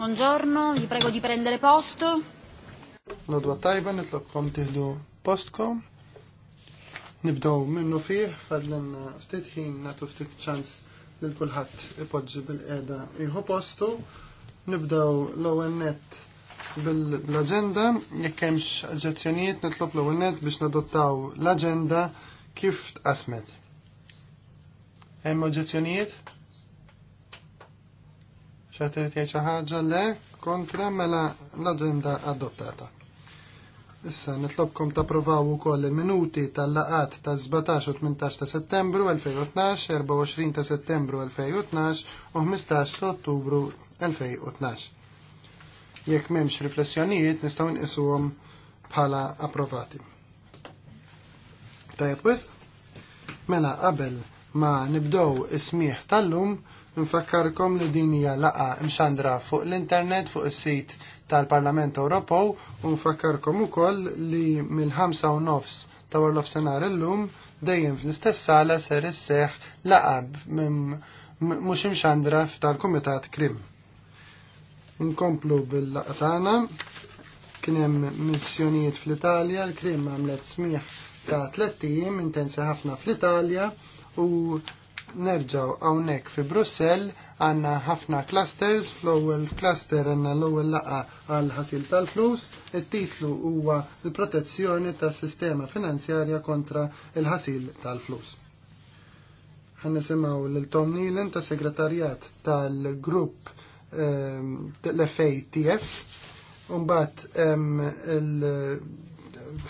Buongiorno, vi prego di prendere posto. Taiwan, tajba, nitlobkom tiħdu postkom. Nibdow minnu fih, fadlenna uh, ftit ħin natu ftit ċans lil kulħadd ipoġġi bil-qeda jieħu postu. Nibdew l-ewwel net bil-agenda, jekk hemmx oġġezzjonijiet nitlob l-ewwel net biex nadottaw l-aġenda kif tqasmet. Hemm oġġezzjonijiet? Xaħtir tiegħi xi ħaġa le kontra mela l-aġenda adottata. Issa nitlobkom ta' provaw ukoll il-minuti tal-laqat ta' 17 u 18 ta' Settembru 2012, 24 ta' Settembru 2012 u 15 ta' Ottubru 2012. Jekk m'hemmx riflessjonijiet nistgħu nqisuhom bħala approvati. Tajjeb Mela qabel ma nibdow smieħ tal-lum Nfakkarkom li din hija laqa mxandra fuq l-internet fuq is-sit tal-Parlament Ewropew u nfakkarkom ukoll li mill-5 u nofs ta' warlof senar illum dejjem fl-istess sala ser isseħ laqab mhux imxandra tal-Kumitat Krim. Nkomplu bil tagħna, kien hemm missjonijiet fl-Italja, l-Krim għamlet smieħ ta' tlettijiem intensi ħafna fl-Italja u nerġaw hawnhekk fi Brussell għandna ħafna clusters, fl-ewwel cluster għanna l-ewwel laqa għal ħasil tal-flus, it-titlu huwa l-protezzjoni tas-sistema finanzjarja kontra il-ħasil tal-flus. Ħan nisimgħu lil Tom Nealon tas-segretarjat tal-grupp ehm, l-FATF, Umbat l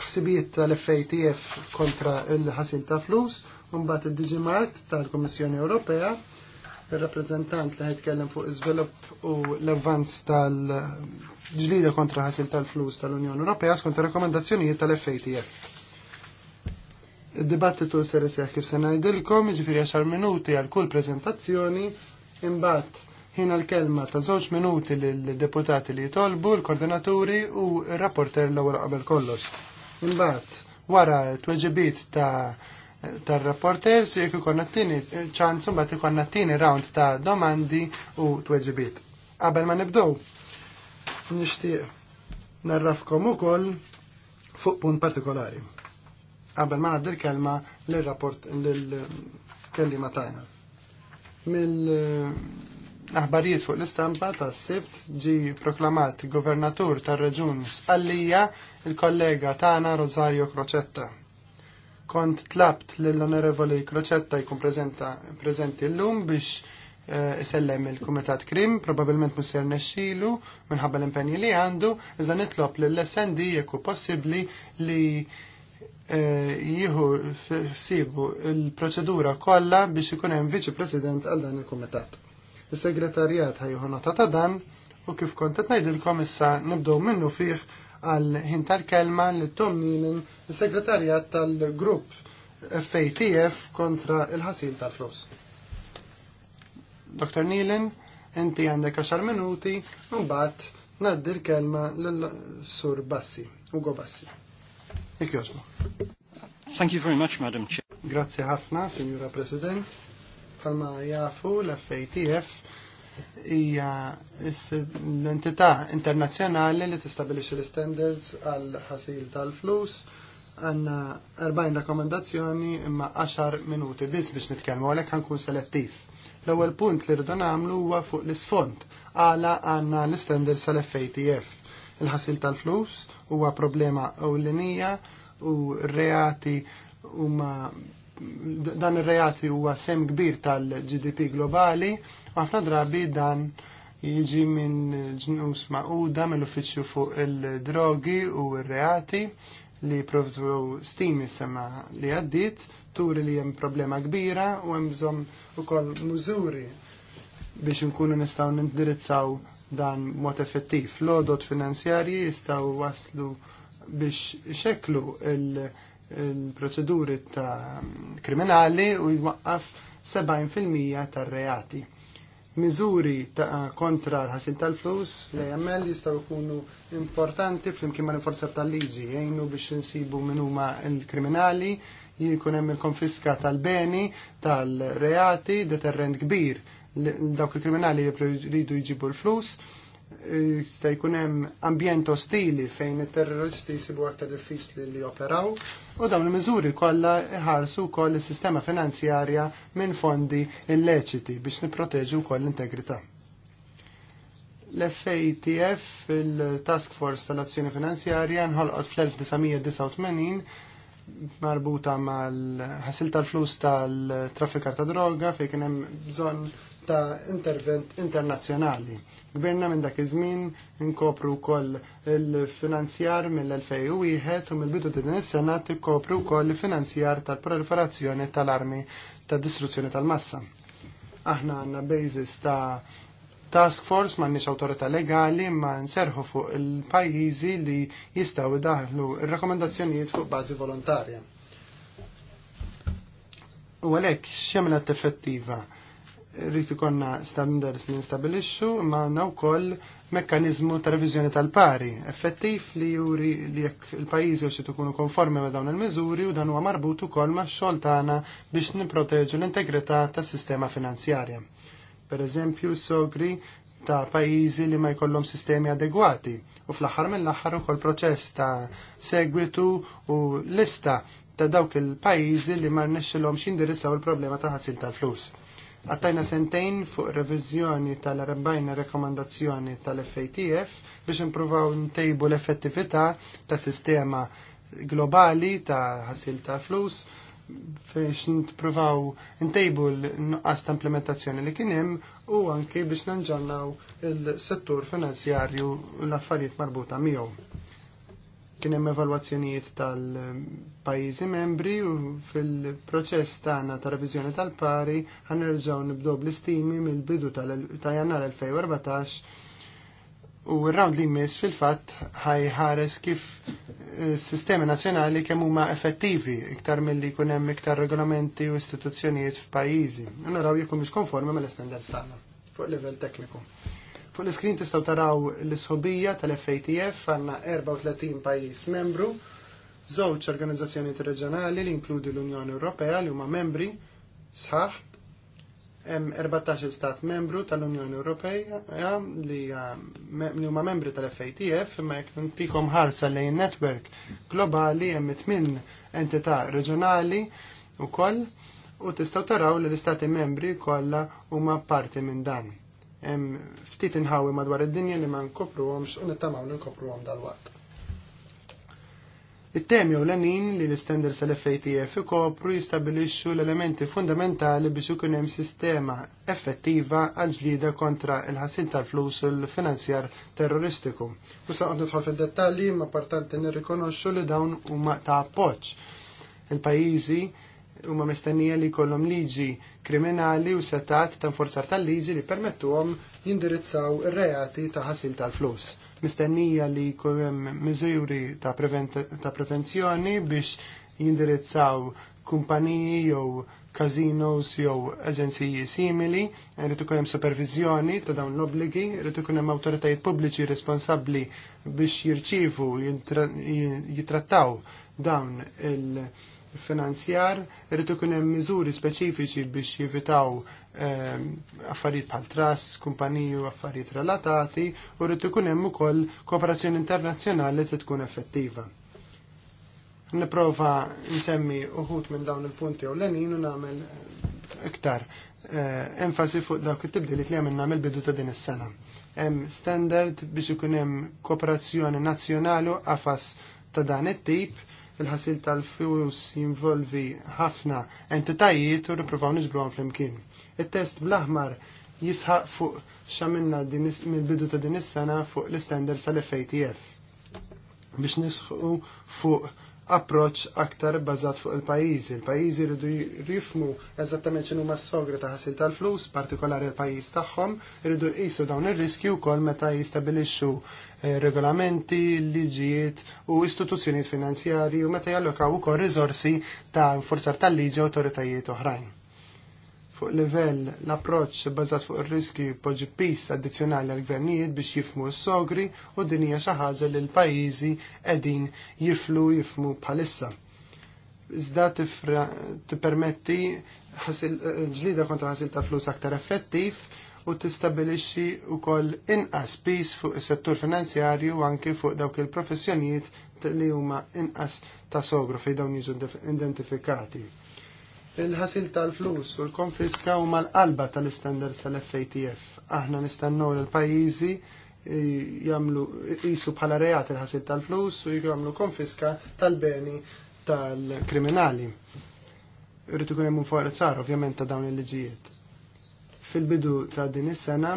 ħsibijiet tal-FATF kontra il-ħasil tal flus Mbagħad id diġi Mart tal-Kummissjoni Ewropea, ir-rappreżentant li ħajtkellem fuq iżvilupp u l-avvanz tal-ġlida kontra ħasil tal-flus tal-Unjoni Ewropea skont ir-rakkomandazzjonijiet tal-FATF. Id-dibattitu ser iseħħ kif se ngħidilkom, jiġifieri għaxar minuti għal kull preżentazzjoni, imbagħad ħin l-kelma ta' żewġ minuti lill-deputati li jitolbu, l-koordinaturi u r-rapporter l-ewwel qabel kollox. Imbagħad wara t-tweġibiet ta' tar-rapporters jekk ikonna t-tieni ċansu mbagħad t-tieni round ta' domandi u tweġibit. Qabel ma nibdew, nixtieq narrafkom ukoll fuq punt partikolari. Qabel ma ngħaddi l-kelma l rapport lill-kellima tajna. Mill-aħbarijiet eh, fuq l-istampa tas-sibt ġi proklamat governatur tar-Reġun Sqallija il-kollega Tana Rosario Crocetta Kont tlabt l-Onorevoli Kroċetta jkun prezenti l-lum biex eh, isellem il-Kumitat Krim, probabilment musser nesċilu minħabba l-impenji li għandu, iżda nitlob l-SND jekku possibli li eh, jieħu sibu il-proċedura kollha biex ikun hemm viċi president għal dan il-kumitat. Is-segretarjat ħajju nota ta' dan u kif kont najdilkom ngħidilkom issa nibdew minnu fih għal hintar kelma li Tom Nilin, il-segretarjat tal-grupp FATF kontra il-ħasil tal-flus. Dr. Nilin, inti għandek 10 minuti, mbagħad naddir kelma l-sur Bassi, Ugo Bassi. Ik Thank you very much, Madam Chair. Grazie ħafna, Signora President. Palma jafu l-FATF hija l-entità internazzjonali li tistabilixxi l-standards għal ħasil tal-flus għanna 40 rakomendazzjoni imma 10 minuti biss biex nitkellmu għalhekk ħankun selettiv. L-ewwel punt li rridu nagħmlu huwa fuq l-isfond għala għandna l-standards tal-FATF. Il-ħasil tal-flus huwa problema ewlenija u reati huma dan ir-reati huwa sem kbir tal-GDP globali Ħafna drabi dan jiġi minn ġnus maquda mill-uffiċċju fuq il-drogi u r-reati li provdu stimi sema li għaddit, turi li jem problema kbira u jem bżonn u kol mużuri biex nkunu nistaw nindirizzaw dan mod effettiv. Lodot finanzjarji jistaw waslu biex xeklu il-proċeduri ta' kriminali u jwaqqaf 70% tar-reati miżuri ta' kontra l-ħasil tal-flus l-AML jistaw kunu importanti fl-imkien ma' l-forzar tal-liġi jgħinu biex nsibu minn huma l-kriminali jikun hemm il-konfiska tal-beni tal-reati deterrent kbir dawk il-kriminali li jridu jġibu l-flus Sta' jkun hemm ambjent ostili fejn it-terroristi sibu aktar diffiċli li joperaw u dawn il-miżuri kollha iħarsu wkoll is-sistema finanzjarja minn fondi illeċiti biex nipproteġu wkoll l-integrità. L-FATF, il-Task Force tal-Azzjoni Finanzjarja, nħolqot fl-1989 marbuta mal ħasil tal-flus tal-traffikar ta' droga fejn kien hemm bżonn ta' intervent internazzjonali. Gbirna minn dak iż-żmien inkopru wkoll il-finanzjar mill-2001 u mill-bidu din is-sena tikkopru wkoll il-finanzjar tal-proliferazzjoni tal-armi ta' distruzzjoni tal-massa. Aħna għandna basis ta' task force m'għandniex awtorità legali ma nserħu fuq il-pajjiżi li jistgħu idaħlu ir-rakkomandazzjonijiet fuq bażi volontarja. U għalhekk x'jagħmel effettiva? effettiva rrit konna standards li nstabilixxu imma għandna wkoll mekkaniżmu ta' reviżjoni tal-pari, effettiv li juri li jekk il-pajjiżi u xi tkunu konformi ma' dawn il-miżuri u dan huwa marbut ukoll max-xogħol tagħna biex nipproteġu l-integrità tas-sistema finanzjarja. Per eżempju, sogri ta' pajjiżi li ma jkollhom sistemi adegwati u fl-aħħar mill-aħħar ukoll proċess ta' segwitu u lista ta' dawk il-pajjiżi li ma rnexxilhomx jindirizzaw il-problema ta' ħasil tal-flus Għattajna sentejn fuq revizjoni tal-40 rekomandazzjoni tal-FATF biex impruvaw ntejbu l-effettività ta' sistema globali ta' ħasil ta' flus biex nprovaw ntejbu l-nuqqas ta' implementazzjoni li kien hemm u anki biex nanġannaw il-settur finanzjarju l-affarijiet marbuta miegħu kien hemm evalwazzjonijiet tal-pajjiżi membri u fil-proċess tagħna ta' reviżjoni tal-pari ħanerġgħu nibdew bl-istimi mill-bidu ta' Jannar 2014 u r-round li jmiss fil-fatt ħajħares kif eh, sistemi nazzjonali kemm huma effettivi iktar milli jkun hemm iktar regolamenti u istituzzjonijiet f'pajjiżi. U naraw jekk mhux konformi mal-istandards tagħna fuq livell tekniku. Fuq l-iskrin tistgħu taraw l-isħobija tal-FATF għandna 34 pajjiż membru, żewġ organizzazzjoni interreġjonali li inkludi l-Unjoni Ewropea li huma membri sħaħ, hemm 14 stat membru tal-Unjoni Ewropea li eh, huma membri tal-FATF imma jekk ntikom ħarsa lejn netwerk globali hemm tmien entità reġjonali ukoll u tistgħu taraw li l-istati membri kollha huma parti minn dan ftit inħawi madwar id-dinja li ma nkopruhomx u nittamaw li nkopruhom dal It-temi u l-għanin li l-standards tal-FATF ikopru jistabilixxu l-elementi fundamentali biex ikun hemm sistema effettiva għal ġlida kontra il-ħassin tal-flus il finanzjar terroristiku. U sa' nidħol fil dettalji ma' partanti nirrikonoxxu li dawn huma ta' appoġġ. Il-pajjiżi huma mistennija li jkollhom liġi kriminali u setat ta' forzar tal-liġi li permettuhom jindirizzaw ir-reati ta' ħasil tal-flus. Mistennija li jkun miżuri ta', ta prevenzjoni biex jindirizzaw kumpaniji jew kazinos jew aġenziji simili, rritu ikun hemm supervizjoni ta' dawn l-obbligi, rritu ikun hemm awtoritajiet pubbliċi responsabbli biex jirċievu jitrattaw dawn il- finanzjar, irritu kunem miżuri speċifiċi biex jivitaw eh, affarijiet bħal tras, kumpaniju, affarijiet relatati, u rritu kunem ukoll kooperazzjoni internazzjonali li tkun effettiva. Niprofa nsemmi uħut minn dawn il-punti u l-enin u namel eh, iktar eh, enfasi fuq dawk it-tibdilit li għamilna namel bidu ta' din is-sena. Hemm standard biex ikun hemm kooperazzjoni nazzjonali u ta' dan it-tip il-ħasil tal-flus jinvolvi ħafna entitajiet u nisbruħ niġbruhom flimkien. It-test bl-aħmar jisħaq fuq xamilna mill-bidu ta' din is-sena fuq l-standards tal-FATF biex nisħu fuq approċ aktar bazat fuq il-pajizi. Il-pajizi rridu rifmu eżattament xinu ma s sogri ta' ħasil tal-flus, partikolari il-pajiz tagħhom, rridu jisu dawn ir-riski wkoll meta jistabilixxu eh, regolamenti, liġijiet u istituzzjonijiet finanzjari u meta jallokaw ukoll riżorsi ta' forzar tal-liġi autoritajiet oħrajn fuq livell l-approċċ bażat fuq ir-riski poġġi pis addizzjonali għall gvernijiet biex jifmu s-sogri u din hija xi ħaġa li l-pajjiżi qegħdin jiflu jifmu bħalissa. Iżda t-permetti ġlida kontra ħasil ta' flus aktar effettiv u tistabilixxi wkoll inqas pis fuq is-settur finanzjarju u anke fuq dawk il-professjonijiet li huma inqas ta' sogru fejn dawn jiġu identifikati Il-ħasil tal-flus u l-konfiska u mal qalba tal-istandards tal-FATF. Aħna nistennew l-pajjiżi eh, jagħmlu qisu bħala reat il-ħasil tal-flus u jamlu konfiska tal-beni tal-kriminali. Irrid ikun hemm forzar ovvjament ta' dawn il-liġijiet. Fil-bidu ta' din is-sena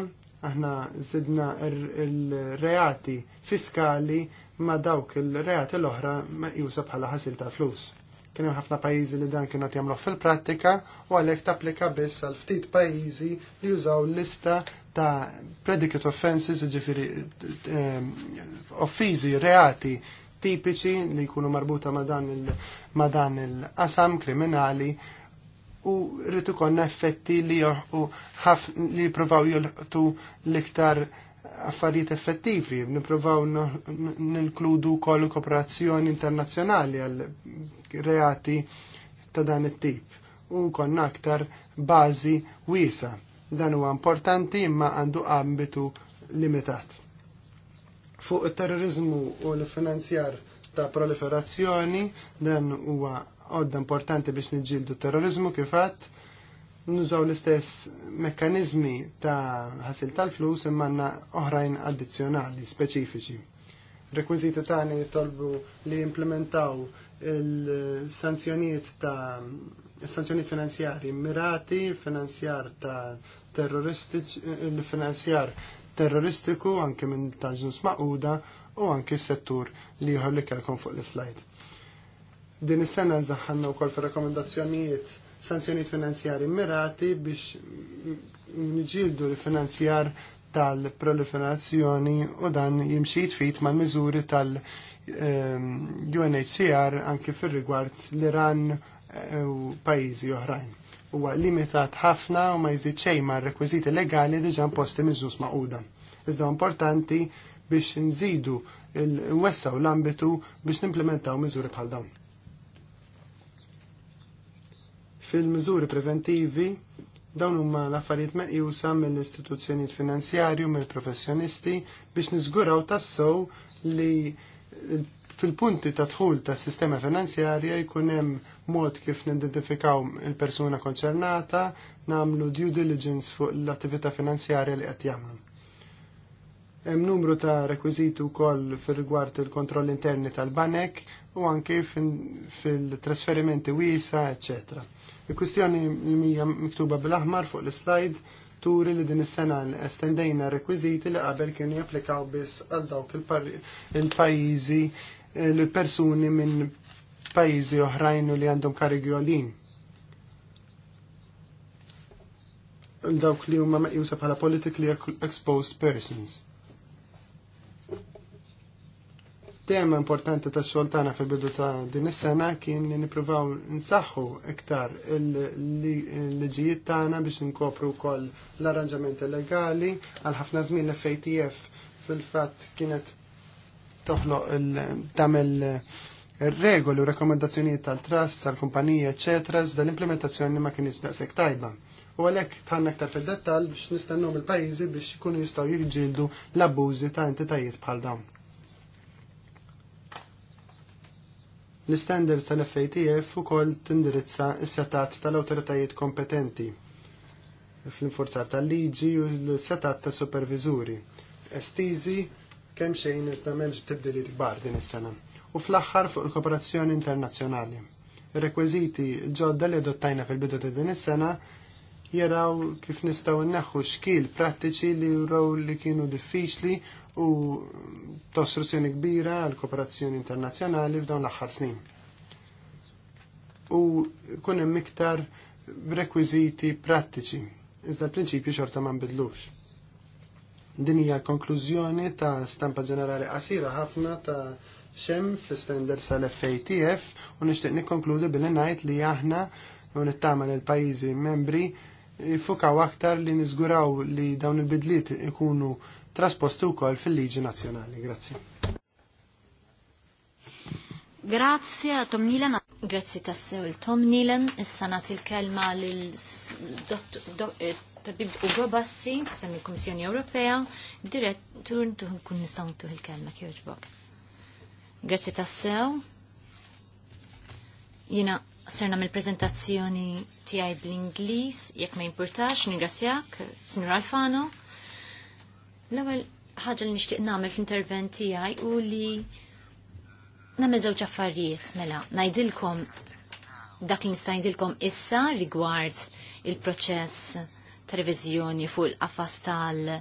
aħna zidna il-reati fiskali ma dawk il-reati l-oħra ma jusa bħala ħasil tal flus. Kien hemm ħafna pajjiżi li dan kienu jagħmluh fil-prattika u għalhekk tapplika biss għal ftit pajjiżi li jużaw lista ta' predicate offenses, ġifieri ehm, offiżi, reati tipiċi li jkunu marbuta ma' dan il-qasam kriminali u rritu konna effetti li joħu li jolħtu l-iktar affarijiet effettivi, niprovaw ninkludu kol kooperazzjoni internazzjonali għal reati ta' dan it-tip u konna aktar bażi wiesa. Dan huwa importanti imma għandu ambitu limitat. Fuq it-terrorizmu u l-finanzjar ta' proliferazzjoni dan huwa għodda importanti biex niġġieldu terrorizmu kifat nużaw l-istess mekkanizmi ta' ħasil tal-flus imma oħrajn addizzjonali speċifiċi. Rekwiziti tani jitolbu li implementaw il-sanzjoniet ta' sanzjoniet finanzjari mirati, finanzjar ta' finanzjar terroristiku anke minn ta' ġnus maquda u anke s-settur li jħollik kelkom fuq l-slajd. Din is-sena nżaħħanna wkoll fir-rekomendazzjonijiet sanzjoniet finanzjari mirati biex nġildu l-finanzjar tal-proliferazzjoni u dan jimxi tfit mal miżuri tal-UNHCR anke fir-rigward l-Iran u pajjiżi oħrajn. Huwa limitat ħafna u ma jżid xejn ma' rekwiżiti legali diġà posti miżus maquda. Iżda importanti biex nżidu l u l-ambitu biex nimplementaw miżuri bħal dawn. Fil-miżuri preventivi dawn huma l-affarijiet meqjusa mill-istituzzjonijiet finanzjarju mill-professjonisti biex niżguraw tassew li fil-punti ta' dħul tas sistema finanzjarja jkun hemm mod kif nidentifikaw il-persuna konċernata nagħmlu due diligence fuq l-attività finanzjarja li qed jagħmlu. Hemm numru ta' rekwiżiti wkoll fir-rigward il-kontroll interni tal-banek u anke fil-trasferimenti wiesa, eċċetera Il-kwistjoni li miktuba bil-aħmar fuq l-slide turi li din is-sena estendejna rekwiżiti li qabel kienu japplikaw biss għal dawk il-pajjiżi l-persuni minn pajjiżi oħrajn li għandhom karigi għalin. Dawk li huma meqjusa bħala politically exposed persons. Tema importanti ta' xoltana fil-bidu ta' din is-sena kien li nippruvaw nsaħħu iktar il-liġijiet tagħna biex inkopru wkoll l-arranġamenti legali għal ħafna żmien l-FATF fil-fatt kienet toħloq tagħmel regoli u rekomendazzjonijiet tal-trust, tal-kumpanija, eċetera, iżda l-implementazzjoni ma kienx daqshekk tajba. U għalhekk tħanna aktar fid-dettall biex nistennhom il-pajjiżi biex jkunu jistgħu jiġġieldu l-abbużi ta' entitajiet bħal dawn. L-standards tal-FATF ukoll tindirizza s-setat tal-awtoritajiet kompetenti fl inforzar tal-liġi u l-setat ta' supervizuri. Estizi kemm xejn iżda m'hemmx tibdiliet kbar din is-sena. U fl-aħħar fuq il-kooperazzjoni internazzjonali. Ir-rekwiżiti ġodda li adottajna fil-bidu ta' din is-sena jaraw kif nistaw naħħu xkil prattiċi li jaraw li kienu diffiċli u tostruzzjoni kbira għal kooperazzjoni internazzjonali f'dawn l-aħħar snin. U kunem hemm iktar rekwiżiti prattiċi, iżda l-prinċipju xorta ma nbidlux. Din hija konklużjoni ta' stampa ġenerali qasira ħafna ta' xem fl-standards tal-FATF u nixtieq nikkonkludi billi ngħid li aħna u nittama l-pajjiżi membri jifukaw aktar li niżguraw li dawn il-bidliet ikunu trasposti wkoll fil-liġi nazzjonali. Grazzi. Grazie a Tom Nilan. Grazie tassew il-Tom Nilan. Issa nagħti il-kelma lil eh, tabib Ugo Bassi, tassem il-Komissjoni Ewropea, direttur tuħun kun nistaw tuħ il-kelma kjoġbok. Grazzi tassew. Jina Serna mill prezentazzjoni tiegħi bl-Ingliż, jekk ma jimpurtax, ningrazzjak, Sinur Alfano. L-ewwel ħaġa li nixtieq nagħmel fl-intervent tiegħi u li nagħmel żewġ affarijiet mela ngħidilkom dak li nista' ngħidilkom issa rigward il-proċess ta' reviżjoni fuq il-qafas tal-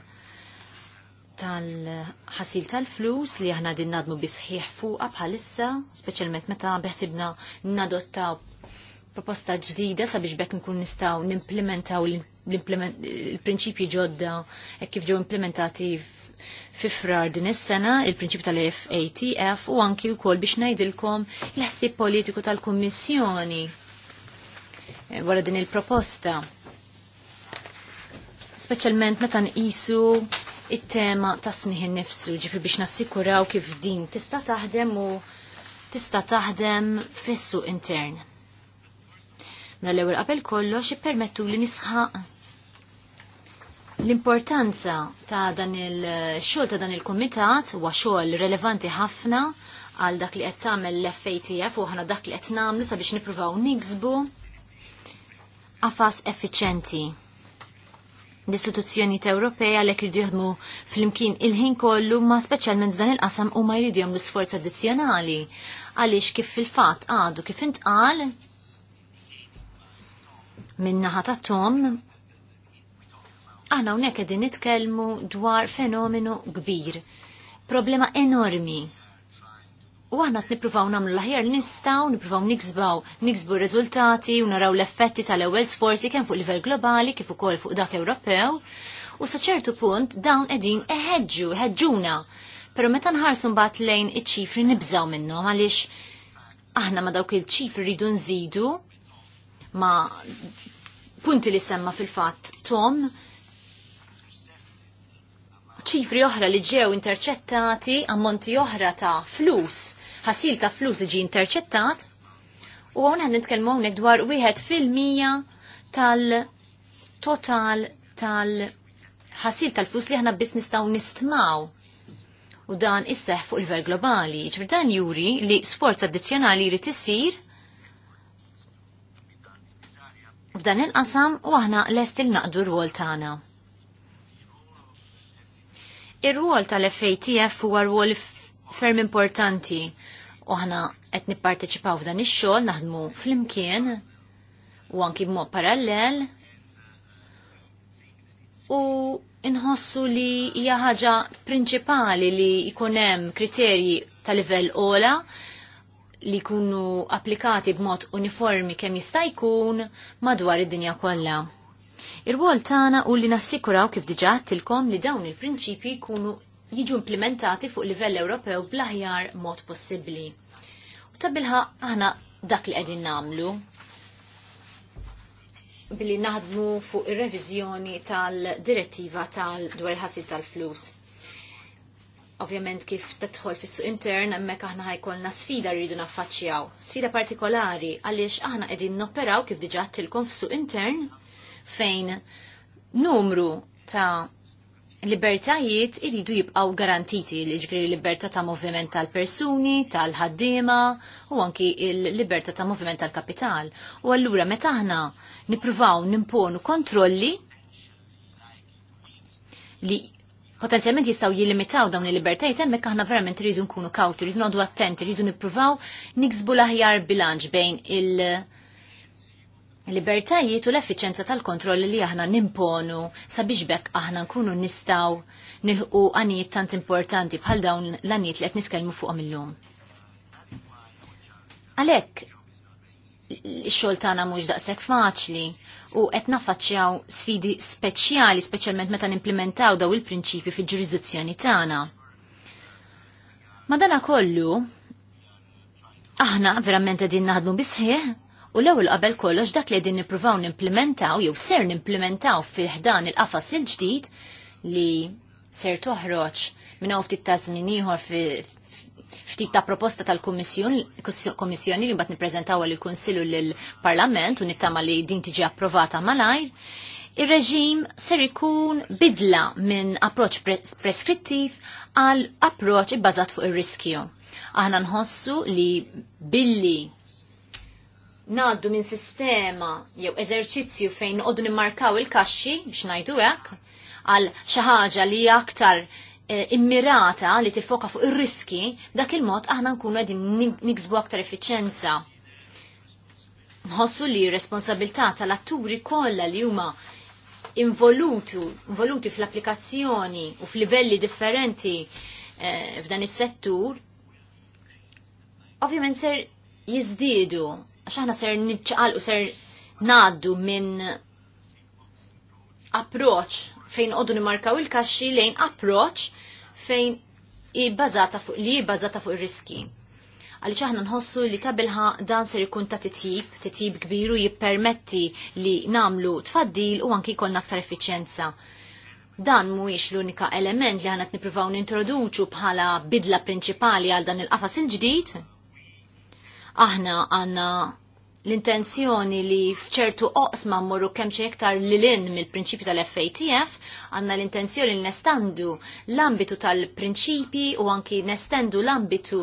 tal-ħasil tal-flus li aħna din nadmu bisħiħ fuqa bħalissa, speċjalment meta beħsibna nadottaw proposta ġdida sabiex bekk nkun nistaw nimplementaw l-prinċipji ġodda e kif ġew implementati fifrar din is-sena il-prinċipju tal-FATF u anki wkoll biex ngħidilkom l-ħsieb politiku tal-Kummissjoni e, wara din il-proposta. Speċjalment meta nqisu it-tema ta' smih innifsu ġifi biex nassikuraw kif din tista' taħdem u tista' taħdem fis-suq intern l-ewwel qabel kollox ippermettu li nisħaq L-importanza ta' dan il-xogħol ta' dan il-kumitat huwa xogħol relevanti ħafna għal dak li qed tagħmel l-FATF u aħna dak li qed nagħmlu sabiex nippruvaw niksbu qafas effiċenti l-istituzzjoni Ewropea li jridu jaħdmu fl-imkien il-ħin kollu ma speċjalment f'dan il-qasam u ma jridu jagħmlu sforz addizzjonali għaliex kif fil-fatt għadu kif intqal minnaħa ta' Tom, aħna hawnhekk qegħdin nitkellmu dwar fenomenu kbir, problema enormi. U aħna t-nipruvaw nagħmlu l-aħjar nipruvaw niksbaw, niksbu r-riżultati u naraw l-effetti tal-ewwel sforzi kemm fuq livell globali kif ukoll fuq dak Ewropew. U sa ċertu punt dawn qegħdin eħedġu, eħedġuna. Pero meta nħarsu mbagħad lejn iċ-ċifri nibżgħu minnhom għaliex aħna ma dawk il-ċifri rridu nżidu ma punti li semma fil-fatt Tom ċifri oħra li ġew interċettati ammonti oħra ta' flus, ħasil ta' flus li ġi interċettat, u għona nitkelmu għonek dwar wieħed fil-mija tal-total tal-ħasil tal-flus li ħna biss ta' nistmaw. U dan isseħ fuq il-ver globali, ċfir dan juri li sforz addizjonali li tissir f'dan il-qasam u aħna lest il-naqdu r-rwol tagħna. Ir-rwol tal-FATF huwa rwol ferm importanti u aħna qed nipparteċipaw f'dan ix-xogħol naħdmu flimkien u anki b'mod parallel u inħossu li hija ħaġa prinċipali li jkun hemm kriterji ta' livell ola li jkunu applikati b'mod uniformi kemm jista' jkun madwar id-dinja kollha. Ir-rwol tagħna u li nassikuraw kif diġà għattilkom li dawn il-prinċipji jkunu jiġu implementati fuq livell Ewropew bl-aħjar mod possibbli. U tabilħa aħna dak li qegħdin nagħmlu billi naħdmu fuq ir-reviżjoni tal-direttiva tal-dwar ħasil tal-flus. Ovvjament kif tadħol fis-suq intern hemmhekk aħna ħajkolna sfida rridu naffaċċjaw. Sfida partikolari għaliex aħna qegħdin nopperaw kif diġà tilkom fis-suq intern fejn numru ta' libertajiet iridu jibqaw garantiti li ġifiri libertà ta' moviment tal-persuni, tal-ħaddiema u anki il-libertà ta' moviment tal-kapital. U allura meta aħna nippruvaw nimponu kontrolli li potenzjalment jistaw jilimitaw dawn il-libertajt hemmhekk aħna verament rridu nkunu kawti, rridu nodu attenti, rridu nippruvaw niksbu l-aħjar bilanċ bejn il- libertajiet u l-effiċenza tal-kontroll li aħna nimponu sabiex bekk aħna nkunu nistaw nilqu għanijiet tant importanti bħal dawn l-għanijiet li qed nitkellmu fuqhom illum. Għalhekk x-xogħol tagħna mhux daqshekk faċli u qed naffaċċjaw sfidi speċjali, speċjalment meta nimplementaw daw il-prinċipju fil-ġurisdizzjoni tagħna. Madana kollu, aħna verament qegħdin naħdmu bisħieħ u l-ewwel qabel kollox dak li qegħdin nippruvaw nimplementaw jew ser nimplementaw fi ħdan il-qafas il-ġdid li ser toħroġ minn ftit ta' żmien ieħor ftit ta' proposta tal-Kommissjoni li mbagħad nippreżentaw għal il-Kunsillu lill-Parlament u nittama li din tiġi approvata malajr. Ir-reġim ser ikun bidla minn approċ preskrittiv għal approċ ibbażat fuq ir-riskju. Aħna nħossu li billi naddu minn sistema jew eżerċizzju fejn qogħdu nimmarkaw il-kaxxi biex ngħidu hekk għal xi ħaġa li hija aktar Eh, immirata li tifoka fuq ir-riski, dak il-mod aħna nkunu qegħdin niksbu aktar effiċenza. Nħossu li responsabilità tal-atturi kollha li huma involuti, involuti fl-applikazzjoni u f'livelli differenti eh, f'dan is-settur, ovvjament ser jiżdiedu għax aħna ser nitċaqal u ser naddu minn approċ fejn qodu nimarkaw il-kaxxi lejn approach fejn bazata fuq li jibbażata fuq ir-riski. Għaliex aħna nħossu li ta' dan ser ikun ta' titjib, titjib kbiru jippermetti li namlu tfaddil u anki jkollna aktar effiċjenza. Dan mhuwiex l-unika element li għanat nippruvaw nintroduċu bħala bidla prinċipali għal dan il-qafas il-ġdid. Aħna għanna l-intenzjoni li fċertu oqsma mmorru kemm xi l-in mill-prinċipju tal-FATF, għandna l-intenzjoni li nestandu l-ambitu tal-prinċipji u anki nestendu l-ambitu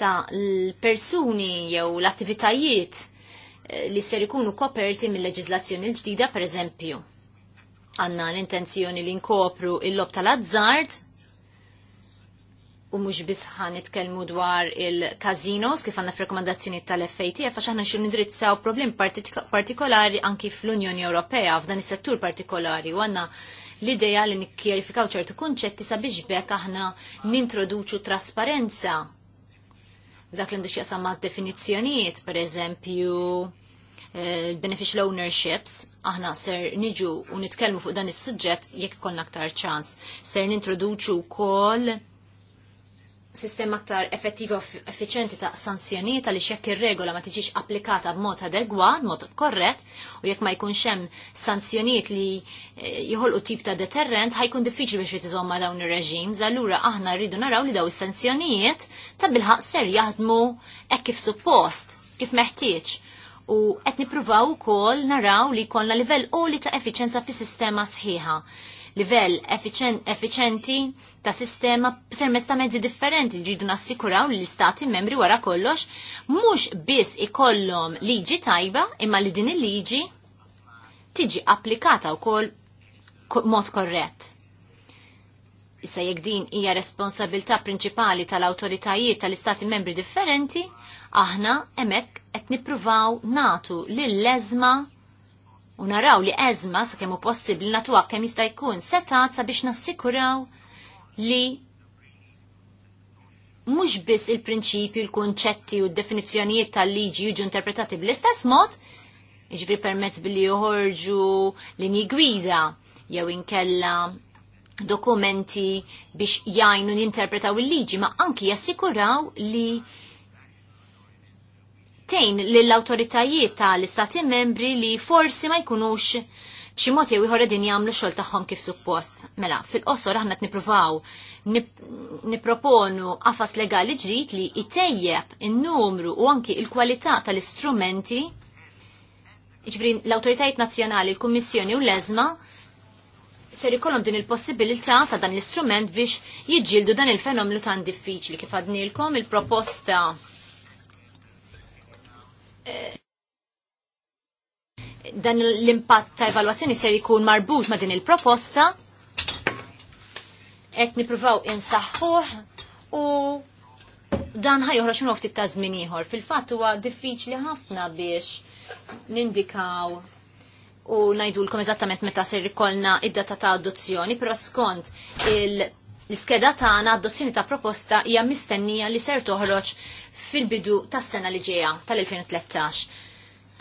ta' l-persuni jew l-attivitajiet eh, li ser ikunu koperti mill-leġizlazzjoni l-ġdida per eżempju. Għanna l-intenzjoni li nkopru il-lob tal-azzard, u mux bisħan nitkelmu dwar il-kazinos kif għanna f-rekomendazzjoni tal-FATF għax aħna xinu ndrizzaw problem partikolari anki fl-Unjoni Ewropea f'dan is-settur partikolari u għanna l-ideja li nikkjerifikaw ċertu kunċetti sabiex bekk aħna nintroduċu trasparenza dak li ndux jasam definizzjonijiet, per eżempju, eh, beneficial ownerships, aħna ser niġu u nitkellmu fuq dan is-suġġett jekk konna aktar ċans. Ser nintroduċu kol sistema aktar effettiva u effiċenti ta' sanzjoniet għaliex jekk ir-regola ma tiġix applikata b'mod adegwat, mod korrett, u jekk ma jkunx hemm sanzjonijiet li eh, jħolqu tip ta' deterrent, ħajkun diffiċli biex jitizomma dawn ir-reġims, allura aħna rridu naraw li daw is-sanzjonijiet ta' bilħaq ser jaħdmu hekk kif suppost, kif meħtieġ. U qed nippruvaw ukoll naraw li jkollna livell qoli ta' effiċenza fis-sistema sħiħa. Livell effiċenti ta' sistema permezz ta' mezzi differenti rridu nassikuraw li l-istati membri wara kollox mhux biss ikollhom liġi tajba imma li din il-liġi tiġi applikata wkoll mod korrett. Issa jekk din hija responsabilità prinċipali tal-awtoritajiet tal-istati membri differenti, aħna hemmhekk qed nippruvaw natu lill-leżma u naraw li eżma sakemm hu possibbli natuha kemm jista' jkun setat sabiex nassikuraw li mhux biss il-prinċipju, il-kunċetti u d-definizzjonijiet tal-liġi jiġu interpretati bl-istess mod, jiġri permezz billi joħorġu lini gwida jew inkella dokumenti biex jajnu ninterpretaw il-liġi, ma anki jassikuraw li tejn l-autoritajiet tal-istati membri li forsi ma jkunux 'xi mod jew ieħor qegħdin jagħmlu xogħol tagħhom kif suppost. Mela, fil-qosor aħna qed nippruvaw nipproponu qafas legali ġdid li jtejjeb in-numru u anki l-kwalità tal-istrumenti ġifri l-autoritajiet nazjonali, l-Kummissjoni u l-Ezma ser ikollhom din il-possibilità ta' dan l-istrument biex jiġġieldu dan il-fenomenu tan diffiċli kif għadnilkom il-proposta eh, dan l-impatt ta' evalwazzjoni ser jkun marbut ma' din il-proposta qed nippruvaw insaħħuħ u dan ħaj joħroġ xun uftit ta' żmien ieħor. Fil-fatt huwa diffiċli ħafna biex nindikaw u ngħidulkom eżattament meta ser ikolna id-data ta' adozzjoni, però skont l-iskeda tagħna adozzjoni ta' proposta hija mistennija li ser toħroġ fil-bidu tas-sena li ġejja tal-2013.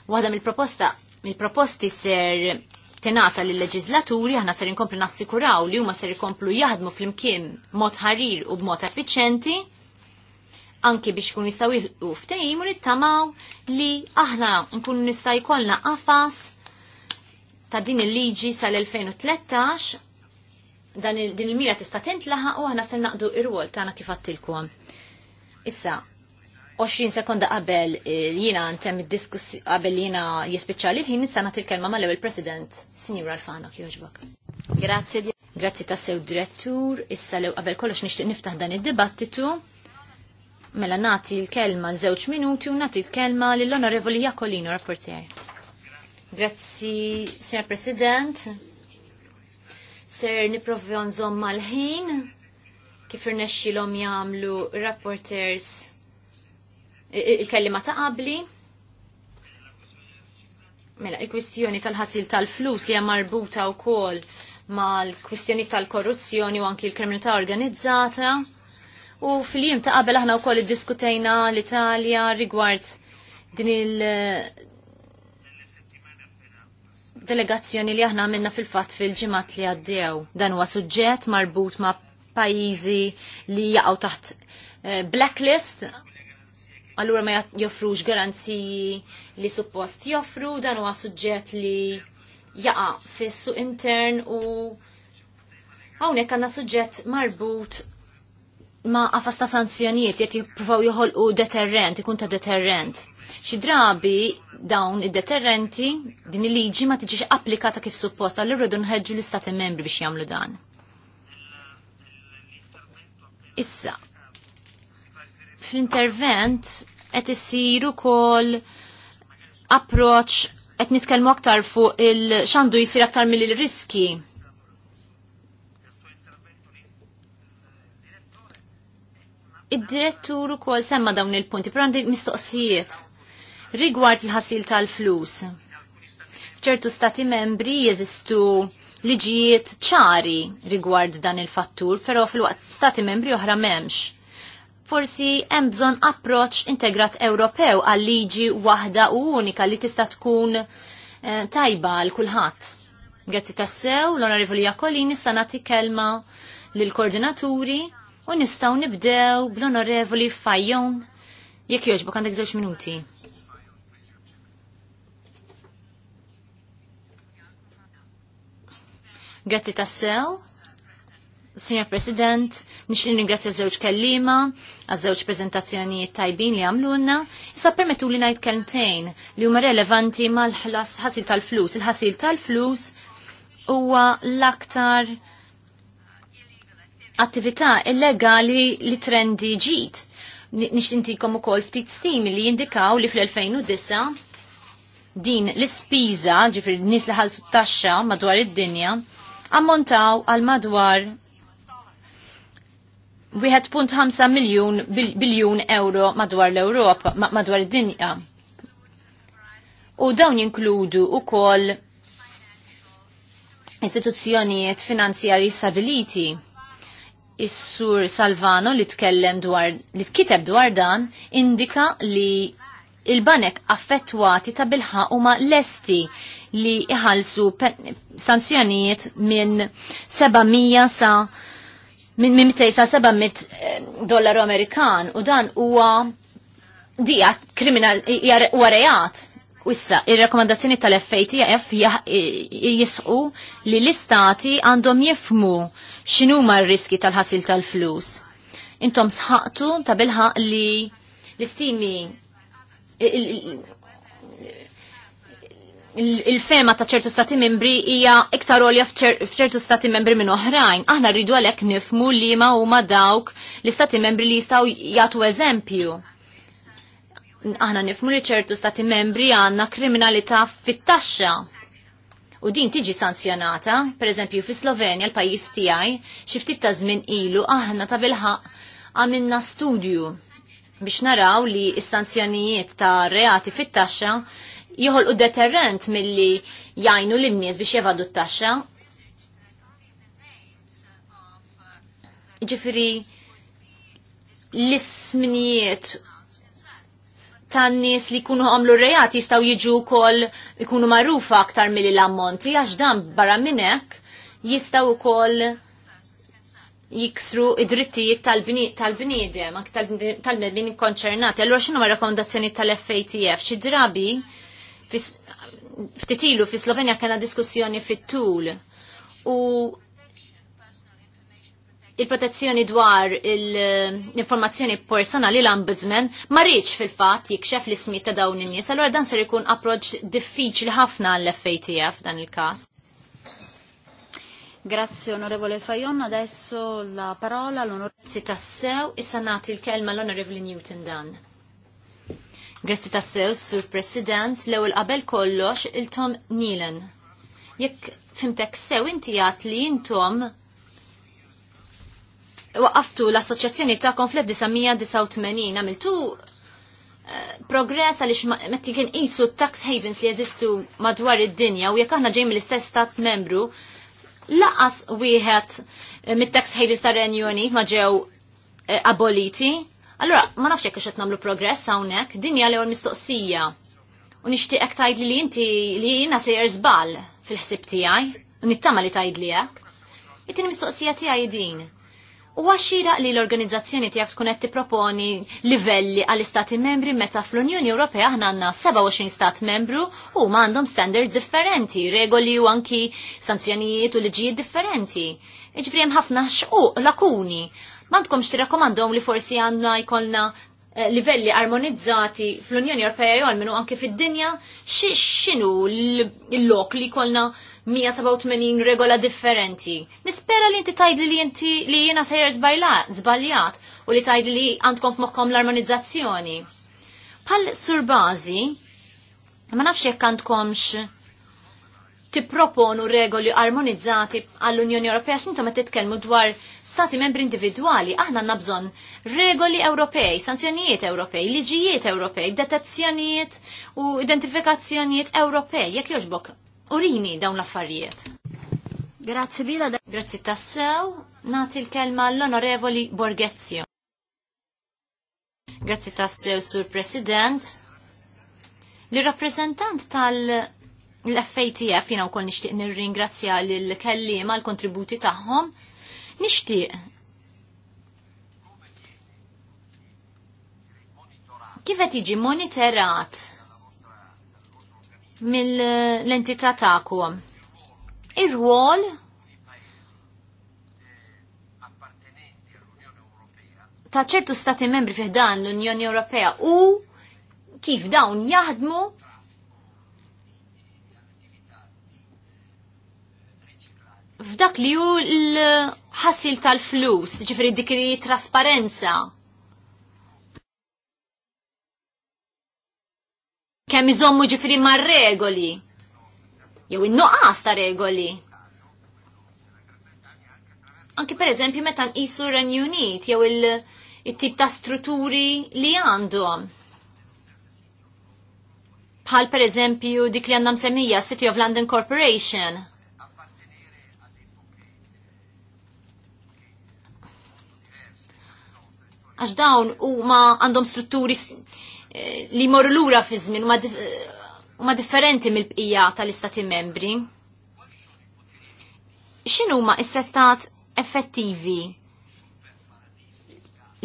Waħda mill-proposta il-proposti ser tenata li leġizlaturi aħna ser inkomplu nassikuraw li huma ser ikomplu jaħdmu flimkien imkien mod ħarir u b'mod effiċenti anki biex kun jistaw u ftehim u nittamaw li aħna nkun nista' jkollna qafas ta' din il-liġi sal-2013 dan din il-mira tista' tintlaħaq u aħna ser naqdu ir-rwol tagħna kif għattilkom. Issa, 20 sekonda qabel eh, jina ntem id-diskuss qabel jina jispiċċali l-ħin nista' il l-kelma mal-ewwel President Sinjur Alfano jogħġbok. Grazzi Grazzi tassew direttur, issa lew qabel kollox nixtieq niftaħ dan id-dibattitu. Mela nagħti l-kelma żewġ minuti u nagħti l-kelma lill-Onorevoli Jakolino rapportier. Grazzi, Signor President. Ser niprovjon nżomm mal-ħin kif irnexxilhom jagħmlu rapporters il-kellima ta' qabli. Mela, il-kwistjoni tal-ħasil tal-flus li hija marbuta wkoll mal-kwistjoni tal-korruzzjoni u anki l-kriminalità organizzata. U fil jim ta' qabel aħna wkoll iddiskutejna l-Italja rigward din il- eh, delegazzjoni li aħna minna fil-fat fil-ġimat li għaddew. Dan huwa suġġett marbut ma' pajjiżi li jaqgħu taħt eh, blacklist allura ma joffrux garanziji li suppost joffru, dan huwa suġġett li jaqa fissu intern u hawnhekk għandna suġġett marbut ma għafasta sanzjonijiet sanzjoniet jett joħol joħolqu deterrent, ikun ta' deterrent. Xi drabi dawn id-deterrenti din il-liġi ma tiġix applikata kif suppost, allura rridu ħedġu l-istati membri biex jagħmlu dan. Issa, fl-intervent qed isir ukoll approċ qed nitkellmu aktar fuq il-xandu jsir aktar mill-riski. Id-direttur ukoll semma dawn il-punti, però għandi mistoqsijiet rigward il-ħasil tal-flus. F'ċertu stati membri jeżistu liġijiet ċari rigward dan il-fattur, però fil-waqt stati membri oħra memx forsi hemm bżonn approċċ integrat Ewropew għal liġi waħda u unika li tista' tkun eh, tajba għal kulħadd. Grazzi tassew, l-onorevoli Jakolini sa nagħti kelma lill-koordinaturi u nistgħu nibdew bl-onorevoli Fajjon jekk jogħġbok għandek żewġ minuti. Grazzi tassew. Signor President, nix ringrazzja żewġ kellima, għaż-żewġ prezentazzjonijiet tajbin li għamlunna, issa permettu li najt kelmtejn li huma relevanti mal-ħlas ħasil tal-flus. Il-ħasil tal-flus huwa l-aktar attività illegali li trendi ġid. Nix intikom ukoll ftit stimi li jindikaw li fl-2009 din l-ispiża, ġifri nis li ħalsu taxxa madwar id-dinja, ammontaw għal madwar 1.5 miljun biljun euro madwar l-Europa, madwar id-dinja. U dawn jinkludu u kol istituzzjonijiet finanzjari stabiliti. Is-sur Salvano li tkellem dwar li tkiteb dwar dan indika li il-banek affettwati ta' bilħa huma lesti li iħalsu sanzjonijiet minn 700 sa' minn 200 700 dollaru Amerikan u dan huwa dija kriminal warejat. Issa, il-rekomendazzjoni tal-FATF jisqu li l-istati għandhom jifmu xinu ma riski tal-ħasil tal-flus. Intom sħaqtu ta' bilħaq li l-istimi il-fema ta' ċertu stati membri hija iktar olja f'ċertu stati membri minn oħrajn. Aħna rridu għalhekk nifmu li ma huma dawk l-istati membri li jistgħu jagħtu eżempju. Aħna nifmu li ċertu stati membri għandna kriminalità fit-taxxa. U din tiġi sanzjonata, pereżempju fi Slovenja l-pajjiż tiegħi, xi ftit ta' żmien ilu aħna ta' bilħaq għamilna studju biex naraw li s-sanzjonijiet ta' reati fit-taxxa u deterrent milli jajnu l-nies biex jevadu t-taxxa. Ġifiri, l ismniet tan nies li kunu għamlu rejati jistaw jiġu kol ikunu marrufa aktar mill l-ammonti, għax dan barra minnek jistaw kol jiksru id-drittijiet tal-bniedem, tal-bniedem konċernati. Għallu għaxinu ma rekomendazzjoni tal-FATF? Xi drabi Ftitilu fi Slovenja kena diskussjoni fit-tul u il-protezzjoni dwar l-informazzjoni personali l-ombudsman ma rridx fil-fatt jikxef l-ismiet ta' dawn in-nies, allura dan ser ikun approċ diffiċli ħafna għall-FATF dan il-każ. Grazie onorevole Fajon, adesso la parola all'onorevole Tassew e sanati il kelma l'onorevole Newton Dunn. Grazzi tas-sew, Sur President, l ewwel qabel kollox il-Tom Nilen. Jekk fimtek sew inti għat li intom waqaftu l-assoċjazzjoni ta' fl-1989 għamiltu eh, progress għalix metti kien qisu tax havens li jeżistu madwar id-dinja u jekk aħna ġejm l-istess stat membru, laqas wieħed eh, mit-tax havens tar-Renju Unit ma ġew eh, aboliti, Allora, ma nafx jekk qed nagħmlu progress hawnhekk, din hija l-ewwel mistoqsija. U nixtieqek tgħidli li inti li jiena sejjer żball fil-ħsieb tiegħi, u nittama li tgħidli hekk. It-tieni mistoqsija tiegħi din. U għaxira li l-organizzazzjoni tiegħek tkun qed tipproponi livelli għall istati membri meta fl-Unjoni Ewropea aħna għandna 27 stat membru u ma għandhom standards differenti, regoli u anki sanzjonijiet u liġijiet differenti. Iġbri hemm ħafna xquq lakuni mandkomx rakomandom li forsi għandna jkollna eh, livelli armonizzati fl-Unjoni Ewropea jew almenu anke fid-dinja x'inhu l-lok li jkollna 187 regola differenti. Nispera li inti tajdli li inti li jiena sejjer żbaljat u li tajdli li għandkom f'moħħkom l-armonizzazzjoni. Pal surbazi, ma nafx jekk għandkomx tipproponu regoli armonizzati għall-Unjoni Ewropea x'intom qed titkellmu dwar stati membri individwali, aħna għandna bżonn regoli Ewropej, sanzjonijiet Ewropej, liġijiet Ewropej, detezzjonijiet u identifikazzjonijiet Ewropej, jekk jogħġbok, urini dawn l-affarijiet. Grazzi bila Grazzi tassew, nati l-kelma l-Onorevoli Borghezio. Grazzi tassew, Sur President. Li rappresentant tal- l-FATF jina u kol nishtiq nir-ringrazzja l-kellima l-kontributi taħħom. Nishtiq. Kifet iġi monitorat mill-entità taħkom? Ir-rwol ta' ċertu stati membri fiħdan l-Unjoni Ewropea u kif dawn jaħdmu f'dak li hu l-ħassil tal-flus, ġifri dikri trasparenza. Kemm iżommu ġifri mar-regoli. Jew in-nuqqas ta' regoli. Anki per eżempju meta nqisu Renju Unit jew il-tip ta' strutturi li għandhom bħal per eżempju dik li għandna msemmija City of London Corporation. għax dawn huma għandhom strutturi eh, li morru lura fi żmien huma differenti mill-bqija tal-istati membri. X'inhu ma s-sestat effettivi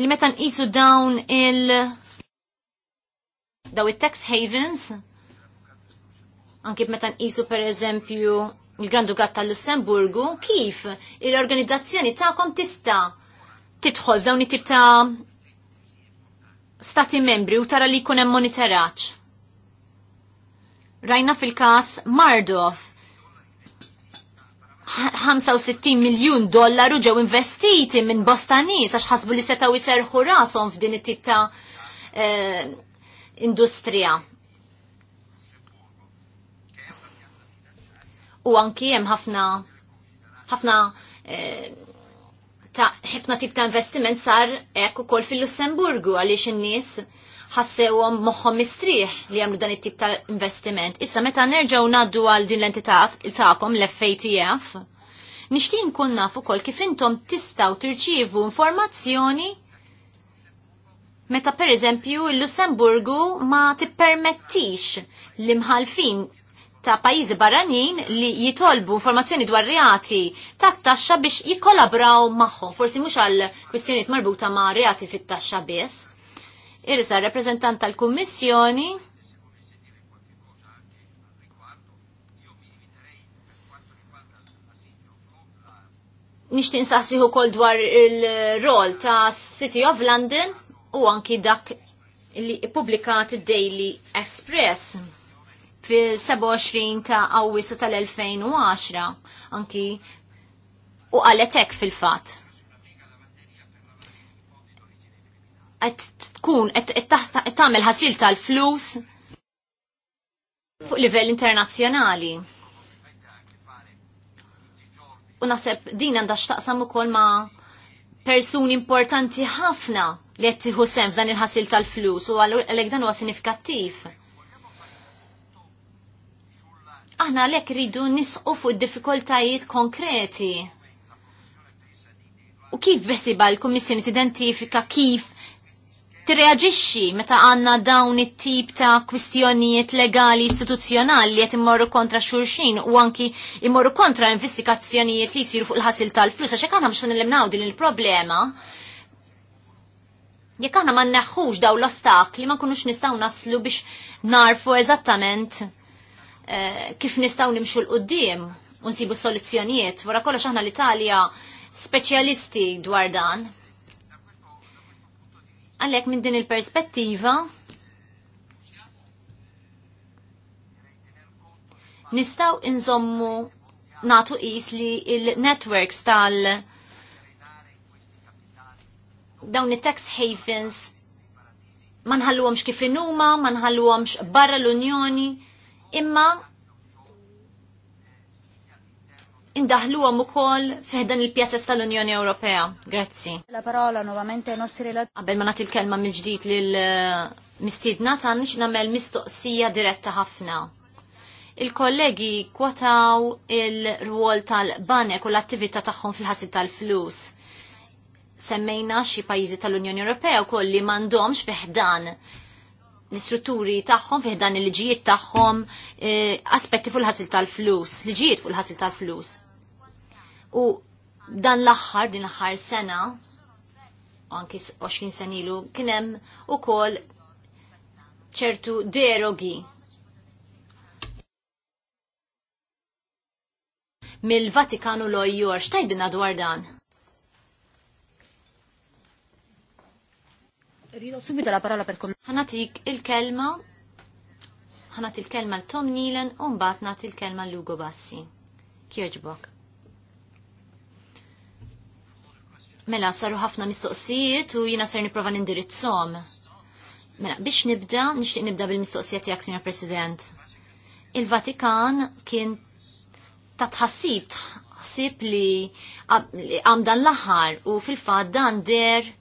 li meta nqisu dawn il- daw it-tax havens anke meta nqisu pereżempju il-Grandugat tal-Lussemburgu, kif l-organizzazzjoni tagħkom tista' tidħol dawn it-tip ta' stati membri u tara li jkun hemm monitoraġġ. Rajna fil-każ Mardov 65 miljun dollaru ġew investiti minn bosta nies għax ħasbu li setgħu jserħu rashom f'din it-tip ta' eh, industrija. U anki hemm ħafna ħafna eh, ta' ħifna tip ta' investiment sar hekk ukoll fil-Lussemburgu għaliex in-nies ħassewhom moħħom mistrieħ li għamlu dan it-tip ta' investiment. Issa meta nerġgħu ngħaddu għal din l-entità tagħkom l-FATF, nixtieq nkun naf ukoll kif intom tistgħu tirċievu informazzjoni meta pereżempju l-Lussemburgu ma tippermettix li mħalfin ta' pajjiżi barranin li jitolbu informazzjoni dwar reati tat-taxxa biex jikollabraw magħhom, forsi mhux għal kwistjonijiet marbuta ma' reati fit-taxxa biss. Irsa rappreżentant tal-Kummissjoni nishtin sassiħu kol dwar il-rol ta' City of London u anki dak li publikat Daily Express fil-27 ta' għawisu tal-2010 anki u għaletek fil-fat. Qed tkun, qed tamel ħasil tal-flus fuq livell internazzjonali. U naħseb din għandha x'taqsam ukoll ma' persuni importanti ħafna li qed tieħu sem f'dan il-ħasil tal-flus u għalhekk dan huwa sinifikattiv. Aħna għalhekk ridu nisqu fuq diffikultajiet konkreti. U kif besiba l-Kummissjoni tidentifika kif tirreaġixxi meta għandna dawn it-tip ta' kwistjonijiet legali istituzzjonali qed immorru kontra xulxin u anki immorru kontra investigazzjonijiet li jsiru fuq il-ħasil tal-flus għax aħna biex nilimnaw din il-problema. Jekk aħna ma nneħħux daw l-ostakli ma nkunux nistgħu naslu biex narfu eżattament Eh, kif nistaw nimxu l-qoddim u nsibu soluzzjonijiet. Wara kollox aħna l-Italja speċjalisti dwar dan. Għalhekk minn din il-perspettiva nistaw inżommu natu qis li il-networks tal dawn it-tax havens ma nħalluhomx kif inuma, ma nħalluhomx barra l-Unjoni imma indaħluhom ukoll fiħdan il-pjazzas tal-Unjoni Ewropea. Grazzi. La parola nuovamente ai nostri relatori. Qabel ma nagħti l-kelma mill-ġdid lil eh, mistiedna tagħna nix nagħmel mistoqsija diretta ħafna. Il-kollegi kwataw il-rwol tal-banek u l-attività tagħhom fil-ħasid tal-flus. Semmejna xi pajjiżi tal-Unjoni Ewropea wkoll li m'għandhomx fiħdan l-istrutturi tagħhom fih dan il-liġijiet tagħhom eh, aspetti fuq il-ħasil tal-flus, liġijiet fuq il-ħasil tal-flus. U dan l-aħħar, din l-aħħar sena, anki 20 senilu, kien hemm ukoll ċertu derogi mill-Vatikanu lo jor, xtajdina dwar dan? Rido subito la parola per commentare. Hanatik il-kelma, Hanat il-kelma l-Tom Nilen u mbagħad nagħti il-kelma l-Ugo Bassi. Kjoġbok. Mela, saru ħafna mistoqsijiet u jina ser niprofa nindirizzom. Mela, biex nibda, nixtieq nibda bil-mistoqsijiet tiegħek, Sinjor President. Il-Vatikan kien ta' tħassib, tħassib li għam dan l-aħħar u fil-fat dan der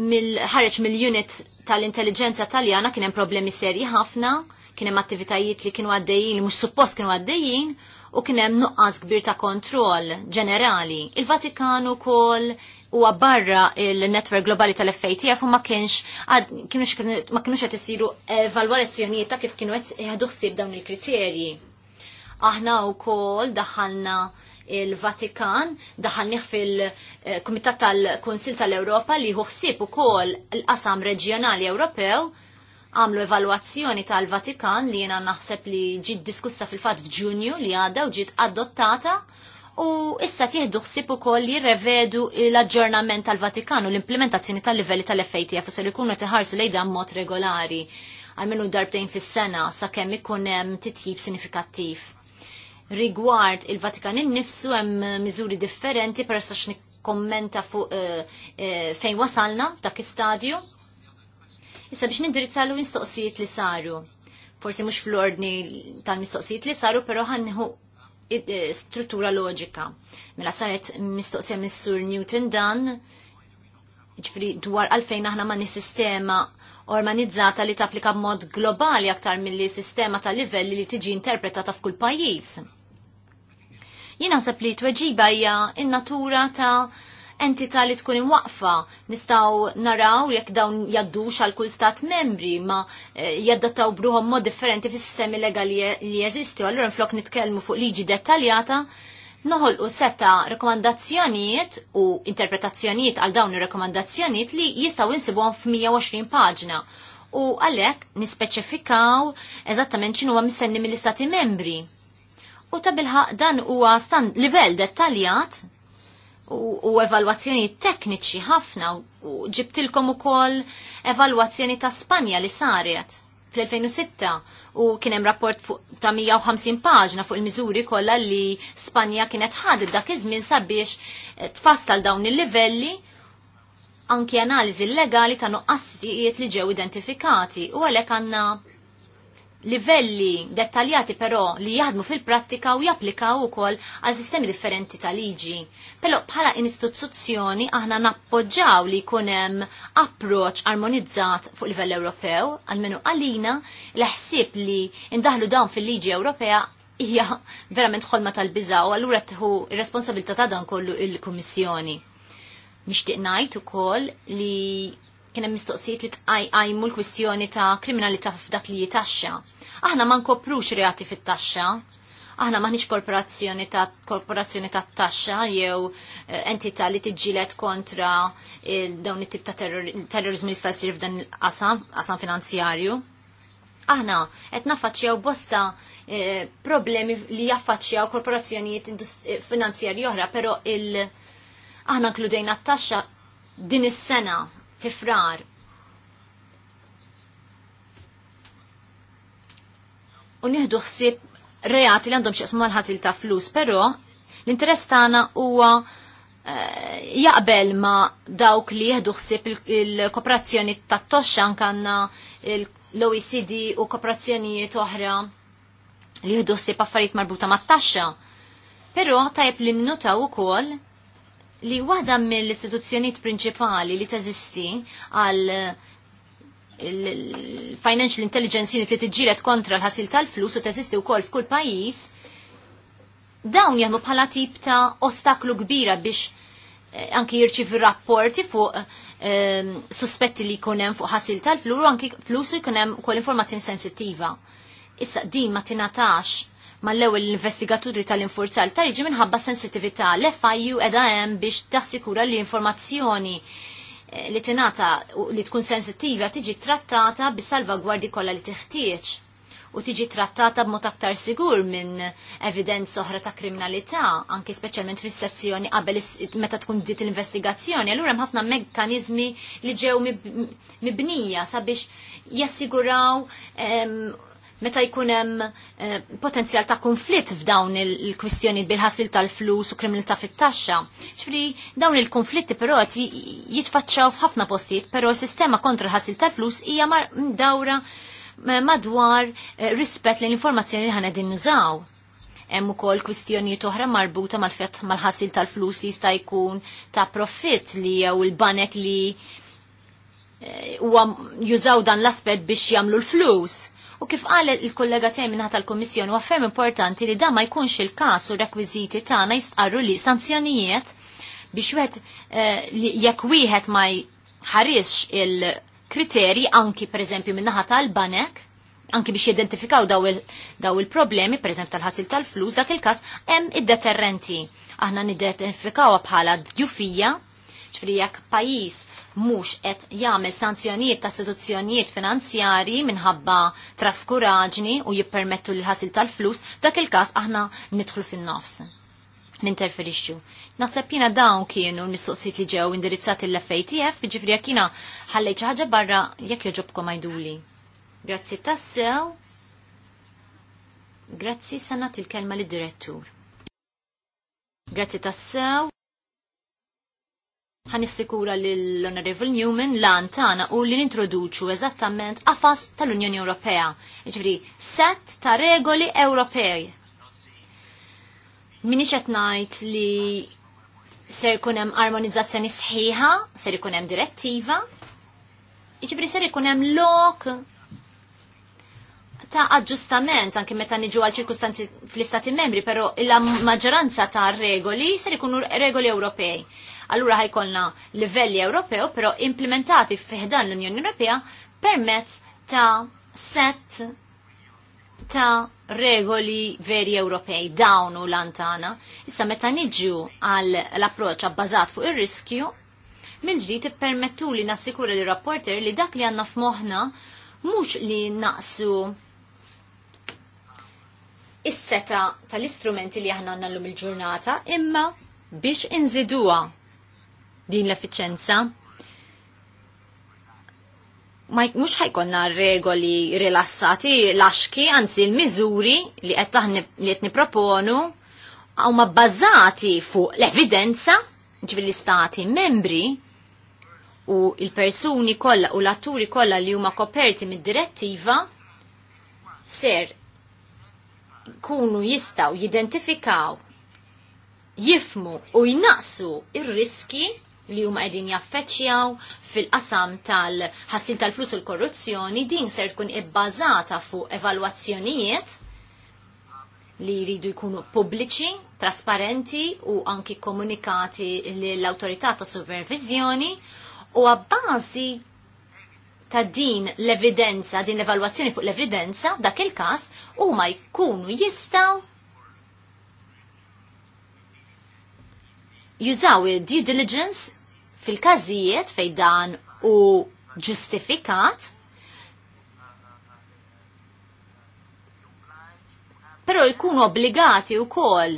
mill-ħareġ mill-unit tal-intelligenza taljana kien hemm problemi serji ħafna, kien hemm attivitajiet li kienu għaddejjin li mhux suppost kienu għaddejjin u kien hemm nuqqas kbir ta' kontroll ġenerali. Il-Vatikan ukoll huwa barra il-netwerk globali tal-FATF u ma kienx ma kienux qed isiru evalwazzjonijiet ta' kif kienu qed jaħdu ħsieb dawn il-kriterji. Aħna wkoll daħalna il-Vatikan daħalniħ fil-Kumitat tal-Kunsil tal-Europa li huħsib ukoll l-qasam reġjonali Ewropew għamlu evalwazzjoni tal-Vatikan li jena naħseb li ġiet diskussa fil-fat f'Ġunju li għadda u ġiet adottata u issa tieħdu ħsieb ukoll li revedu l-aġġornament tal-Vatikan u l-implementazzjoni tal-livelli tal-FATF u ser ikunu teħarsu lejda mod regolari għalmenu darbtejn fis-sena sakemm ikun hemm titjib sinifikattiv rigward il-Vatikan innifsu hemm eh, miżuri differenti per sax nikkommenta fuq eh, eh, fejn wasalna dak istadju. Issa biex nindirizza l-mistoqsijiet li saru. Forsi mhux fl-ordni tal-mistoqsijiet li saru, però ħanniħu struttura loġika. Mela saret mistoqsija mis-sur Newton dan, ġifri dwar għalfejn aħna ma' sistema organizzata li tapplika b'mod globali aktar mill-sistema ta' livelli li tiġi interpretata f'kull pajjiż. Jien naħseb li tweġiba hija in-natura ta' entità li tkun imwaqfa nistaw naraw jekk dawn jaddux għal kull stat membri ma eh, jaddattaw bruħom mod differenti fis sistemi legali e- li jeżistu. Allura nflok nitkellmu fuq liġi dettaljata noħol u setta rekomandazzjonijiet u interpretazzjonijiet għal dawn ir-rekomandazzjonijiet li jistaw insibuhom 120 paġna u għalhekk nispeċifikaw eżattament x'inhuwa mistenni mill-istati membri U ta' bilħaq dan huwa stand livell dettaljat u evalwazzjoni tekniċi ħafna u ġibtilkom ukoll evalwazzjoni ta' Spanja li saret fl-2006 u kien hemm rapport ta' 150 paġna fuq il-miżuri kollha li Spanja kienet ħadet dak iż-żmien sabiex eh, tfassal dawn il-livelli anki analiżi legali ta' nuqqassijiet li ġew identifikati u għalhekk għandna livelli dettaljati però li jaħdmu fil-prattika u japplikaw ukoll għal sistemi differenti ta' liġi. Però bħala istituzzjoni aħna nappoġġaw li jkun hemm approċ armonizzat fuq livell Ewropew, għalmenu għalina l-ħsieb li indaħlu dawn fil-liġi Ewropea hija verament ħolma tal biżaw allura tħu ir-responsabilità ta' dan kollu il-Kummissjoni. Nixtieq ngħid ukoll li kien hemm mistoqsijiet li għajmu l-kwistjoni ta' kriminalità f'dak li jitaxxa. Aħna ma nkoprux reati fit-taxxa. Aħna maħniġ korporazzjoni ta' korporazzjoni ta' taxxa jew eh, entità li tiġġilet kontra eh, dawn it-tip ta' terrorizmu li stajsir jsir f'dan qasam qasam finanzjarju. Aħna qed naffaċċjaw bosta eh, problemi li jaffaċċjaw korporazzjonijiet finanzjarji oħra, però il aħna kludejna t-taxxa din is-sena fi U nieħdu ħsieb reati li għandhom xieqsmu għal ħasil ta' flus, però l-interess tagħna huwa eh, jaqbel ma dawk li jieħdu ħsieb il-kooperazzjoni tat toxxa kanna l-OECD u koperazzjonijiet oħra li jieħdu ħsieb affarijiet marbuta mat-taxxa. Però tajb li nnotaw wkoll li waħda mill-istituzzjonijiet prinċipali li teżisti għal eh, il-Financial Intelligence Unit li tiġġiret kontra l-ħasil tal-flus u teżisti wkoll f'kull pajjiż dawn jagħmlu bħala tip ta' ostaklu kbira biex eh, anki jirċivi rapporti fuq eh, suspetti li kunem fuq ħasil tal-flus u anki flus li kunem kol informazzjoni sensittiva. Issa din ma tinatax mal-ewwel l-investigaturi tal-infurzar ta' jiġi minħabba sensitività l-FIU edha hemm biex tassikura li informazzjoni eh, li tinata li tkun sensitiva tiġi trattata bi salvagwardi kollha li tiħtieġ u tiġi trattata b'mod aktar sigur minn evidenza oħra ta' kriminalità, anki speċjalment fis-sezzjoni qabel meta tkun dit l-investigazzjoni, allura hemm ħafna mekkaniżmi li ġew mibnija sabiex jassiguraw meta jkun hemm eh, potenzjal ta' konflitt f'dawn il-kwistjoni bil-ħasil tal-flus u kriminalità fit-taxxa. Ġifri, dawn il-konflitti però qed jitfaċċaw f'ħafna postijiet, però s-sistema kontra l-ħasil tal-flus hija dawra eh, madwar eh, rispett l-informazzjoni li ħana din nużaw hemm ukoll kwistjonijiet oħra marbuta mal-fett mal-ħasil tal-flus li jista' jkun ta' profitt li jew il-banek li huwa jużaw dan l-aspett biex jagħmlu l-flus. U kif qal il-kollega tiegħi minnaħa tal-Kummissjoni huwa ferm importanti li dan ma jkunx il-każ u rekwiżiti tagħna jistqarru li sanzjonijiet biex wieħed eh, jekk wieħed ma jħarisx il-kriterji anki pereżempju min-naħa tal-banek anki biex jidentifikaw daw il-problemi, per eżempju tal-ħasil tal-flus, dak il-kas, hemm id-deterrenti. Aħna nidentifikaw bħala djufija ċfri jekk pajis mux et jagħmel sanzjonijiet ta' istituzzjonijiet finanzjari minħabba traskuraġni u jippermettu l-ħasil tal-flus, dak il-każ aħna nidħlu fin-nofs. Ninterferixxu. Naħseb jiena dawn kienu nistoqsit li ġew indirizzati l-FATF, ġifri jekk jiena ħallejt xi ħaġa barra jekk joġobkom għajduli. Grazzi tassew. Grazzi sanat il-kelma lid direttur Grazzi tassew ħan issikura l-Honorable Newman lan tana u li nintroduċu eżattament għafas tal-Unjoni Ewropea, ġifri set ta' regoli Ewropej. Minix qed ngħid li ser ikun hemm armonizzazzjoni sħiħa, ser ikun hemm direttiva, ġifri ser ikun hemm lok ta' aġġustament anke meta niġu għal ċirkustanzi fl-istati membri, però la maġġoranza ta' regoli ser ikunu regoli Ewropej. Allura ħajkolna livelli Ewropew, però implementati f'ħdan l-Unjoni Ewropea permezz ta' set ta' regoli veri Ewropej, dawn u lantana. Issa meta niġu għal l approċċ abbażat fuq ir-riskju, mill-ġdid ippermettu li nassikura li rapporter li dak li għanna f'moħna mhux li naqsu is-seta tal-istrumenti li aħna l-lum il-ġurnata, imma biex inżiduha din l-effiċenza. Ma mhux ħajkonna regoli rilassati, laxki, anzi l-miżuri li qed niproponu huma bbażati fuq l-evidenza ġvill l-istati membri u il-persuni kolla u l-atturi kolla li huma koperti mid-direttiva ser kunu jistaw jidentifikaw, jifmu u jnaqsu il riski li huma qegħdin jaffeċċjaw fil-qasam tal-ħassin tal-flus u l-korruzzjoni din ser tkun ibbażata fuq evalwazzjonijiet li jridu jkunu pubbliċi, trasparenti u anki komunikati l-autorità ta' supervizjoni u għabbażi ta' din l-evidenza, din l-evalwazzjoni fuq l-evidenza, dak il-kas, u ma jkunu jistaw jużaw due diligence fil-kazijiet fej dan u ġustifikat, pero jkunu obbligati u kol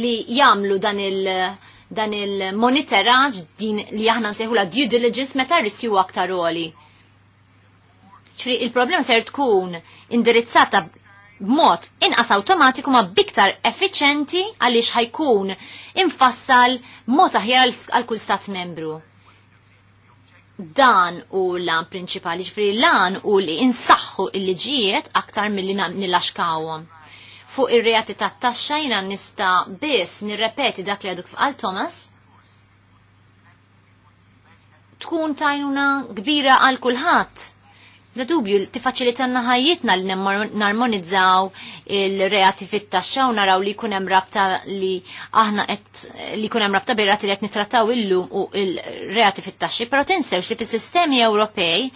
li jamlu dan il- dan il monitoraġ din li aħna nsejħu la due diligence meta riskju aktar għoli. ċri il-problema ser tkun indirizzata b'mod inqas awtomatiku ma biktar effiċenti għaliex ħajkun infassal mod aħjar għal kull stat membru. Dan u lan prinċipali ġifri lan u li insaħħu il-liġijiet aktar mill-li nilaxkawhom fuq ir-reati tat-taxxa jiena nista' biss nirrepeti dak li għaduk f'qal Thomas. Tkun tajnuna kbira għal kulħadd. Da dubju, tifaċilitanna ħajjitna li narmonizzaw il-reati fit-taxxa u naraw li kunem rabta li aħna qed li kunem rabta bir-reati li qed nitrattaw illum u il-reati fit-taxxi, però tinsewx li fis-sistemi Ewropej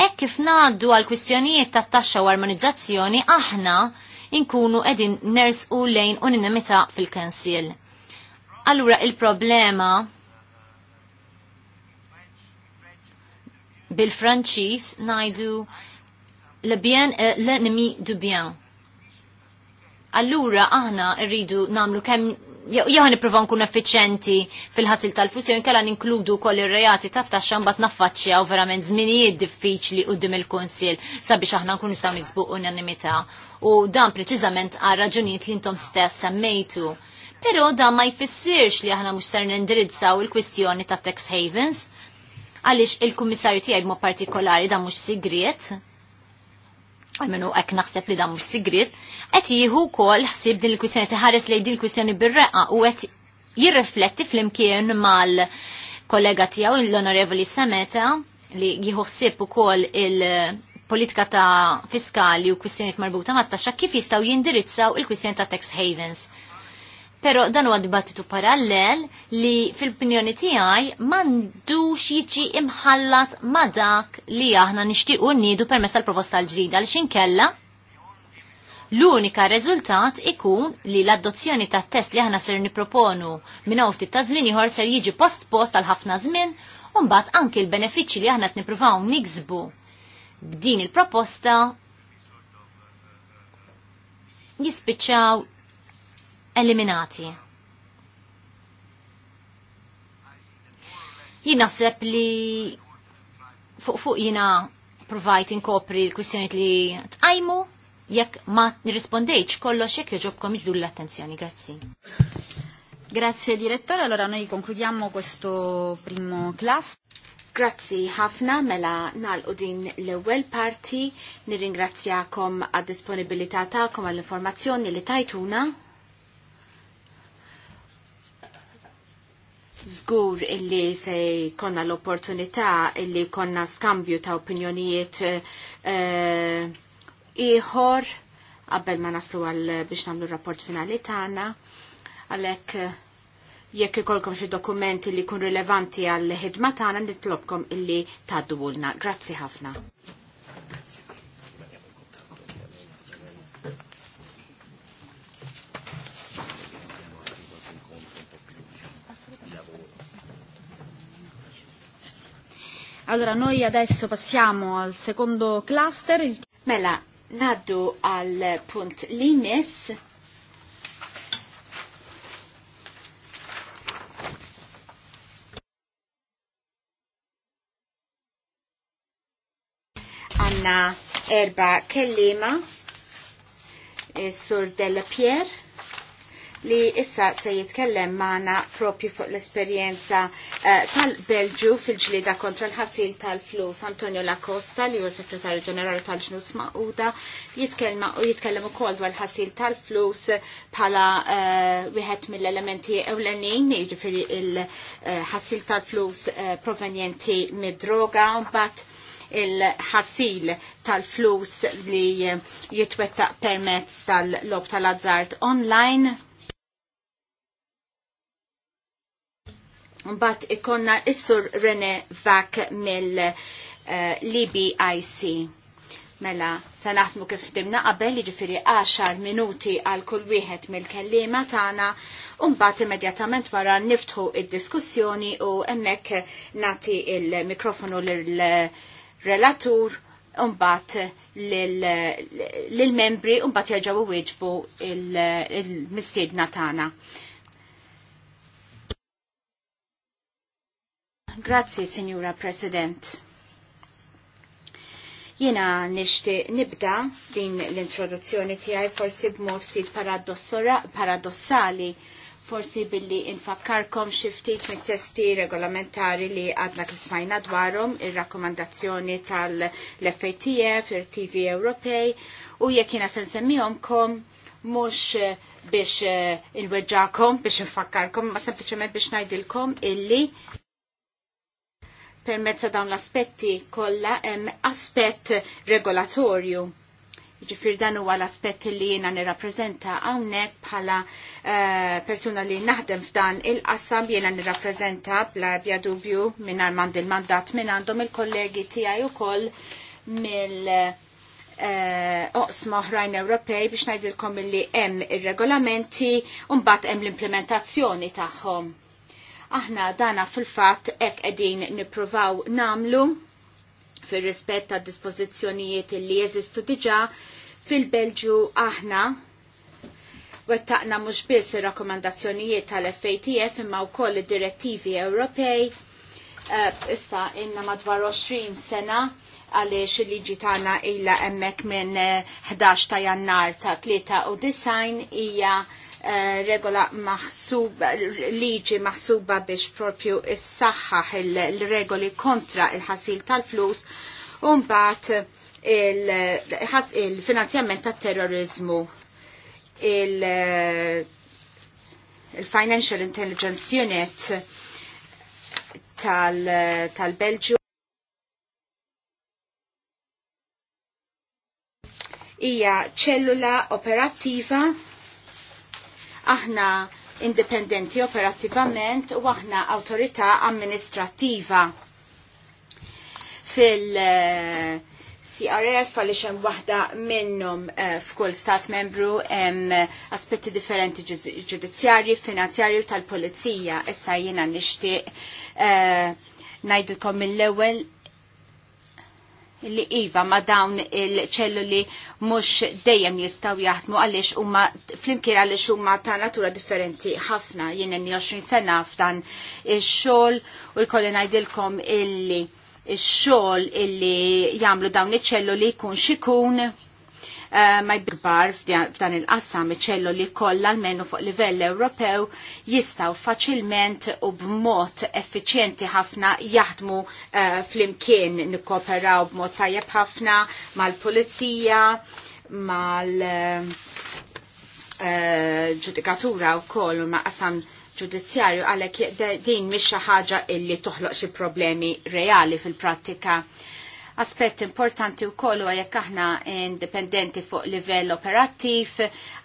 hekk kif ngħaddu għal kwistjonijiet tat-taxxa u armonizzazzjoni aħna inkunu edin ners u lejn uninimita fil-kansil. Allura il-problema bil-Franċis najdu le bien eh, l'ennemi du bien. Allura aħna rridu namlu kemm jew nipprova nkun effiċenti fil-ħasil tal-flus jew inkella ninkludu wkoll ir-reati ta' taxxa mbagħad naffaċċjaw verament żminijiet diffiċli quddiem il-Kunsill sabiex aħna nkun nistgħu niksbu unanimità. U dan preċiżament għal raġunijiet li intom stess semmejtu. Però dan ma jfissirx li aħna mhux ser nindirizzaw il-kwistjoni ta' tax havens għaliex il-kummissarju tiegħi mod partikolari dan mhux sigriet għalmenu għek naħseb li dan mux sigrit, għet jihu kol ħsib din il kwissjoni tħares li din il kwissjoni bil-reqqa u għet jirrifletti fl-imkien mal-kollega tijaw l-onorevoli Sameta li jihu ħsib u kol il-politika ta' fiskali u kwistjoni marbuta ma' taxxa kif jistaw jindirizzaw il kwissjoni ta' tax havens. Pero dan huwa dibattitu parallel li fil-opinjoni tiegħi m'għandux jiġi imħallat ma' dak li aħna nixtiequ nniedu permezz tal-proposta l-ġdida li xinkella L-unika rezultat ikun li l-adozzjoni ta' test li aħna ser niproponu minn ftit ta' żmien ieħor ser jiġi post post għal ħafna żmien u mbagħad anke l-benefiċċji li aħna qed nippruvaw niksbu b'din il-proposta jispiċċaw eliminati. Jina sepp li fuq fuq jina provajt inkopri l-kwistjoniet li tqajmu jekk ma nirrispondejċ kollox jekk joġobkom iġdu l-attenzjoni. Grazzi. Grazie direttore, allora noi concludiamo questo primo class. Grazzi ħafna mela nalqu din l-ewwel parti, nirringrazzjakom għad-disponibilità tagħkom għall-informazzjoni li tajtuna. Zgur illi se konna l-opportunità illi konna skambju ta' opinjonijiet eh, ieħor qabel ma nasu għal biex namlu rapport finali tagħna. Għalhekk jekk ikolkom xi dokumenti li jkun rilevanti għall ħidma tagħna nitlobkom illi tgħadduwulna. Grazzi ħafna. Allora, noi adesso passiamo al secondo cluster. Il... Mela, naddu al punt limis. Anna erba kellima, eh, Sur Della Pierre li issa se jitkellem maħna propju fuq l-esperienza uh, eh, tal-Belġu fil-ġlida kontra l-ħasil tal-flus. Antonio Lacosta li huwa segretarju ġenerali tal-ġnus Mauda jitkellem u kol dwar l-ħasil tal-flus bħala uh, wieħed mill-elementi ewlenin, jiġifieri il-ħasil tal-flus uh, eh, provenjenti mid-droga, mbagħad il-ħasil tal-flus li jitwettaq permezz tal-lob tal-azzart online Mbatt ikonna issur Rene Vak mill eh, IC. Mela, se naħdmu kif ħdimna qabel ġifiri 10 minuti għal kull wieħed mill-kellima tagħna u mbagħad immedjatament wara niftħu id-diskussjoni u hemmhekk nagħti il-mikrofonu lill-relatur u mbagħad lill-membri u mbagħad jerġgħu wieġbu il-mistiedna tagħna. Grazzi, Signora President. Jena nishti nibda din l-introduzzjoni tiegħi forsi b'mod ftit paradossali, forsi billi infakkarkom xi ftit mit-testi regolamentari li għadna kismajna dwarhom ir-rakkomandazzjoni tal-FATF, il tv Ewropej u jekk jiena se nsemmihomkom mhux biex inweġġakom biex infakkarkom, ma sempliċement biex ngħidilkom illi permezza dawn l-aspetti kollha hemm aspett regolatorju. Ġifir dan huwa l-aspett li jiena nirrappreżenta hawnhekk bħala eh, persuna li naħdem f'dan il qasam jiena nirrappreżenta bla bja dubju mingħajr mand il-mandat minn għandhom il-kollegi tiegħi ukoll mill eh, oqsma oħrajn Ewropej biex ngħidilkom li hemm ir-regolamenti u mbagħad hemm l-implementazzjoni tagħhom Aħna dana fil-fatt ek edin niprovaw namlu fil-rispett ta' dispozizjonijiet li jeżistu diġa fil-Belġu aħna wettaqna mhux biss ir-rakkomandazzjonijiet tal-FATF imma wkoll id-direttivi Ewropej eh, issa inna madwar 20 sena għaliex il-liġi tagħna ilha hemmhekk minn 11 eh, ta' Jannar ta' 93 hija Eh, regola maħsuba, liġi maħsuba biex propju s-saxħaħ il-regoli kontra il-ħasil tal-flus, un-bat il-finanzjament tat terrorizmu il-Financial eh, Intelligence Unit tal-Belġu hija ċellula operattiva aħna indipendenti operattivament u aħna autorità amministrattiva fil- CRF għalli hemm waħda minnhom eh, f'kull stat membru hemm aspetti differenti ġudizzjarji, finanzjarji tal-pulizija. Issa jiena nixtieq eh, ngħidilkom mill-ewwel li iva ma dawn il-ċelluli mux dejjem jistaw jaħdmu għalix umma flimkien għalix umma ta' natura differenti ħafna jien 20 sena f'dan il-xol u jkolli ngħidilkom illi il-xol illi jamlu dawn il-ċelluli kun xikun Eh, ma jibbar f'dan il-qassam iċellu li kollha almenu fuq livell Ewropew jistaw faċilment u b'mod effiċjenti ħafna jaħdmu eh, fl-imkien nikkooperaw b'mod tajjeb ħafna mal-pulizija, mal-ġudikatura eh, u koll u ma' qasam ġudizzjarju għalek din mish xi ħaġa illi toħloq xi problemi reali fil-prattika. Aspett importanti u kollu jekk aħna indipendenti fuq livell operattiv,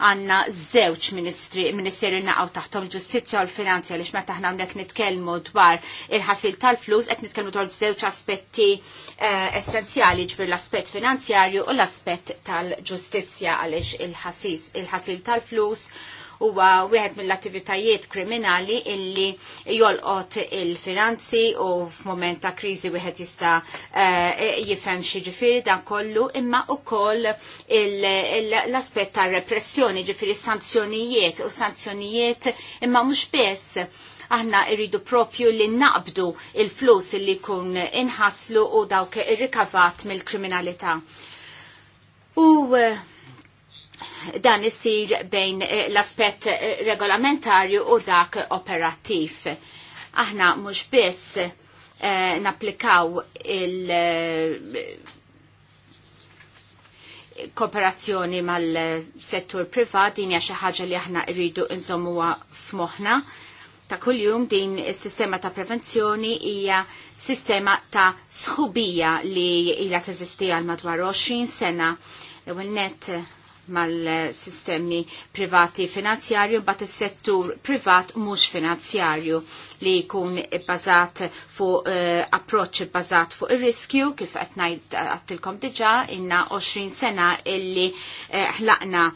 għanna zewċ ministeri naqaw taħtom ġustizja u l-finanzja li xmeta aħna mlek nitkelmu dwar il-ħasil tal-flus, qed nitkelmu dwar zewċ aspetti eh, essenzjali ġvir l-aspett finanzjarju u l-aspett tal-ġustizja għaliex il-ħasil tal-flus huwa wieħed mill-attivitajiet kriminali illi jolqot il-finanzi u f'moment ta' kriżi wieħed jista' eh, jifhem xi ġifieri dan kollu imma wkoll l-aspett ta' repressjoni ġifieri sanzjonijiet u sanzjonijiet imma mhux biss aħna irridu propju li naqbdu il-flus li kun inħaslu u dawk irrikavat mill-kriminalità. U uh, dan isir bejn eh, l-aspett eh, regolamentarju u dak operattiv. Aħna mhux biss eh, napplikaw il- eh, kooperazzjoni mal-settur privat din hija xi ħaġa li aħna rridu nżommuha f'moħħna. Ta' kuljum din is-sistema ta' prevenzjoni hija sistema ta' sħubija li ilha teżisti għal madwar 20 sena. Ewwel net mal-sistemi privati finanzjarju bat is-settur privat mhux finanzjarju li jkun bazat fuq uh, eh, approċ bazat fuq ir-riskju kif qed ngħid eh, għattilkom diġà inna 20 sena illi eh, ħlaqna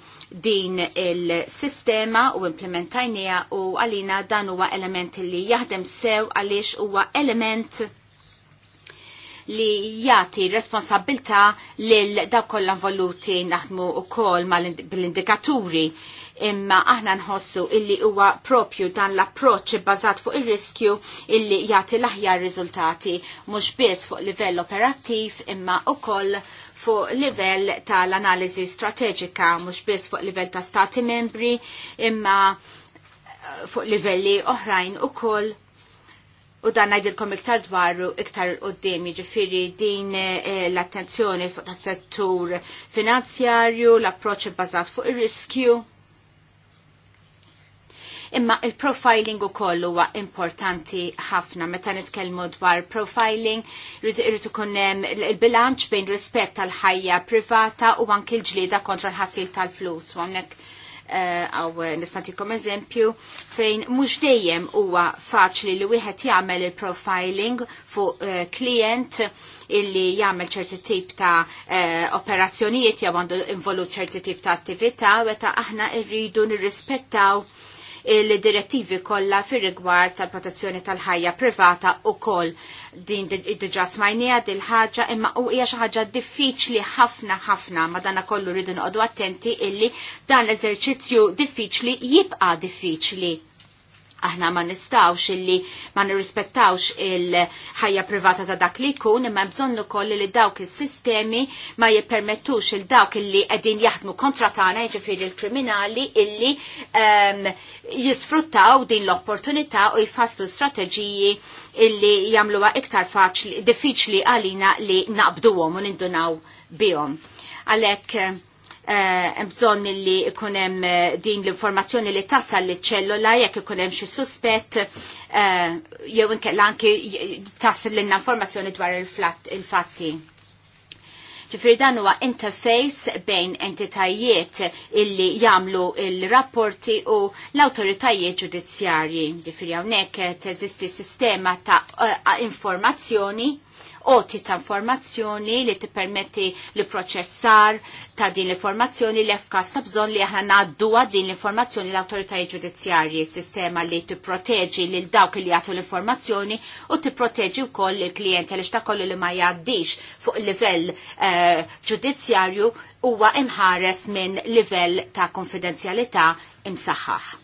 din il-sistema u implementajnija u għalina dan huwa element li jaħdem sew għaliex huwa element li jati responsabilta lil daw voluti involuti naħdmu wkoll mal-indikaturi imma aħna nħossu illi huwa propju dan l-approċċ bbażat fuq ir-riskju illi jagħti l-aħjar riżultati mhux biss fuq livell operattiv imma wkoll fuq livell tal-analiżi strateġika mhux biss fuq livell ta' stati membri imma fuq livelli oħrajn ukoll U dan najdilkom iktar dwaru iktar d-demi jiġifieri din eh, l-attenzjoni fuq tas settur finanzjarju, l-approċċ bbażat fuq ir-riskju. Imma il-profiling ukoll huwa importanti ħafna meta nitkellmu dwar profiling, irid ikun hemm il-bilanċ bejn rispett tal-ħajja privata u anke l-ġlieda kontra l-ħasil tal-flus. Hawnhekk Eh, għaw nistantikom eżempju fejn mux dejjem huwa faċli li wieħed jagħmel il-profiling fuq eh, klient illi jagħmel ċerti tip ta' eh, operazzjonijiet jew għandu involut ċerti tip ta' attività weta aħna rridu nirrispettaw il-direttivi kollha fir-rigward tal-protezzjoni tal-ħajja privata u koll din id-dġa smajnija dil ħaġa imma u hija xi ħaġa diffiċli ħafna ħafna ma kollu rridu noqogħdu attenti illi dan l-eżerċizzju diffiċli jibqa' diffiċli aħna ma nistawx illi ma nirrispettawx il-ħajja privata ta' dak li jkun imma bżonnu koll li dawk is-sistemi ma jippermettux il dawk illi qegħdin jaħdmu kontra tagħna jiġifieri l-kriminali illi um, jisfruttaw din l-opportunità u jfasslu strateġiji illi jagħmluha iktar faċli diffiċli għalina li naqbduhom u nindunaw bihom. Għalhekk Eh, bżonn li ikun hemm eh, din l-informazzjoni li tasal li ċellula jekk ikun hemm xi suspett eh, jew inkella anki tasal lilna informazzjoni dwar il-fatti. Ġifri dan huwa interface bejn entitajiet illi jagħmlu il-rapporti u l-awtoritajiet ġudizzjarji. Ġifri hawnhekk teżisti sistema ta' informazzjoni oti ta' informazzjoni li tippermetti li proċessar ta' din l-informazzjoni li f'kas ta' bżon li aħna għaddua din l-informazzjoni l-autoritajiet ġudizzjarji, sistema li li lil dawk li jagħtu l-informazzjoni u tipproteġi wkoll il klienti għaliex ta' kollu li ma jgħaddix fuq livell eh, ġudizzjarju huwa imħares minn livell ta' konfidenzjalità imsaħħaħ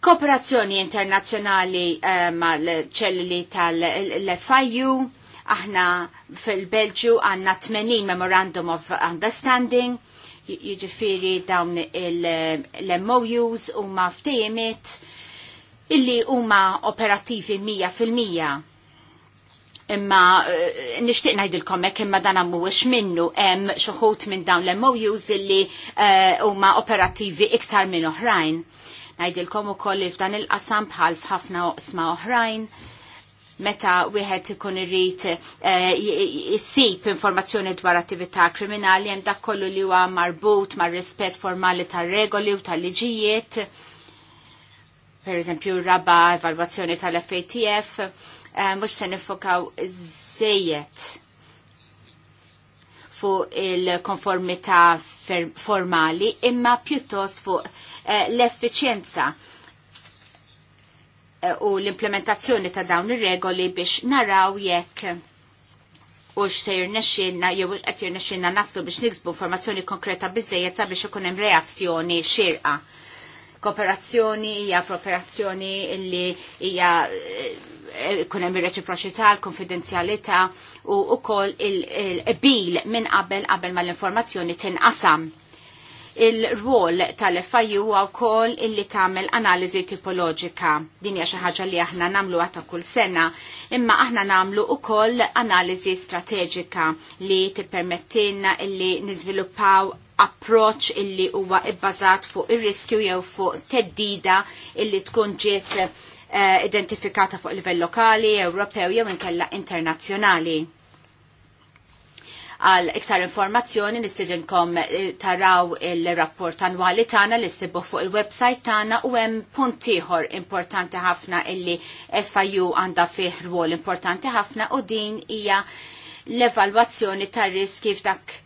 kooperazzjoni internazzjonali eh, ma l-ċelli tal-FIU, aħna fil-Belġu għanna 80 Memorandum of Understanding, jġifiri dawn l-MOUs u ma ftejemit illi huma operativi 100%. Imma eh, nixtieq ngħidilkom hekk imma dan mhuwiex minnu hemm xi minn dawn l-MOUs illi eh, huma uh, operattivi iktar minn oħrajn. Ngħidilkom ukoll li f'dan il-qasam bħal f'ħafna oqsma oħrajn meta wieħed ikun irrid eh, issib informazzjoni dwar attività kriminali hemm dak kollu li huwa marbut mar-rispett formali tar-regoli u tal-liġijiet. Per eżempju, raba evalwazzjoni tal-FATF, eh, mhux se nifokaw żejjed fuq il-konformità formali, imma pjuttost fuq Eh, l-effiċjenza eh, u l-implementazzjoni ta' dawn ir-regoli biex naraw jekk u xsejr nexxinna jew qed jirnexxinna naslu biex niksbu informazzjoni konkreta biżejjed biex ikun hemm reazzjoni xirqa. Kooperazzjoni hija kooperazzjoni li hija eh, ikun hemm ir-reċiproċità, l-konfidenzjalità u wkoll il-qbil minn qabel qabel mal-informazzjoni tinqasam il-rwol tal-FIU għaw kol illi tamel analizi tipologika. Din hija xi ħaġa li aħna namlu għata kull sena, imma aħna namlu u kol analizi strategika li tippermettilna illi niżviluppaw approċ illi huwa ibbażat fuq ir-riskju jew fuq teddida illi tkun ġiet eh, identifikata fuq livell lokali, Ewropew jew inkella internazzjonali għal iktar informazzjoni nistidinkom eh, taraw il-rapport annwali tagħna li sibbu fuq il-website tagħna u hemm punt ieħor importanti ħafna illi FIU għandha fih rwol importanti ħafna u din hija l-evalwazzjoni tar kif dak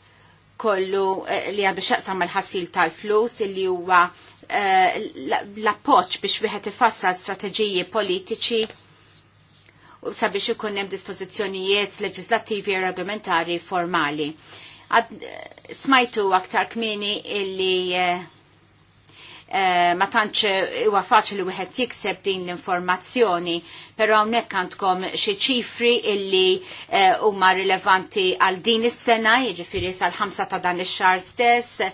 kollu eh, li għandu xaqsam mal-ħassil tal-flus illi huwa eh, l-appoċ biex wieħed ifassal strateġiji politiċi sabiex ikun hemm dispożizzjonijiet leġislattivi u e regolamentari formali. Ad, smajtu aktar kmini illi eh, Eh, ma tantx huwa faċli wieħed jikseb din l-informazzjoni, però hawnhekk għandkom xi ċifri illi eh, huma rilevanti għal din is-sena, jiġifieri sal-5 ta' dan ix-xahar stess,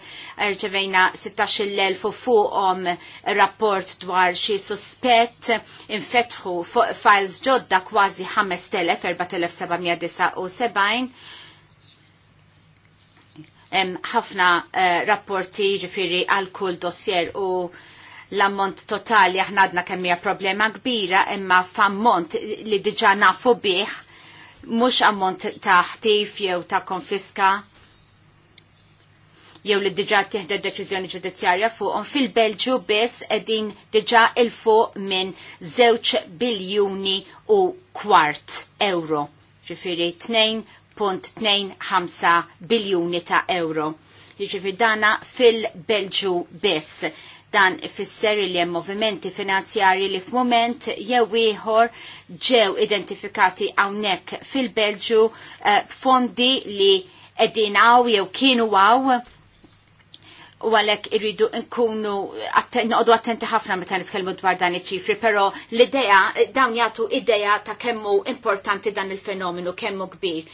rċevejna 16 u fuqhom rapport dwar xi suspett infetħu files ġodda kważi 5,000 4779 ħafna uh, rapporti ġifiri għal kull dossier u l-ammont totali aħna għadna kemmija problema kbira imma f'ammont li diġa nafu bih mux ammont ta' ħtif jew ta' konfiska jew li diġa tieħda deċiżjoni ġudizzjarja fuqhom fil-Belġu biss qegħdin diġa il fuq minn żewġ biljuni u kwart euro. Ġifiri 1.25 biljuni ta' euro. Jiġifieri dana fil-Belġu biss. Dan ifisser li hemm movimenti finanzjarji li f'mument jew ieħor ġew identifikati hawnhekk fil-Belġu eh, fondi li qegħdin għaw jew kienu għaw u għalek irridu nkunu noqdu attenti ħafna meta nitkellmu dwar dan iċ-ċifri, però l-idea dawn jagħtu idea ta' kemmu importanti dan il-fenomenu, kemmu kbir.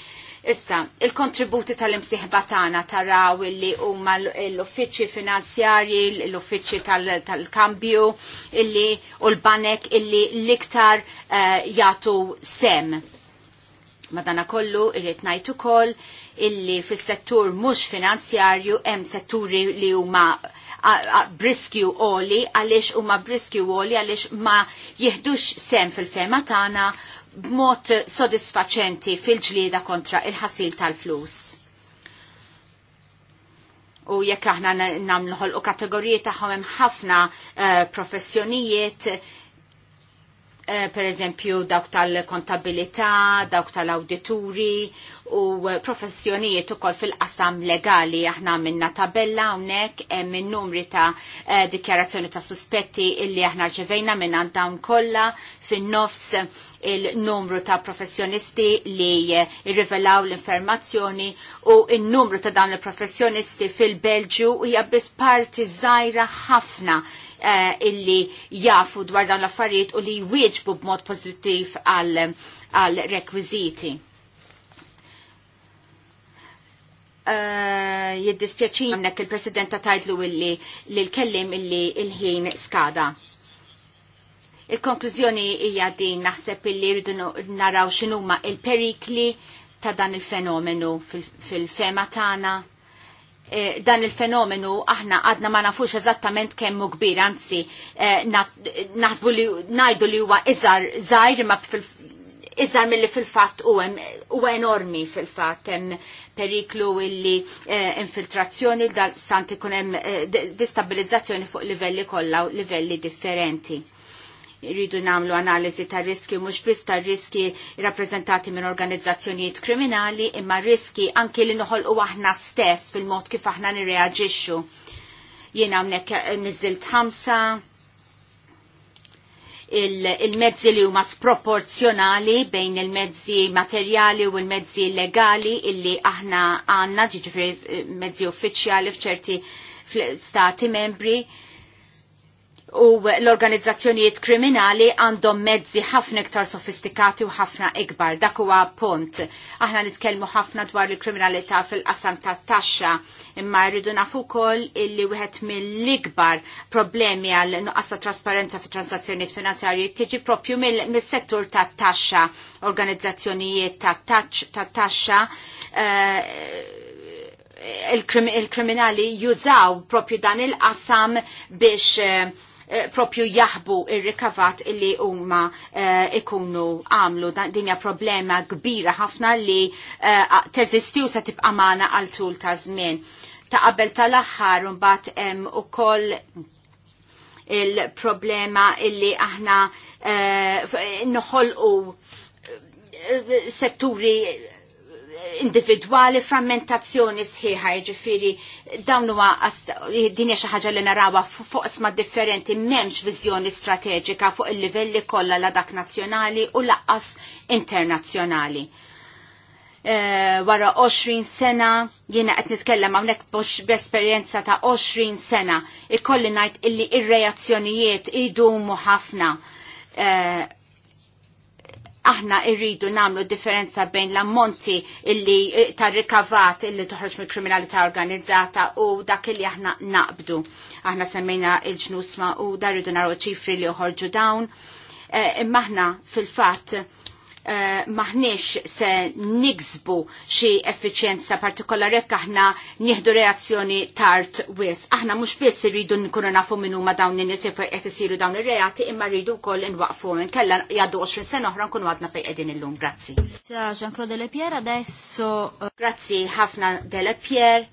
Issa, il-kontributi tal-imsiħba tagħna taraw li huma l-uffiċċji finanzjarji, l-uffiċċji tal-kambju, illi u l-banek illi l-iktar eh, jagħtu sem. Madana kollu irrit ngħid ukoll illi fis-settur mhux finanzjarju hemm setturi li huma briskju oli għaliex huma briskju oli għaliex ma jihdux sem fil-fema tagħna b'mod sodisfaċenti fil-ġlieda kontra il-ħasil tal-flus. U jekk aħna namluħol u kategoriji tagħhom hemm ħafna eh, professjonijiet eh, per eżempju dawk tal-kontabilità, dawk tal-awdituri u eh, professjonijiet ukoll fil-qasam legali aħna minna tabella hawnhekk hemm in-numri ta' dikjarazzjoni ta' suspetti illi aħna rċevejna minn dawn kollha fin-nofs il-numru ta' professjonisti li jirrivelaw eh, l-informazzjoni u il-numru ta' dan il-professjonisti fil-Belġu hija biss parti żgħira ħafna eh, illi jafu dwar dan l-affarijiet u li jwieġbu b'mod pożittiv għal-rekwiziti. Eh, jiddispjaċin għamnek il-presidenta tajdlu illi l-kellim illi il-ħin skada. Il-konklużjoni hija din naħseb illi rridu naraw x'inhuma il-perikli ta' dan il-fenomenu fil-fema tagħna. E, dan il-fenomenu aħna għadna ma nafux eżattament hu kbir, anzi e, naħsbu li najdu li huwa iżar żgħir ma iżar mill-li fil-fatt u enormi fil-fatt hemm periklu illi e, infiltrazzjoni dal sant ikun hemm destabilizzazzjoni fuq livelli kollha livelli differenti. Irridu namlu analizi ta' riski mhux biss ta' riski rappreżentati minn organizzazzjonijiet kriminali imma riski anki li noħolqu aħna stess fil-mod kif aħna nirreaġixxu. Jien hawnhekk nizzilt ħamsa il-mezzi li huma sproporzjonali bejn il-mezzi materjali u il-mezzi legali illi aħna għanna ġiġifri mezzi uffiċjali f'ċerti stati membri u l-organizzazzjonijiet kriminali għandhom mezzi ħafna iktar sofistikati u ħafna ikbar. Dak huwa punt. Aħna nitkellmu ħafna dwar il-kriminalità fil-qasam ta' taxxa, imma rridu nafu wkoll illi wieħed mill-ikbar problemi għal nuqqas ta' trasparenza fi transazzjonijiet finanzjarji tiġi propju mill-settur ta' taxxa, organizzazzjonijiet ta' taxxa eh, il-kriminali jużaw propju dan il-qasam biex eh, Eh, propju jaħbu il rikavat illi huma eh, ikunu għamlu dinja problema kbira ħafna li eh, teżisti u se tibqa' għal tul ta' żmien. Ta' qabel tal-aħħar mbagħad hemm ukoll il-problema illi aħna noħolqu setturi individwali frammentazzjoni sħiħa, ġifiri, dawn huwa din hija xi ħaġa li narawha fuq isma' differenti m'hemmx viżjoni strateġika fuq il-livelli kollha la dak nazzjonali u laqqas internazzjonali. Eh, wara 20 sena, jiena qed nitkellem hawnhekk b'esperjenza ta' 20 sena, ikolli ngħid illi ir-reazzjonijiet idumu ħafna. Eh, aħna irridu namlu differenza bejn l-ammonti illi eh, tar rikavat illi toħroġ mill kriminalità organizzata u dak illi aħna naqbdu. Aħna semmejna il-ġnus ma u darridu naraw ċifri li uħorġu dawn. Eh, imma aħna fil-fatt uh, maħniex se nigzbu xi effiċjenza partikolari jekk aħna nieħdu reazzjoni tard wis. Aħna mhux biss irridu nkunu nafu minn huma dawn in-nies fuq qed isiru dawn ir-reati imma rridu wkoll inwaqfu minn kellha jgħaddu 20 sena oħra nkunu għadna fejn qegħdin illum. Grazzi. Jean-Claude adesso. Eh, Grazzi ħafna Le Pier.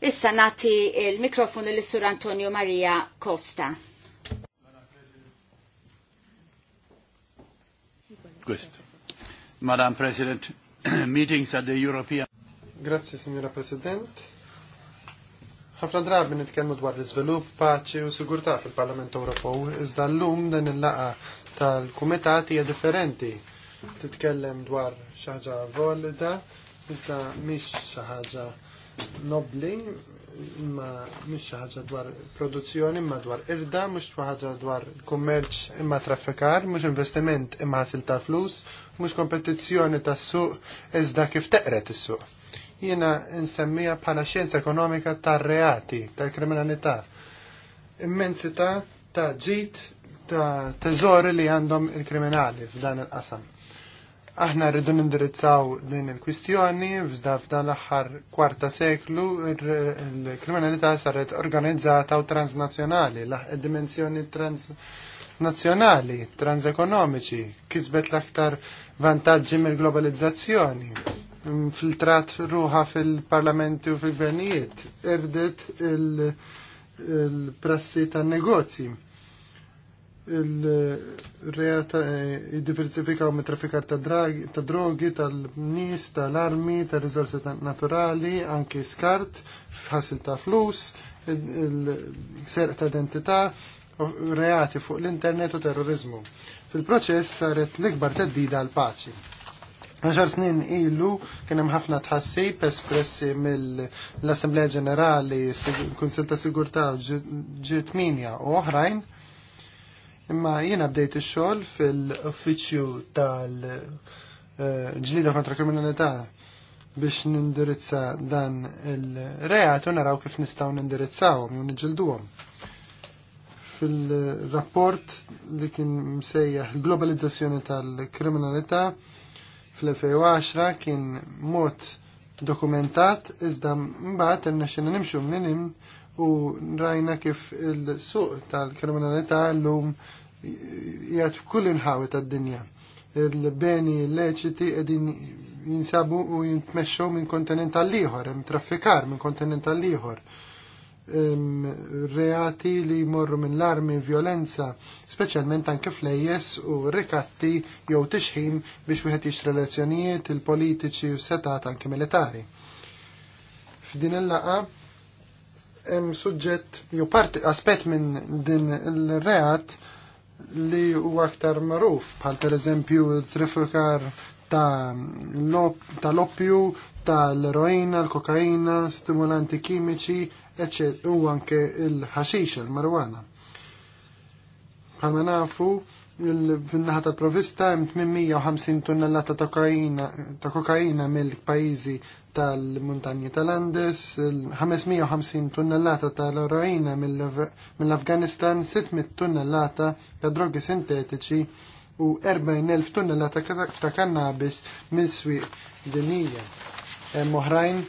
Issa nati il-mikrofonu l-Sur Antonio Maria Costa. Quest. Madam President, meetings at the European... Grazie, signora President. Ħafna drabi nitkellmu dwar l-iżvilupp, paċi u sigurtà fil-Parlament Ewropew, iżda llum din il-laqa tal-kumitati hija differenti. Titkellem dwar xi ħaġa volida, iżda mhix xi ħaġa nobli, ma mhix ħaġa dwar produzzjoni imma dwar irda, mhux ħaġa dwar kummerċ imma traffikar, mhux investiment imma ħasil ta' flus, mhux kompetizzjoni tas suq iżda kif teqret is-suq. Jiena nsemmiha bħala xjenza ekonomika tar-reati, tal-kriminalità. Immensità ta' ġid ta' teżori li għandhom il-kriminali f'dan il-qasam Aħna rridu nindirizzaw din il-kwistjoni f'da f'dan l-aħħar kwarta seklu il-kriminalità saret organizzata u transnazzjonali, dimensjoni transnazzjonali, transekonomiċi, kisbet l-aktar vantaġġi mill-globalizzazzjoni, Filtrat ruħa fil-parlamenti u fil-gvernijiet, irdet il-prassi tan-negozji il-reata jiddiversifikaw eh, u trafikar ta' drogi, tal-nis, tal-armi, tal-rizorsi naturali, anki skart, ħasil ta' flus, il-serq ta' identità, reati fuq l-internet u terrorizmu. Fil-proċess saret l-ikbar teddida għal paċi. Għaxar snin ilu kienem ħafna tħassib espressi mill-Assemblea Ġenerali, Kunsil ta' Sigurtà ġitminja u oħrajn Imma jiena bdejt ix-xogħol fil-uffiċċju tal-ġlida kontra kriminalità biex nindirizza dan il-reat u naraw kif nistgħu nindirizzawhom jew niġilduhom. Fil-rapport li kien msejjaħ globalizzazzjoni tal-kriminalità fl-2010 kien mod dokumentat iżda mbagħad irnexxina nimxu minn u rajna kif il-suq tal-kriminalità llum jgħat f'kull inħawi għad dinja Il-beni leċiti qegħdin jinsabu u jintmesċu minn kontinent għall liħor hemm traffikar minn kontinent għal-liħor. Reati li jmorru minn l-armi, violenza, speċjalment anke flejjes u rikatti jew tixħim biex wieħed jix relazzjonijiet il-politiċi u setat anke militari. F'din il-laqa hemm suġġett jew parti aspett minn din il-reat li huwa aktar magħruf bħal pereżempju t-trifukar ta' l-oppju, tal-eroina, l-kokaina, stimulanti kimiċi, eċċet u anke il-ħaxix, il-marwana. Bħal ma nafu, fil naħat tal-provista hemm 850 tonnellata ta' kokaina mill-pajjiżi tal-Muntanji tal-Andes, 550 tunnellata tal oroina mill-Afganistan, 600 tunnellata ta' drogi sintetiċi u 40.000 tunnellata ta' kannabis mill swiq dinija. Moħrajn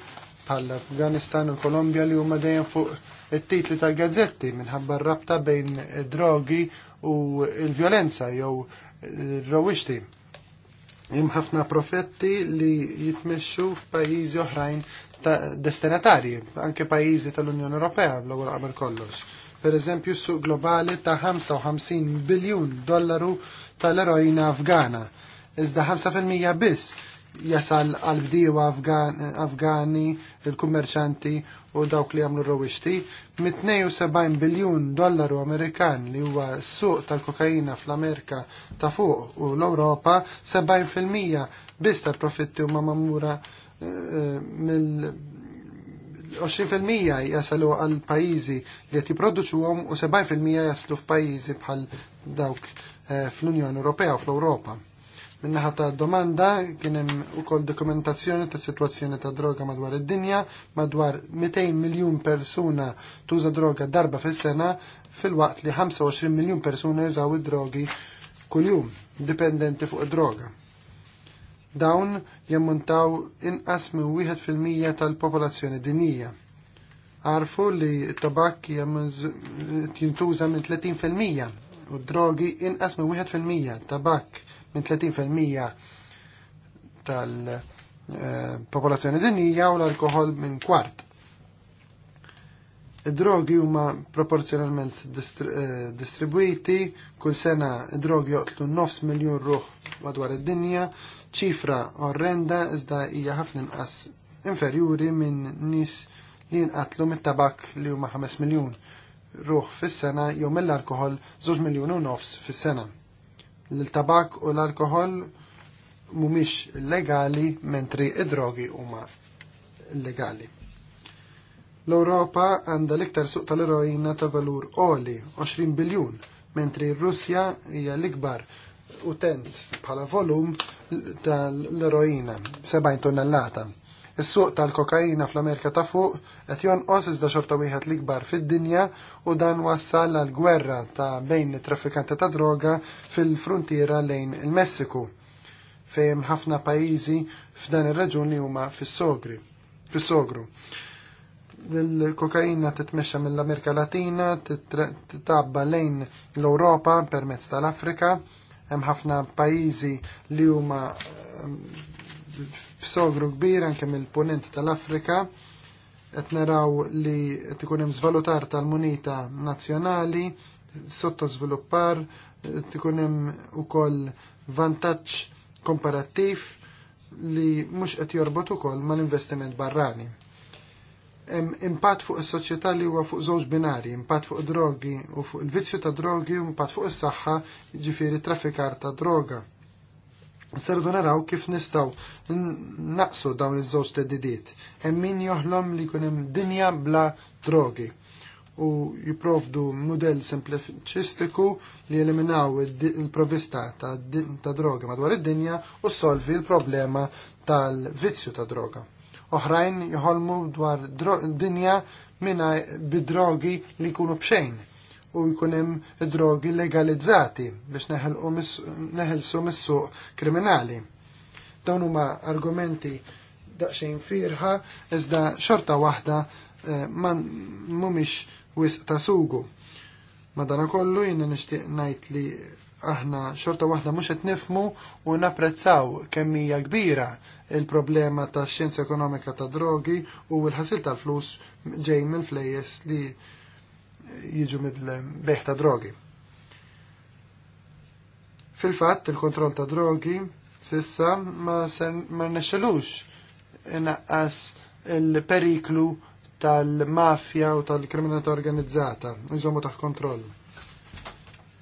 tal bħall-Afganistan u kolombja li huma dejjem fuq it-titli tal-gazzetti minħabba rabta bejn drogi u l-vjolenza jew r-rawixti. Hemm ħafna profetti li jitmexxu f'pajjiżi oħrajn ta' destinatarji, anke pajjiżi tal-Unjoni Ewropea bl-ewwel qabel kollox. Per eżempju, suq globali ta' 55 biljun dollaru tal eroina Afgana. Iżda 5% biss jasal għal bdiju Afgani, il-kummerċanti u dawk li għamlu rowixti, mit 72 biljun dollaru Amerikan li huwa suq tal-kokaina fl-Amerika ta' fuq u l-Europa, 70% biss tal-profitti huma mamura eh, mill 20% jasalu għal pajizi li jati produċuhom u 70% jaslu f'pajizi bħal dawk eh, fl-Unjoni Ewropea u fl-Europa. Minnaħa ta' domanda kien hemm ukoll dokumentazzjoni ta' sitwazzjoni ta' droga madwar id-dinja, madwar 200 miljun persuna tuża droga darba fis-sena fil-waqt li 25 miljun persuna jużaw id-drogi kuljum dipendenti fuq id-droga dawn jammuntaw inqas minn 1% mija tal-popolazzjoni dinija. Arfu li t-tabak jintuża minn 30% u d-drogi inqas minn wieħed fil-mija. Tabak minn 30% tal-popolazzjoni eh, dinija u l-alkohol minn kwart. Id-drogi huma proporzjonalment eh, distribuiti, kull sena id-drogi joqtlu 9 miljun ruħ madwar id-dinja, ċifra orrenda iżda hija ħafna inqas inferjuri minn nies li jinqatlu mit-tabak li huma 5 miljun ruħ fis-sena jew mill-alkohol 2 miljun u nofs fis-sena l-tabak u l-alkohol mumiex legali mentri id-drogi huma legali. L-Europa għandha l-iktar suq tal-erojina ta' valur oli 20 biljun, mentri r-Russja hija l-ikbar utent bħala volum tal-erojina 70 tonnellata. Is-suq tal-kokaina fl-Amerika ta' fuq qed jonqos iżda xorta wieħed l-ikbar fid-dinja u dan wassal għal gwerra ta' bejn it traffikanti ta' droga fil-frontiera lejn il-Messiku fejn ħafna pajjiżi f'dan ir-raġun li huma fis-sogri. Fis-sogru. Il-kokaina titmexxa mill-Amerika Latina, titabba lejn l-Ewropa permezz tal-Afrika, hemm ħafna pajjiżi li huma f'sogru kbir anke mill-punent tal-Afrika qed naraw li qed ikun hemm żvalutar tal-munita nazzjonali, sottosviluppar, qed ikun hemm ukoll vantaġġ komparattiv li mhux qed jorbot ukoll mal-investiment barrani. impatt fuq is-soċjetà li huwa fuq żewġ binari, impatt fuq drogi u fuq il-vizzju ta' drogi u impatt fuq is-saħħa, jiġifieri traffikar ta' droga Serdu naraw kif nistaw naqsu dawn iż-żewġ teddidiet. Hemm min joħlom li jkun hemm dinja bla drogi u jiprovdu mudell sempliċistiku li eliminaw il-provista ta', ta droga madwar id-dinja u solvi l-problema tal-vizzju ta' droga. Oħrajn jħolmu dwar dinja minna bidrogi li kunu bxejn u jkun hemm drogi legalizzati biex neħelsu mis-suq kriminali. Dawn huma argumenti daqsxejn firħa iżda xorta waħda eh, man mhumiex wisq ta' sugu. Madanakollu jiena nixtieq ngħid li aħna xorta waħda mhux qed nifmu u napprezzaw kemm hija kbira il-problema ta' xjenza ekonomika ta' drogi u l-ħasil tal-flus ġej mill flejes li jiġu mill-beħ ta' drogi. Fil-fatt, il-kontroll ta' drogi sissa ma, ma nexxelux inaqqas il-periklu tal-mafja u tal-kriminalità organizzata, nżommu taħt kontroll.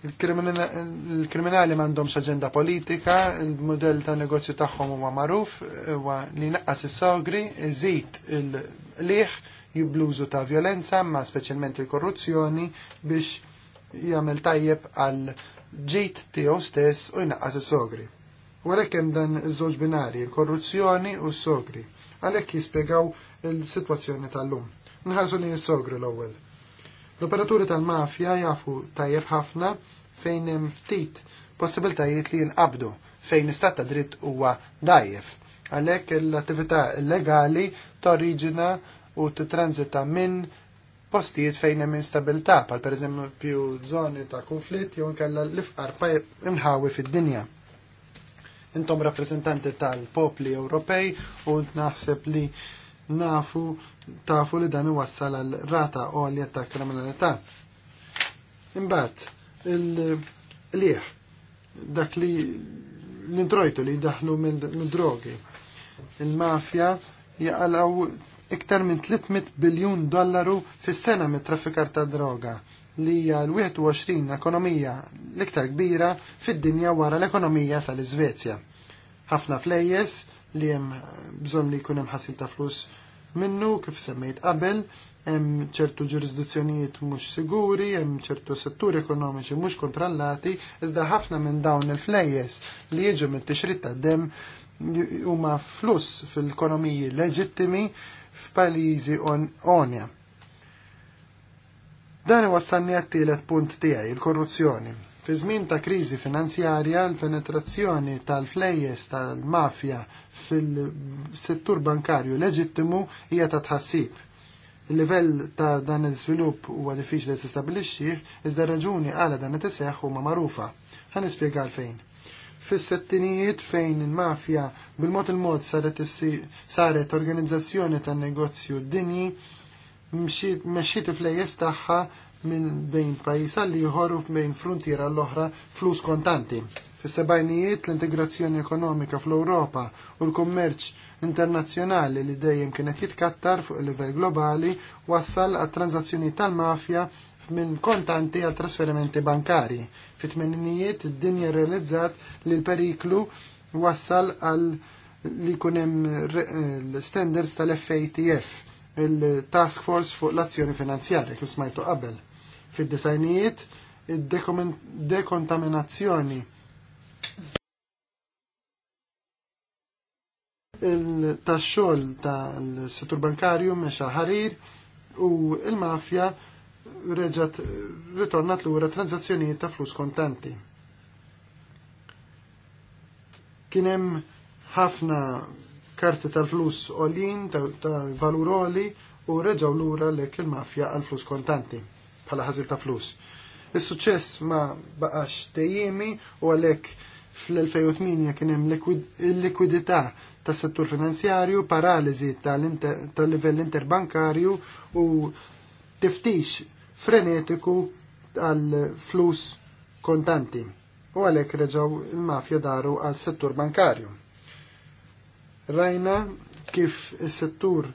Il-kriminali m'għandhomx aġenda politika, il-modell ta' negozju tagħhom huwa magħruf, huwa li naqqas is-sogri, iżid il-liħ, il liħ jiblużu ta' violenza, ma' speċjalment il-korruzzjoni biex jagħmel tajjeb għal ġejt tiegħu stess u jnaqqas is-sogri. U għalhekk hemm dan iż-żewġ binari, il-korruzzjoni u s-sogri. Għalhekk jispjegaw il-sitwazzjoni tal-lum. Nħarsu lin is-sogri l-ewwel. L-operaturi tal-mafja jafu tajjeb ħafna fejn hemm ftit possibiltajiet li jinqabdu fejn istat ta' dritt huwa dajjef. Għalhekk l-attività illegali torriġina u titranzita minn postijiet fejn hemm instabilità, pal pereżempju żoni ta' konflitt jew inkella l-ifqar inħawi fid-dinja. Intom rappreżentanti tal-popli Ewropej u naħseb li nafu tafu li dan iwassal għal rata u għolja ta' kriminalità. Imbagħad il-lieħ dak li l-introjtu li daħlu mill-drogi. Il-mafja jaqalaw iktar minn 300 biljun dollaru fis-sena mit-traffikar ta' droga li hija l-21 ekonomija l-iktar kbira fid-dinja wara l-ekonomija tal-Iżvezja. Ħafna flejjes li hemm bżonn li jkun hemm ħasil ta' flus minnu kif semmejt qabel, hemm ċertu ġurisdizzjonijiet mhux siguri, hemm ċertu setturi ekonomiċi mhux kontrollati, iżda ħafna minn dawn il-flejjes li jiġu mit-tixrid ta' dem huma flus fil-ekonomiji leġittimi f'pajjiżi onja. Dan iwassalni għat-tielet punt tiegħi, il-korruzzjoni. Fi żmien ta' kriżi finanzjarja, l-penetrazzjoni tal-flejjes tal-mafja fil-settur bankarju leġittimu hija ta' tħassib. Il-livell ta' dan il żvilupp huwa diffiċli tistabilixxih, iżda raġuni għala dan it-iseħħ huma magħrufa. Ħa nispjega għalfejn fis-settinijiet fejn il-mafja bil-mod il-mod saret saret organizzazzjoni tan negozju dinji mexxiet il-flejjes tagħha minn bejn pajjiż għal u bejn frontiera l-oħra flus kontanti. Fis-sebajnijiet l-integrazzjoni ekonomika fl-Ewropa u l-kummerċ internazzjonali li dejjem kienet jitkattar fuq il livell globali wassal għat tranzazzjoni tal-mafja minn kontanti għal trasferimenti bankari. Fit-tmennijiet id-dinja realizzat li l-periklu wassal għal li kunem l-standards eh, tal-FATF, il-Task Force fuq l-azzjoni finanzjarja, kif smajtu qabel. Fid-disajnijiet, id-dekontaminazzjoni il-taxxol tal-settur bankarju meċa ħarir u il-mafja reġat ritornat lura tranzazzjonijiet ta' flus kontanti. Kienem ħafna karti tal-flus olin, ta', ta valur oli, u reġaw lura lek il-mafja għal-flus kontanti, bħala ħazil ta' flus. Is-suċess ma baqax tejjemi u għalek fl-2008 kien hemm il-likwidità tas settur finanzjarju, paraliżi tal-livell interbankarju u tiftix frenetiku għal flus kontanti u għalhekk reġgħu il-mafja daru għal settur bankarju. Rajna kif is-settur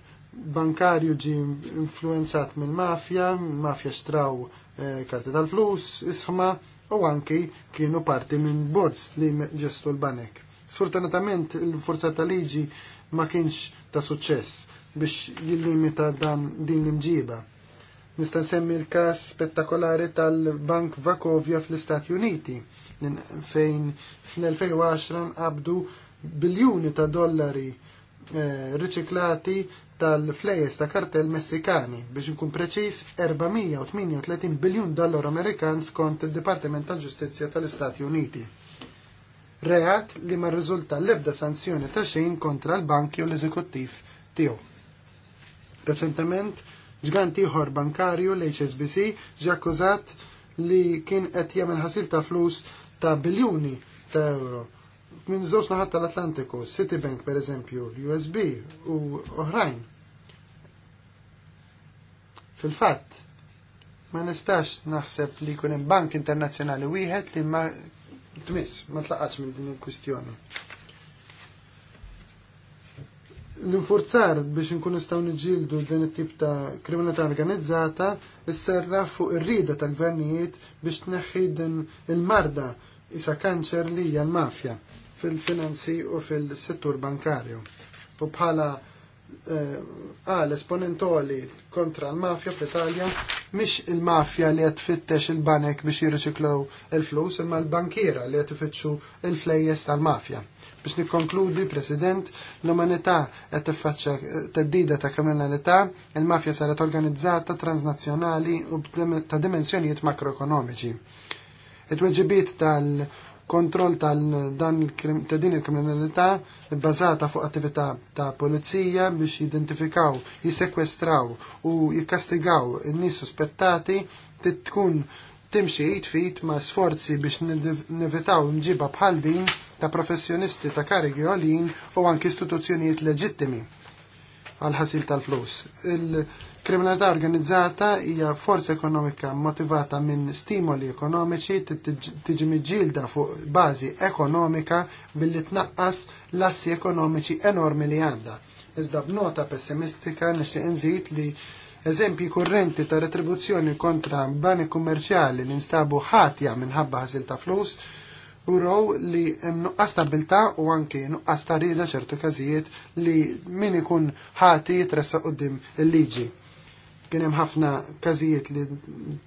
bankarju ġi influenzat mill-mafja, mafja xtraw eh, karti tal-flus, isħma u anki kienu parti minn bords li ġestu l-banek. Sfortunatament il-forza tal-liġi ma kienx ta' suċċess biex jillimita dan din l-imġiba. Nista' nsemmi l-każ spettakolari tal-Bank Vakovja fl-Istati Uniti fejn fl-2010 abdu biljuni ta' dollari eh, riċiklati tal-flejes ta' kartel messikani biex nkun preċis 438 biljun dollar Amerikan skont il-Dipartiment tal-Ġustizzja tal-Istati Uniti. Reat li ma rriżulta l-ebda sanzjoni ta' xejn kontra l-banki u l-eżekuttiv tiegħu. Reċentement Ġgant ieħor bankarju l-HSBC ġakkużat li kien qed jagħmel ħasil ta' flus ta' biljuni ta' euro. Minn żewġ naħat tal-Atlantiku, Citibank per eżempju, USB u oħrajn. Fil-fatt, ma nistax naħseb li jkun hemm bank internazzjonali wieħed li ma tmiss, ma tlaqax minn din il-kwistjoni. L-infurzar biex nkun nistgħu nġildu din it-tip ta' kriminalità organizzata s-serra fuq ir-rida tal-gvernijiet biex tneħħi din il-marda isa kanċer li hija l-mafja fil-finanzi u fil-settur bankarju. U bħala eh, għal esponentoli kontra l-mafja fl-Italja mhix il-mafja li qed tfittex il-banek biex jirriċiklaw il-flus imma l-bankiera li qed ifittxu il-flejjes tal-mafja. Biex nikkonkludi, President, l-umanità qed tiffaċċa teddida ta' kriminalità, il-mafja saret organizzata transnazzjonali u ta' dimensjonijiet makroekonomiċi. It-weġibiet tal- kontroll ta' din il-kriminalità bbażata fuq attività ta' pulizija biex jidentifikaw, jisekwestraw u jikkastigaw in-nies suspettati tkun timxi jitfit ma' sforzi biex nevitaw mġiba bħal din ta' professjonisti ta' karigi għolin u anki istituzzjonijiet leġittimi għal ħasil tal-flus. Il-kriminalità organizzata hija forza ekonomika motivata minn stimoli ekonomiċi tiġi miġilda fuq bażi ekonomika billi tnaqqas lassi ekonomiċi enormi li għandha. Iżda b'nota pessimistika nixtieq inżid li eżempji kurrenti ta' retribuzzjoni kontra bani kummerċjali li nstabu ħatja minħabba ħasil ta' flus u row li nuqqa stabilta u anki nuqqa starida ċertu kazijiet li min ikun ħati jitressa qoddim il-liġi. Kienem ħafna kazijiet li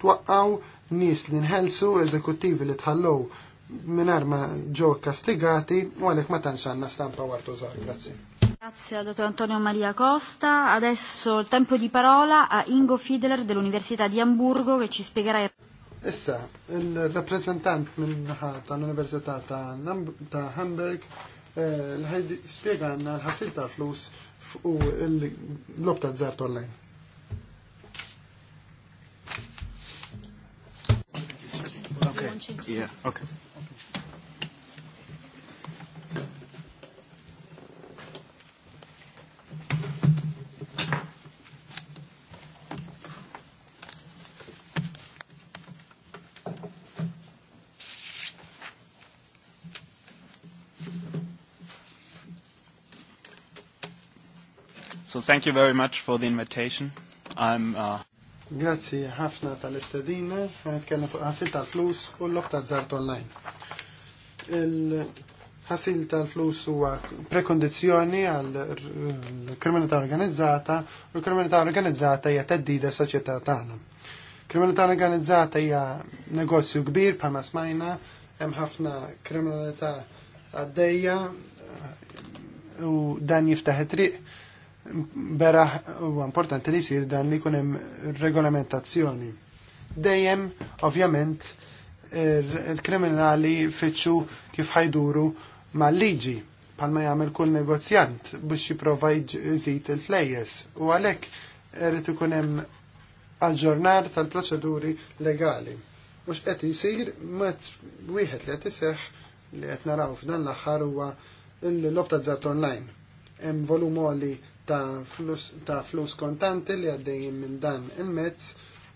twaqqaw, nis li nħelsu, eżekuttivi li tħallow minar ma ġo kastigati u għalek ma tantx stampa għartu żgħar. Grazie. Grazie dottor Antonio Maria Costa. Adesso il tempo di parola a Ingo Fiedler dell'Università di Amburgo che ci spiegherà il Issa, il representant minn tal-Università ta' Hamburg eh, l-ħajdi spiega għanna l-ħasil ta' flus u l-lob t zart online. Okay. Yeah, okay. So thank you very much for the invitation. I'm uh... Grazzi ħafna tal-istedina, għetkellem fuq ħasil tal-flus u l-lob ta' zart online. Il-ħasil tal-flus huwa prekondizjoni għal-kriminalità organizzata u l-kriminalità organizzata hija teddida soċjetà tagħna. Kriminalità organizzata hija negozju kbir bħalma smajna, hemm ħafna kriminalità għaddejja u dan jiftaħ triq Bera huwa importanti li jsir dan li jkun hemm regolamentazzjoni. Dejjem, ovvjament, il-kriminali fitxu kif ħajduru mal-liġi palma jagħmel kull negozjant biex jipprova jżid il-flejjes u għalhekk irid ikun hemm aġġornar tal-proċeduri legali. Mhux qed jsir mezz wieħed li qed iseħħ li qed naraw f'dan l-aħħar huwa l lobta online. Hemm volumoli ta' flus, ta flus kontanti li għaddej minn dan il-mezz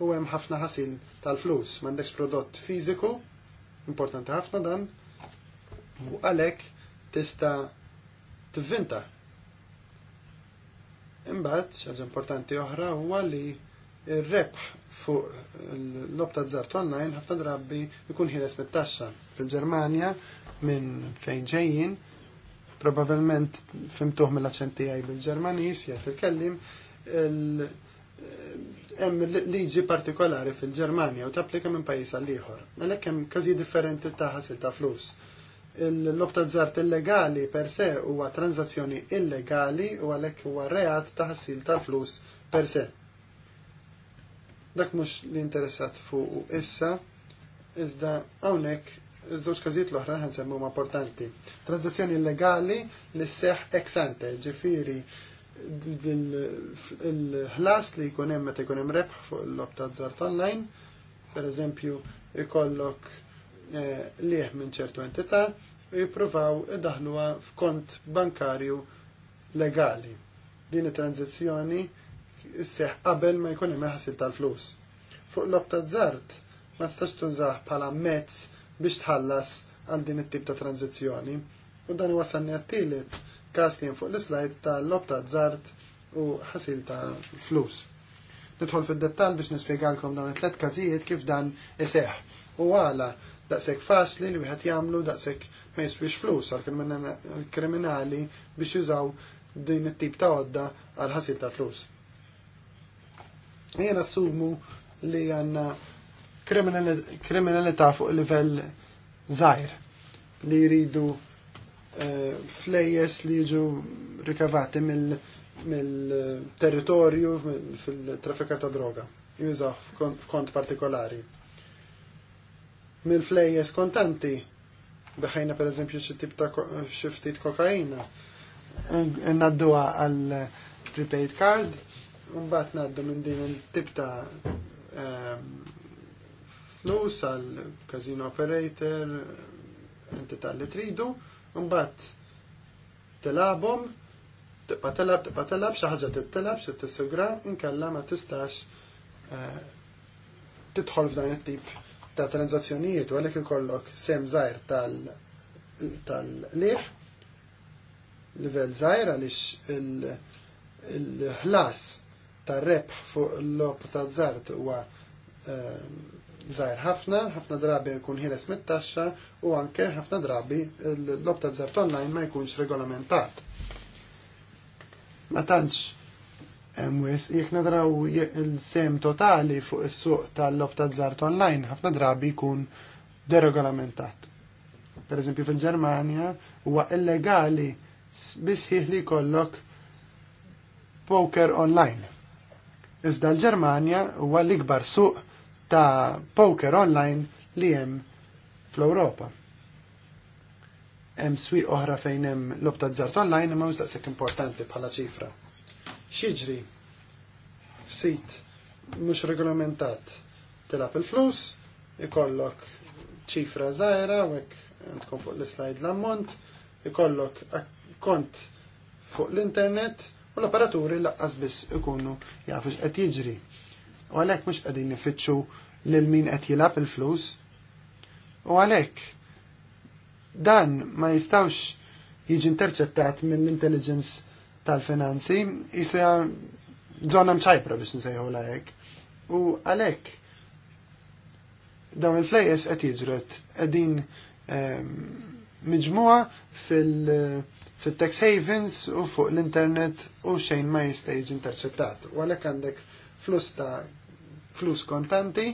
u hemm ħafna ħasil tal-flus. M'għandekx prodott fiżiku, importanti ħafna dan, u għalhekk tista' tivvinta. Imbagħad xaġa importanti oħra huwa li ir-rebħ fuq l-lobta żart online ħafna drabi jkun ħieles mit-taxxa. Fil-Ġermanja minn fejn ġejjin Probabilment fimtuħ mill-aċċent bil-Ġermaniż jgħid il-kellim hemm liġi partikolari fil-Ġermanja u tapplika minn pajjiż għal ieħor. Għalhekk hemm każi differenti ta' ħasil ta' flus. l lob żart illegali per se huwa tranzazzjoni illegali u għalhekk huwa reat ta' ħasil tal-flus per se. Dak mhux li interessat fuq issa, iżda hawnhekk Zoċ żewġ każijiet l-oħra ħansemmu huma importanti. Transazzjoni illegali li seħ ex ante, ġifieri il-ħlas li jkun hemm meta jkun hemm rebħ fuq l-lob ta' zart online, pereżempju ikollok eh, liħ minn ċertu entità u jippruvaw idaħluha f'kont bankarju legali. Din it-tranzizzjoni seħ qabel ma jkun hemm ħasil tal-flus. Fuq l-lob ta' zart ma tistax tunżaħ bħala mezz biex tħallas għal din it-tip ta' tranzizzjoni. U dan wasanni għat-tielet każ li fuq l slajt ta' lob ta' żart u ħasil ta' flus. Nidħol fid-dettall biex nispjegalkom dawn it-tlet każijiet kif dan iseħħ. U għala daqshekk faċli li wieħed jagħmlu daqshekk ma jiswix flus għal kriminali biex jużaw din it-tip ta' għodda għal ħasil ta' flus. Jena assumu li għanna kriminalità fuq livell żgħir li jridu uh, flejjes li jiġu rikavati mill-territorju eh, mil fil-traffika ta' droga. Jużaw f'kont partikolari. Mill-flejjes kontanti b'ħajna per eżempju xittib ta' xiftit kokaina. Nadduha għal prepaid card, mbagħad naddu minn din il-tip ta' eh, flus għal casino operator, entità li tridu, mbagħad telabom, tibqa' telab, tibqa' telab, xi ħaġa tittelab, xi tissugra, inkella ma tistax eh, tidħol f'dan it-tip ta' tranzazzjonijiet u għalhekk ikollok sem zaħir tal-liħ, livell zaħir għaliex il-ħlas tal rebħ fuq l lop ta' żart huwa eh, żgħir ħafna, ħafna drabi jkun ħieles mit-taxxa u anke ħafna drabi l-lob ta' żart online ma jkunx regolamentat. Ma tantx hemm wis jekk nadraw il-sem totali fuq is-suq tal-lob ta' żart online ħafna drabi jkun deregolamentat. Per eżempju fil-Ġermanja huwa illegali biss li kollok poker online. Iżda l-Ġermanja huwa l-ikbar suq ta' poker online li hemm fl-Ewropa. Hemm swieq oħra fejn hemm lobta żart online imma mhux daqshekk importanti bħala ċifra. X'jiġri f'sit mhux regolamentat tilab il-flus, ikollok ċifra żgħira u hekk għandkom fuq l-slide l-ammont, ikollok kont fuq l-internet u l-operaturi laqqas biss ikunu jafux qed jiġri u għalhekk mhux qegħdin nifittxu lil min qed jilab il-flus. U għalhekk dan ma jistawx jiġi interċettat mill-intelligence tal-finanzi jisja żona mċajpra biex nsejħu lajek. U għalhekk dawn il-flejes qed jiġret qegħdin ehm, miġmuha fil- fit-tax havens u fuq l-internet u xejn ma jista' jiġi interċettat. U għalhekk għandek flus ta' flus kontanti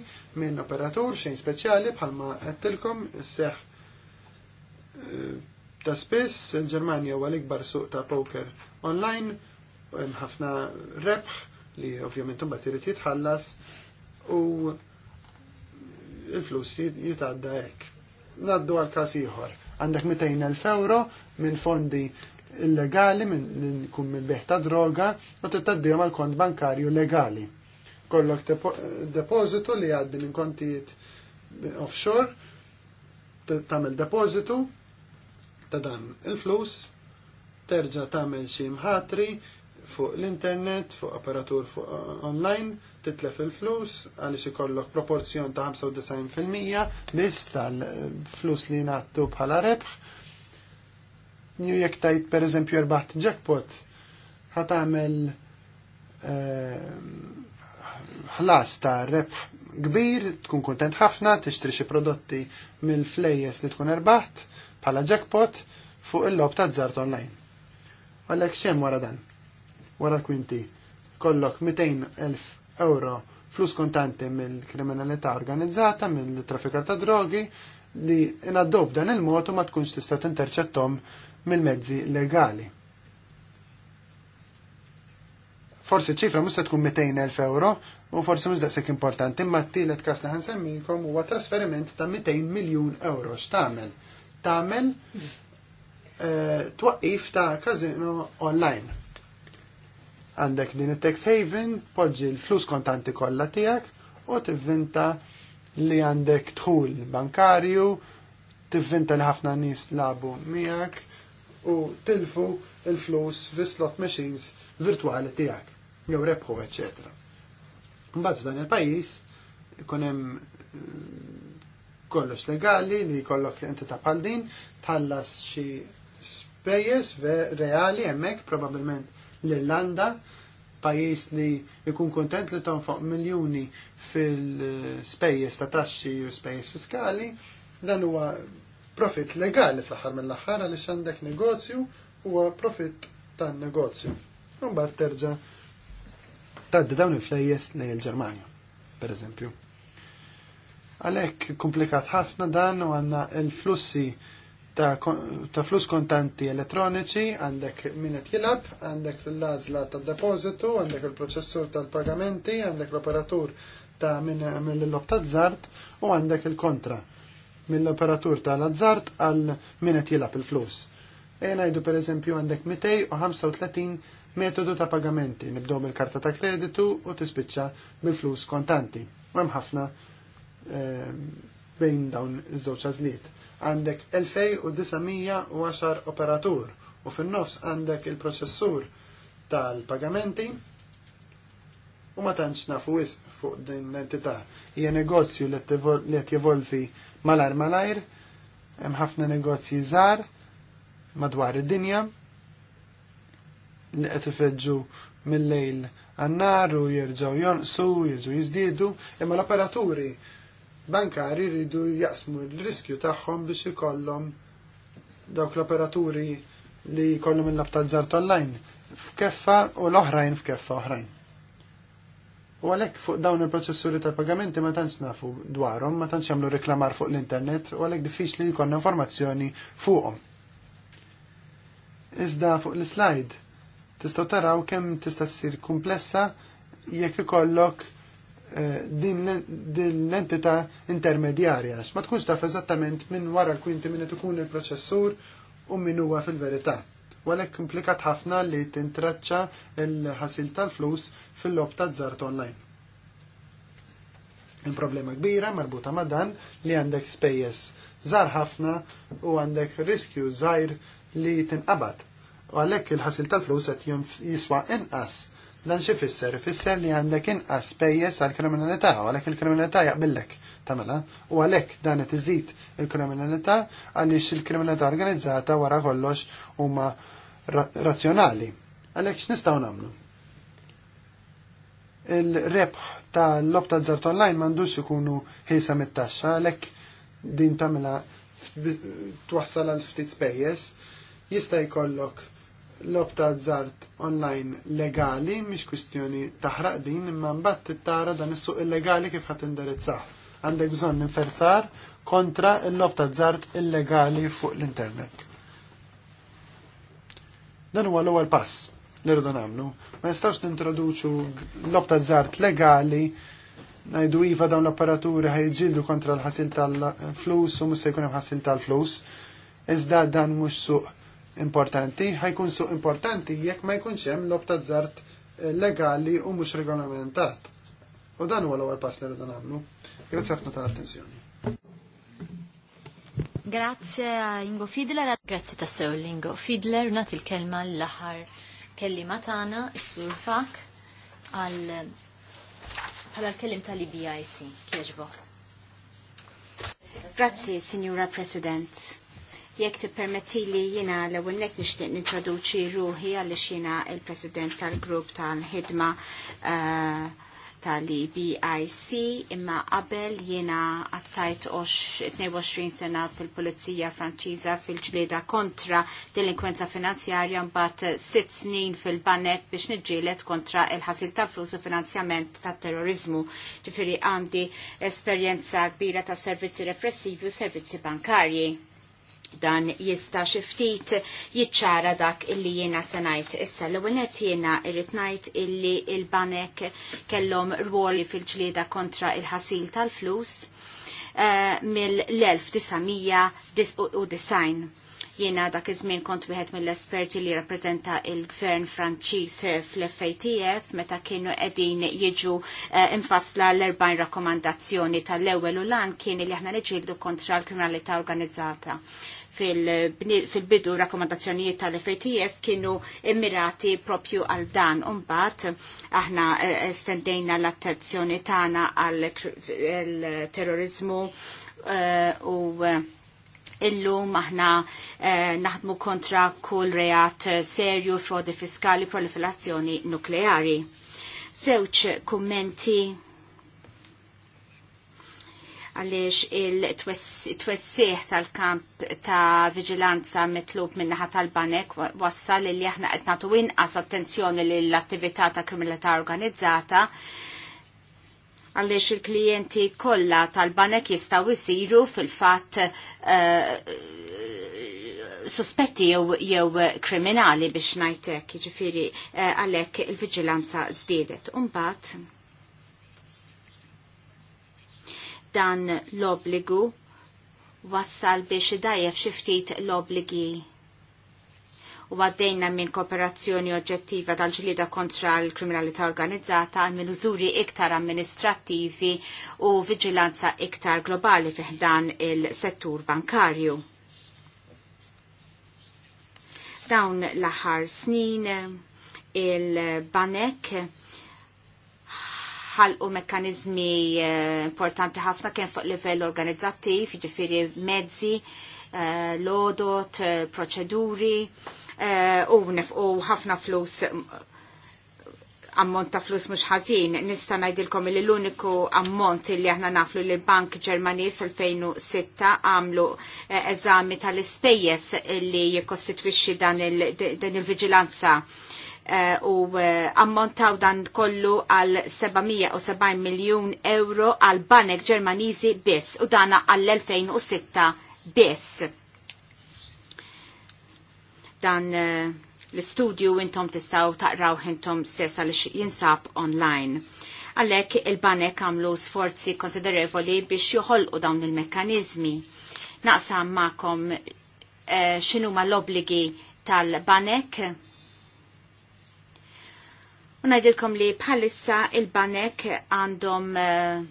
minn operatur xejn speċjali bħalma għattilkom seħ eh, ta' spiss il-Ġermanja huwa l-ikbar suq ta' poker online hemm ħafna rebħ li ovvjament imbagħad irid jitħallas u il-flus jitgħadda hekk. Naddu għal każ ieħor. Għandek 200,000 euro minn fondi illegali minn kum minn beħ ta' droga u tittaddihom għal kont bankarju legali kollok depozitu li għaddi minn kontijiet offshore, tamel depozitu ta' dan il-flus, terġa tamel xim mħatri fuq l-internet, fuq apparatur fuq eh, online, titlef il-flus għaliex ikollok proporzjon ta' 95% biss tal-flus li nattu bħala rebħ. New jekk tajt per eżempju erbaħt jackpot, ħatamel eh, ħlas ta' rep kbir, tkun kontent ħafna, tixtri xi prodotti mill-flejjes li tkun erbaħt bħala jackpot fuq il-lob ta' Zart online. Għalhekk x'hemm wara dan. Wara l-kwinti kollok 200.000 euro flus kontanti mill-kriminalità organizzata, mill-traffikar ta' drogi li inaddob dan il-mod u ma tkunx tista' tinterċettom mill-mezzi legali. Forsi ċifra musta tkun 200.000 euro u forsi mhux daqshekk importanti, imma t-tielet kas li ħansemmilkom huwa trasferiment ta' 200 miljun euro. X'tagħmel? Tagħmel eh, twaqqif ta' kazino online. Għandek din it-tax haven, poġġi l-flus kontanti kollha tiegħek u tivvinta li għandek tħul bankarju, tivvinta li ħafna nies labu miegħek u tilfu il-flus fi slot machines virtuali tiegħek jew rebħu, eċetera. Mbagħad f'dan il-pajjiż ikun hemm eh, kollox legali li jkollok entità bħal din, tħallas xi spejjeż reali hemmhekk probabbilment l-Irlanda, pajjiż li jkun kontent li tonfoq miljuni fil-spejjeż ta' taxxi u spejjeż fiskali, dan huwa profit legali fl-aħħar mill-aħħar għaliex għandek negozju huwa profit tan-negozju. Mbagħad terġa' tgħaddi dawn il-flejjes lejn il-Ġermanja, pereżempju. Għalhekk komplikat ħafna dan u għandna l-flussi ta', ta flus kontanti elettroniċi, għandek minnet jilab, għandek l-lazla ta' depositu, għandek il-proċessur tal-pagamenti, għandek l-operatur ta' minn l-lob ta' zart u għandek il-kontra mill-operatur tal-azzart għal minnet jilab il-flus. Ejna jdu per eżempju għandek 235 metodu ta' pagamenti, nibdew mill-karta ta' kreditu u tispiċċa bil-flus kontanti. U hemm ħafna ehm, bejn dawn iż-żewġ għażliet. Għandek 2910 operatur u fin-nofs għandek il-proċessur tal-pagamenti u ma tantx nafu wisq fuq din l-entità. Hija negozju li qed jevolvi malar malajr, hemm ħafna negozji żgħar madwar id-dinja li qed ifeġġu mill-lejl għannaru, u jirġaw jonqsu, jirġaw jizdidu, imma l-operaturi bankari rridu jaqsmu l-riskju tagħhom biex ikollhom dawk l-operaturi li jkollhom il-labta żart online f'keffa u l-oħrajn f'keffa oħrajn. U għalek fuq dawn il-proċessuri tal-pagamenti ma tantx nafu dwarhom, ma tantx jagħmlu reklamar fuq l-internet u għalek diffiċli jkollna informazzjoni fuqhom. Iżda fuq l-slide Tistgħu taraw kemm tista' ssir komplessa jekk ikollok eh, din l-entità intermedjarja ma tkunx taf eżattament minn wara l-kwinti minn ikun il-proċessur u minn huwa fil-verità. Walek implikat ħafna li tintraċċa l-ħasil tal-flus fil-lob ta' żart online. Hemm problema kbira marbuta ma' dan li għandek spejjeż żar ħafna u għandek riskju żgħir li tinqabad u għalhekk il-ħasil tal-flus qed jiswa inqas. Dan xie fisser? Fisser li għandek inqas pejjeż għal kriminalità u għalhekk il-kriminalità jaqbillek tamela, u għalhekk dan qed iżid il-kriminalità għaliex il-kriminalità organizzata wara kollox huma razzjonali. Għalhekk x'nistgħu nagħmlu? Il-rebħ tal-lob ta' żart online m'għandux ikunu ħisa mit-taxxa għalhekk din tagħmilha twassal għal ftit spejjeż jista' jkollok l-opta zart online legali, mhix kwistjoni taħraq din, imma mbagħad tittara dan is-suq illegali kif ħadd indirizzah. Għandek bżonn inferzar kontra l-opta zart illegali fuq l-internet. Dan huwa l-ewwel pass li rridu nagħmlu. Ma nistax nintroduċu l-opta zart legali najdu iva dawn l-apparaturi ħajġildu kontra l-ħasil tal-flus u mus se jkun hemm ħasil tal-flus. Iżda dan mhux suq importanti, ħajkun suq importanti jekk ma jkunx hemm lob ta' zart eh, legali u mhux regolamentat. U dan huwa l-ewwel pass li rridu nagħmlu. Grazzi ħafna tal-attenzjoni. Grazie a Ingo Fidler, grazie sew l-Ingo Fidler, nat il-kelma l-aħar kelli tagħna s sur Fak, għal bħala l-kellim tal-IBIC, kieġbo. Grazie, Signora President. Jekk tippermetti li jiena l-ewwel nek nixtieq nintroduċi ruħi għaliex jiena il-President tal-grupp tal-ħidma eh, tal-BIC imma qabel jiena għattajt 22 sena fil-Pulizija Franċiża fil-ġlieda kontra delinkwenza finanzjarja mbagħad sitt snin fil-banek biex niġġielet kontra il-ħasil ta' flus u finanzjament ta' terrorizmu. Ġifieri għandi esperjenza kbira ta' servizzi repressivi u servizzi bankarji dan jista xiftit jitċara dak illi jena sanajt issa l għunet jena irritnajt illi il-banek kellom rwoli fil-ġlieda kontra il-ħasil tal-flus uh, mill-1999. Jena dak iż-żmien kont wieħed mill-esperti li rappreżenta il-Gvern Franċiż fl-FATF meta kienu qegħdin jiġu eh, infassla infasla l erbajn rakkomandazzjoni tal-ewwel u lan kien li aħna niġġieldu kontra l-kriminalità organizzata fil-bidu fil rakkomandazzjonijiet tal-FATF kienu immirati propju għal dan umbat aħna eh, stendejna l-attenzjoni tagħna għal terrorizmu uh, eh, u eh, illum aħna naħdmu kontra kull reat serju frodi fiskali proliferazzjoni nukleari. Sewċ kummenti għaliex il twessieħ tal-kamp ta' vigilanza mitlub minnaħat tal-banek wassal li aħna qed nagħtu inqas attenzjoni lill-attività ta' kriminalità organizzata għaliex il-klijenti kollha tal-banek jistgħu jsiru fil-fatt eh, suspetti jew jew kriminali biex ngħidlek, jiġifieri eh, għalhekk il-viġilanza żdiedet. Imbagħad dan l-obligu wassal biex dajef xiftit l-obligi u għaddejna minn kooperazzjoni oġġettiva tal-ġlida kontra l-kriminalità organizzata għal minn użuri iktar amministrattivi u vigilanza iktar globali fiħdan il-settur bankarju. Dawn l-aħħar snin il-banek ħalqu mekkanizmi eh, importanti ħafna kien fuq livell organizzattiv, ġifiri mezzi, eh, lodot, eh, proċeduri, u nefqu ħafna flus ammont ta' flus mhux ħażin. Nista' ngħidilkom li l-uniku ammont li aħna naflu li l-Bank Ġermaniż fil-2006 għamlu eżami tal-ispejjeż li jikkostitwixxi dan il-viġilanza il Eh, u eh, ammontaw dan kollu għal 770 miljon euro għal banek ġermaniżi biss u dana għall-2006 biss. Dan eh, l-istudju intom tistaw taqraw intom stessa li jinsab online għalek il-banek għamlu sforzi konsiderevoli biex joħolqu dawn il-mekkanizmi. Naqsam ma'kom xinu ma l-obligi tal-banek Unajdilkom li palissa il-banek għandhom uh,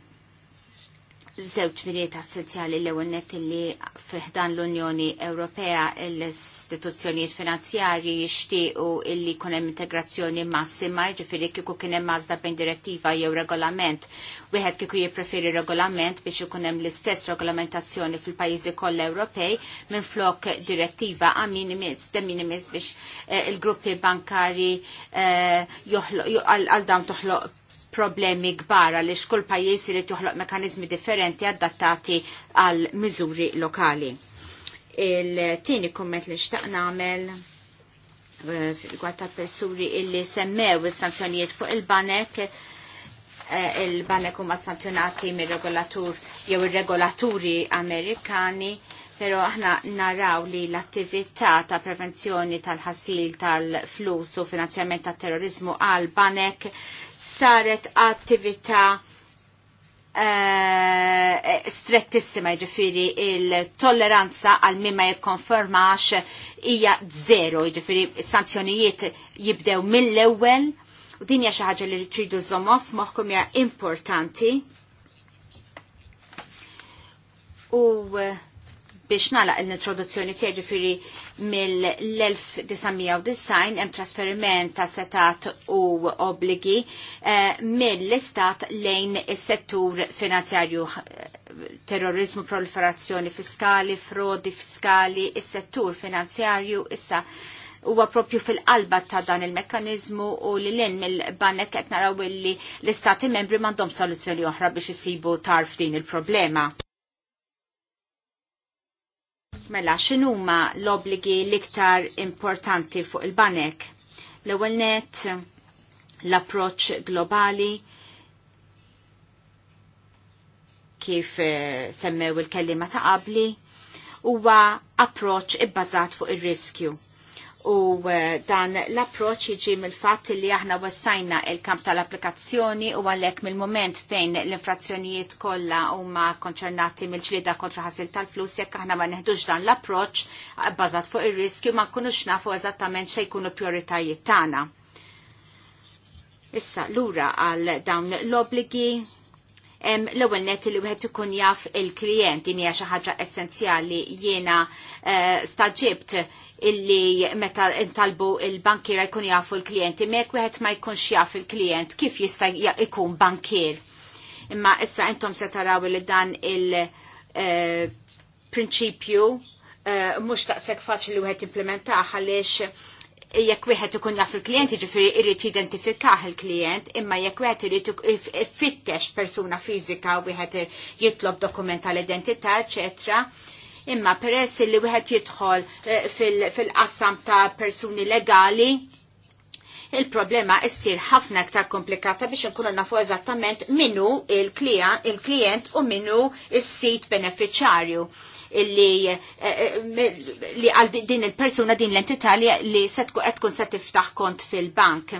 żewġ miriet essenzjali l ewwel net li fiħdan l-Unjoni Ewropea l-istituzzjonijiet finanzjarji jixtiequ illi jkun hemm integrazzjoni massima, ġifiri kieku kien hemm bejn direttiva jew regolament. Wieħed kieku jippreferi regolament biex ikun hemm l-istess regolamentazzjoni fil-pajjiżi kollha Ewropej minn flok direttiva a minimis, de minimis biex eh, il-gruppi bankari eh, għal dawn toħloq problemi kbar li xkull pajjiż irid joħloq mekanizmi differenti adattati għal miżuri lokali. Il-tieni kumment li xtaq nagħmel eh, rigward tal-persuri illi semmew is-sanzjonijiet fuq il-banek eh, il-banek huma sanzjonati mir-regolatur jew ir-regolaturi Amerikani pero aħna naraw li l-attività ta' prevenzjoni tal-ħassil tal-flus u finanzjament tal terrorizmu għal banek saret attività uh, strettissima ġifiri il-tolleranza għal mimma jikkonfermax hija zero ġifiri sanzjonijiet jibdew mill-ewwel u din hija xi ħaġa li rridu żommhom f'moħħkom hija importanti. U eh, biex nalaq l-introduzzjoni tiegħi ġifiri uh, mill-1990 hemm trasferiment ta' setat u obligi eh, mill-istat lejn is-settur finanzjarju eh, terrorizmu, proliferazzjoni fiskali, frodi fiskali, is-settur finanzjarju issa huwa propju fil-qalba ta' dan il-mekkanizmu u li l-in mill banek qed naraw li l-istati membri m'għandhom soluzzjoni oħra biex isibu tarf din il-problema. Mela, x'inhuma l-obligi l-iktar importanti fuq il-banek? L-ewwel net l-approċċ globali kif eh, semmew il-kellima ta' qabli huwa approċċ ibbażat fuq ir-riskju u eh, dan l-approċ jiġi mill-fatt li aħna wassajna il-kamp tal-applikazzjoni u għalek mill-moment fejn l-infrazzjonijiet kollha huma konċernati mill-ġlieda kontra ħasil tal-flus jekk aħna ma neħdux dan l-approċ bbażat eh, fuq ir-riskju ma nkunux nafu eżattament xejn jkunu prioritajiet tagħna. Issa lura għal dawn l-obligi l-ewwel net li wieħed ikun jaf il-klijent din hija xi ħaġa essenzjali jiena eh, staġibt illi meta intalbu il-bankiera jkun jafu l-klienti, mek wieħed ma jkunx jaf il-klient kif jista' jkun bankier. Imma issa intom se taraw li dan il-prinċipju eh, uh, eh, mhux taqsek faċli wieħed implementaħ għaliex jekk wieħed ikun naf il-klient, jiġifieri irid jidentifikaħ il-klient, imma jekk wieħed irid ifittex persuna fiżika wieħed jitlob dokument tal-identità, eċetera, Imma peress li wieħed jidħol eh, fil-qassam ta' persuni legali, il-problema issir ħafna iktar komplikata biex nkunu nafu eżattament minnu il-klient u minnu is-sit beneficjarju eh, eh, li għal din il-persuna din l-entità li se tkun se tiftaħ kont fil-bank.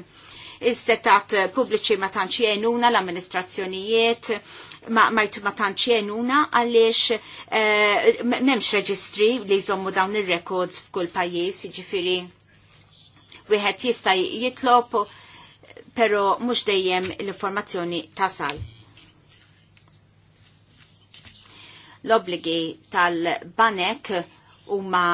Is-setat pubbliċi ma tantx jgħinuna l-amministrazzjonijiet ma, ma, ma tantx jenuna għaliex eh, reġistri li jżommu dawn ir records f'kull pajjiż, jiġifieri wieħed jista' jitlob, però mhux dejjem l-informazzjoni tasal. L-obligi tal-banek huma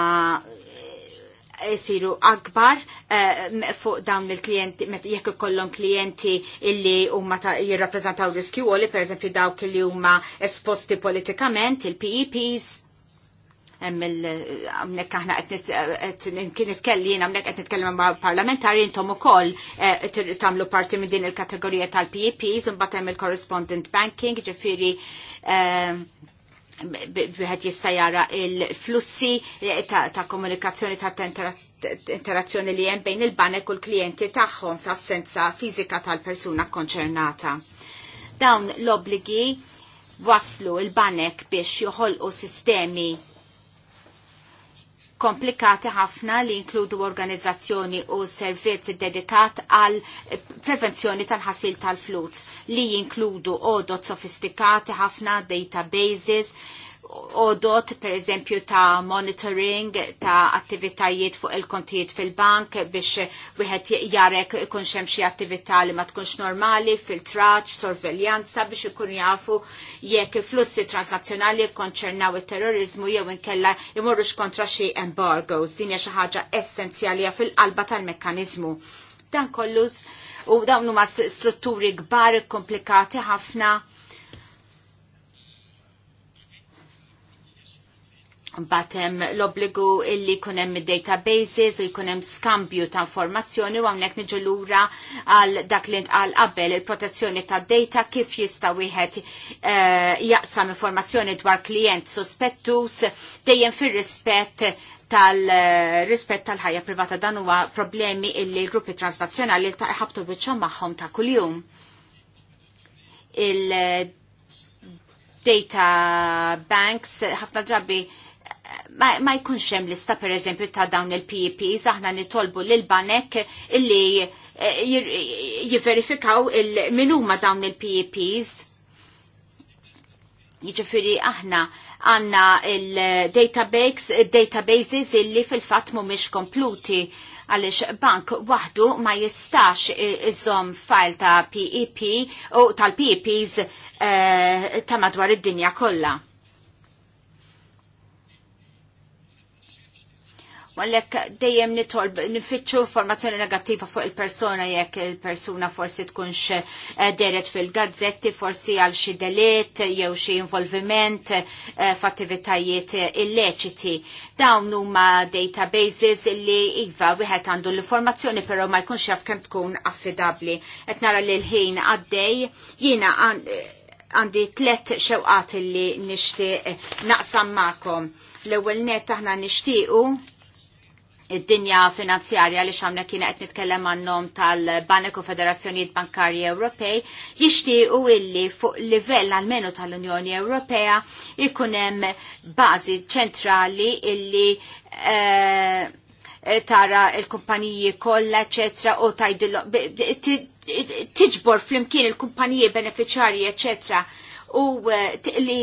jsiru eh, akbar Eh, fuq dawn il-klienti, jekk ikollhom klienti illi huma jirrappreżentaw riskju u li pereżempju dawk li huma esposti politikament, il-PEPs, għamnek aħna kien itkelli jien għamnek għet nitkellem ma' parlamentari intom u koll eh, tamlu parti minn din il-kategorija tal-PEPs un batem il-correspondent banking ġifiri eh, wieħed jista' jara il-flussi eh, ta', komunikazzjoni ta' interazzjoni li hemm bejn il-banek u l-klijenti tagħhom fl-assenza fizika tal-persuna konċernata. Dawn l-obligi waslu il-banek biex joħolqu sistemi komplikati ħafna li inkludu organizzazzjoni u servizzi dedikat għal prevenzjoni tal-ħasil tal-flus li jinkludu odot sofistikati ħafna databases odot per eżempju ta' monitoring ta' attivitajiet fuq il-kontijiet fil-bank biex wieħed jarek ikun xem xi attività li ma tkunx normali, filtraċ, sorveljanza biex ikun jafu jekk il-flussi transnazzjonali konċernaw il-terrorizmu jew inkella imorrux kontra xi embargoes. Din hija xi ħaġa essenzjali fil-qalba tal-mekkaniżmu. Dan kollu u dawn huma strutturi kbar komplikati ħafna Batem um, l-obligu illi kunem databases, li kunem skambju ta' informazzjoni u għamnek niġu lura għal dak li għal qabel il-protezzjoni ta' data kif jista' wieħed uh, jaqsam informazzjoni dwar klient sospettus dejjem fir-rispett tal-rispett eh, tal-ħajja privata dan huwa problemi illi l-gruppi transnazzjonali ta' ħabtu bieċom magħhom ta' kuljum. Il-data banks ħafna drabi ma jkunx hemm lista pereżempju ta' dawn il-PEPs aħna nitolbu lil banek illi eh, jiverifikaw il min huma dawn il-PEPs. Jiġifieri aħna għandna il-database, databases illi fil-fatt mhumiex kompluti għalix bank waħdu ma jistax iżom file ta' PEP e u tal-PEPs eh, ta' madwar id-dinja kollha. għallek dejjem nitolb nifittxu informazzjoni negattiva fuq il-persona jekk il-persuna forsi tkunx eh, deret fil-gazzetti, forsi għal xi delitt jew xi involviment eh, f'attivitajiet illeċiti. Dawn huma databases li iva wieħed għandu l-informazzjoni però ma jkunx jaf kemm tkun affidabbli. Qed nara li l-ħin għaddej jiena għandi tlet xewqat li nixtieq eh, naqsam magħkom. L-ewwel net aħna nixtiequ id-dinja finanzjarja li xamna kiena qed nitkellem għannom tal-Banek u Federazzjonijiet Bankarji Ewropej jixtiequ illi fuq livell almenu tal-Unjoni Ewropea ikun hemm bażi ċentrali illi eh, tara il-kumpaniji kollha eċetera u tajdilhom tiġbor flimkien il-kumpaniji beneficjarji eċetera u eh, li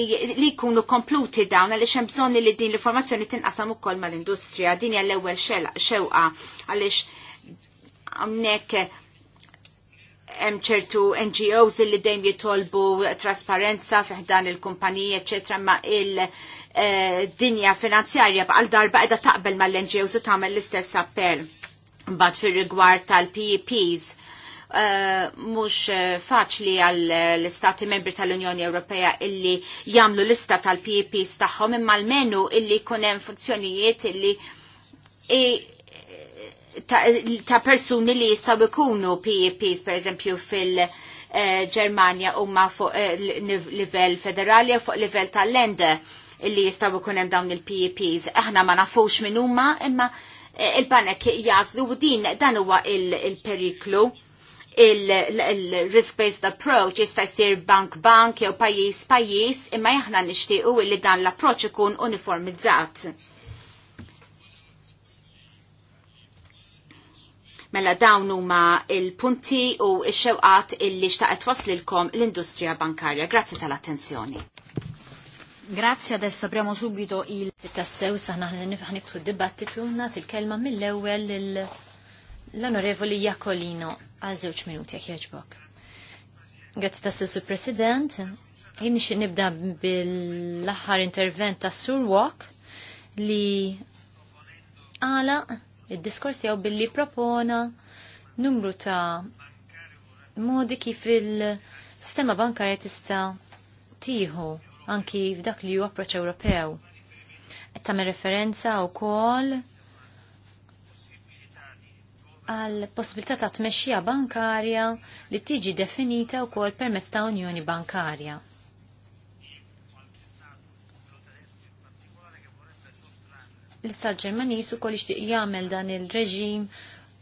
jkunu kompluti dawn għaliex hemm bżonn li din l-informazzjoni tinqasam ukoll mal-industrija. Din hija l-ewwel xewqa għaliex hawnhekk eh, hemm ċertu NGOs li dejjem jitolbu trasparenza fiħdan il-kumpaniji, eċetera, ma il- eh, dinja finanzjarja bħal darba qiegħda taqbel mal-NGOs u tagħmel l-istess appell. Mbagħad fir rigward tal-PEPs Eh, mhux eh, faċli għall eh, istati membri tal-Unjoni Ewropea illi jagħmlu lista tal-PEPs tagħhom imma l-menu illi jkun hemm funzjonijiet illi ta' persuni li jistgħu jkunu PEPs pereżempju fil- Ġermanja huma fuq livell federali u fuq livell tal-lende illi jistaw ikunem hemm dawn il-PEPs. Aħna ma nafux minn huma imma il-banek jazlu u din dan huwa il-periklu. Il il-risk-based approach jista' jsir bank-bank jew pajjiż-pajjiż imma aħna nixtiequ li dan l-approċċ ikun uniformizzat. Mela dawn huma il-punti u x-xewqat illi xtaqet waslilkom l-industrija bankarja. Grazzi tal-attenzjoni. Grazzi adesso apriamo subito il tassew saħna ħniftu d-dibattitu nat il-kelma mill-ewwel il l-onorevoli Jakolino għal żewġ minuti jekk jogħġbok. Grazzi tas-Sur President, jien xin nibda bil-aħħar intervent tas Sur Walk li għala id-diskors tiegħu billi propona numru ta' modi kif il-sistema bankarja tista' tieħu anki f'dak li ju approċċ Ewropew. Qed tagħmel referenza wkoll għal possibilità ta' tmexxija bankarja li tiġi definita wkoll permezz ta' Unjoni Bankarja. L-Istat Ġermanis ukoll ixtieq jagħmel dan il-reġim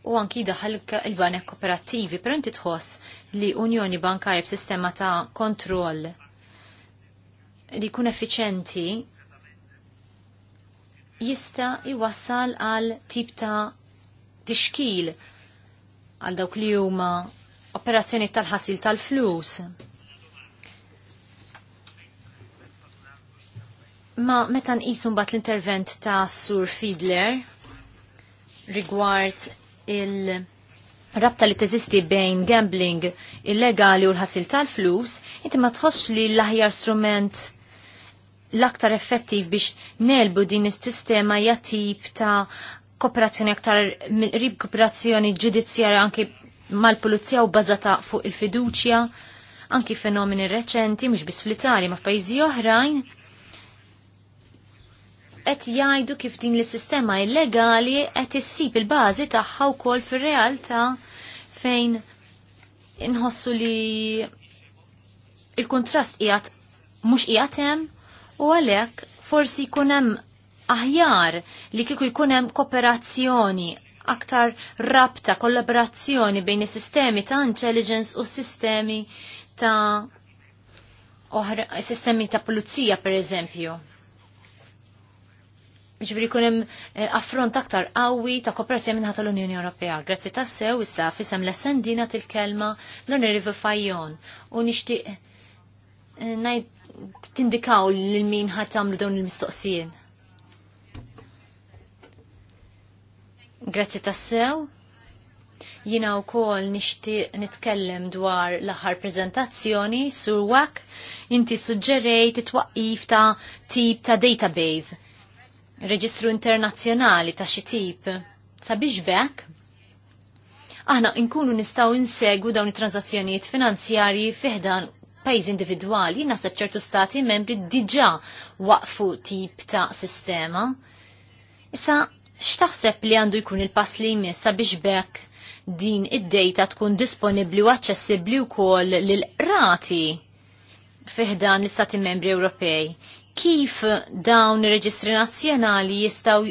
u anki daħal il-banek kooperattivi, però inti tħoss li Unjoni Bankarja b'sistema ta' kontroll li jkun effiċenti jista' jwassal għal tip ta' tixkil għal dawk li huma operazzjoni tal-ħasil tal-flus. Ma meta nqisu mbagħad l-intervent ta' Sur Fiedler rigward il- rabta li teżisti bejn gambling illegali u l-ħasil tal-flus, inti ma tħoss li l-aħjar strument l-aktar effettiv biex nelbu din is-sistema hija tip ta' kooperazzjoni aktar rib kooperazzjoni ġudizzjarja anki mal-pulizija u bazata fuq il-fiduċja, anki fenomeni reċenti, mhux biss fl-Italja ma f'pajjiżi oħrajn, qed jgħidu kif din l-sistema illegali qed issib il-bażi tagħha wkoll fir-realtà fejn inħossu li il-kontrast qiegħed mhux qiegħed hemm u għalhekk forsi jkun hemm aħjar li kieku jkun hemm kooperazzjoni aktar rabta, kollaborazzjoni bejn is-sistemi ta' intelligence u sistemi ta' oħra, sistemi ta' pulizija per eżempju. Ġbri kunem eh, affront aktar qawwi ta' kooperazzjoni minnħat l-Unjoni Ewropea. Grazzi ta' sew issa fisem l-essendina til-kelma l unjoni Fajjon u nixtieq eh, najt tindikaw l-min ħatamlu dawn il-mistoqsijiet. Grazzi tassew. Jina u kol nishti nitkellem dwar l-aħħar prezentazzjoni sur wak inti suġġerejt it ta' tip ta' database, reġistru internazzjonali ta' xi tip. Sabiex bekk? Aħna nkunu nistaw insegu dawn it-transazzjonijiet finanzjarji fiħdan pajjiż individwali, naħseb ċertu stati membri diġà waqfu tip ta' sistema. Issa x'taħseb li għandu jkun il-pass li jmiss sabiex bekk din id dejta tkun disponibli u aċċessibbli wkoll lil rati fiħdan l-Istati Membri Ewropej. Kif dawn ir-reġistri nazzjonali jistgħu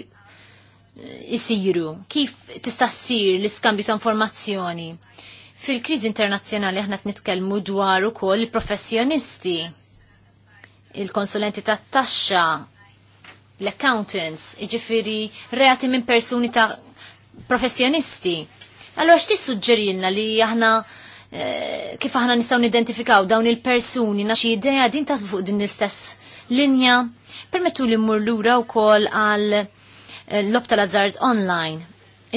jisiru? Kif tista' ssir l-iskambju ta' informazzjoni? Fil-kriżi internazzjonali aħna nitkellmu dwar ukoll il-professjonisti, il-konsulenti tat-taxxa, l-accountants, iġifiri reati minn persuni ta' professjonisti. Allora x'ti suġġerilna li aħna eh, kif aħna nistgħu nidentifikaw dawn il-persuni xie idea din tasbu fuq din l-istess linja permettu li mmur lura wkoll għal eh, l-lob tal-azzard online.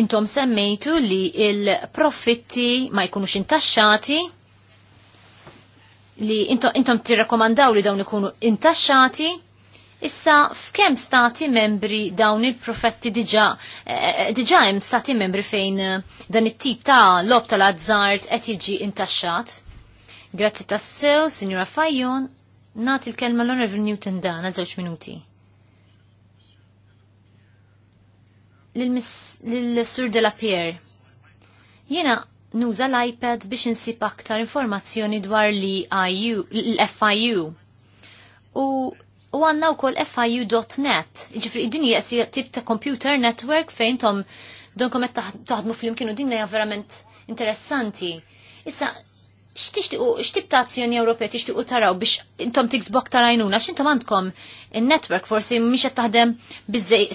Intom semmejtu li il-profitti ma jkunux intaxxati li intom, intom tirrakomandaw li dawn ikunu intaxxati Issa, f'kem stati membri dawn il-profetti diġa, eh, diġa hemm stati membri fejn eh, dan it-tip ta' lob tal-azzart qed jiġi intaxxat? Grazzi tassew, Signora Fajjon, nat il-kelma l-Honorable Newton dan għal żewġ minuti. Lil-Sur de la Pierre. Jena nuża l-iPad biex insib aktar informazzjoni dwar li l-FIU. U u għanna u kol FIU.net, ġifri id-din jessi tip ta' computer network fejn tom donkom et taħdmu fl-imkienu din hija verament interessanti. Issa, x'tib ta' azzjoni Ewropea tixtiqu taraw biex intom tiksbok tarajnuna, x'intom għandkom in-network forsi mhix qed taħdem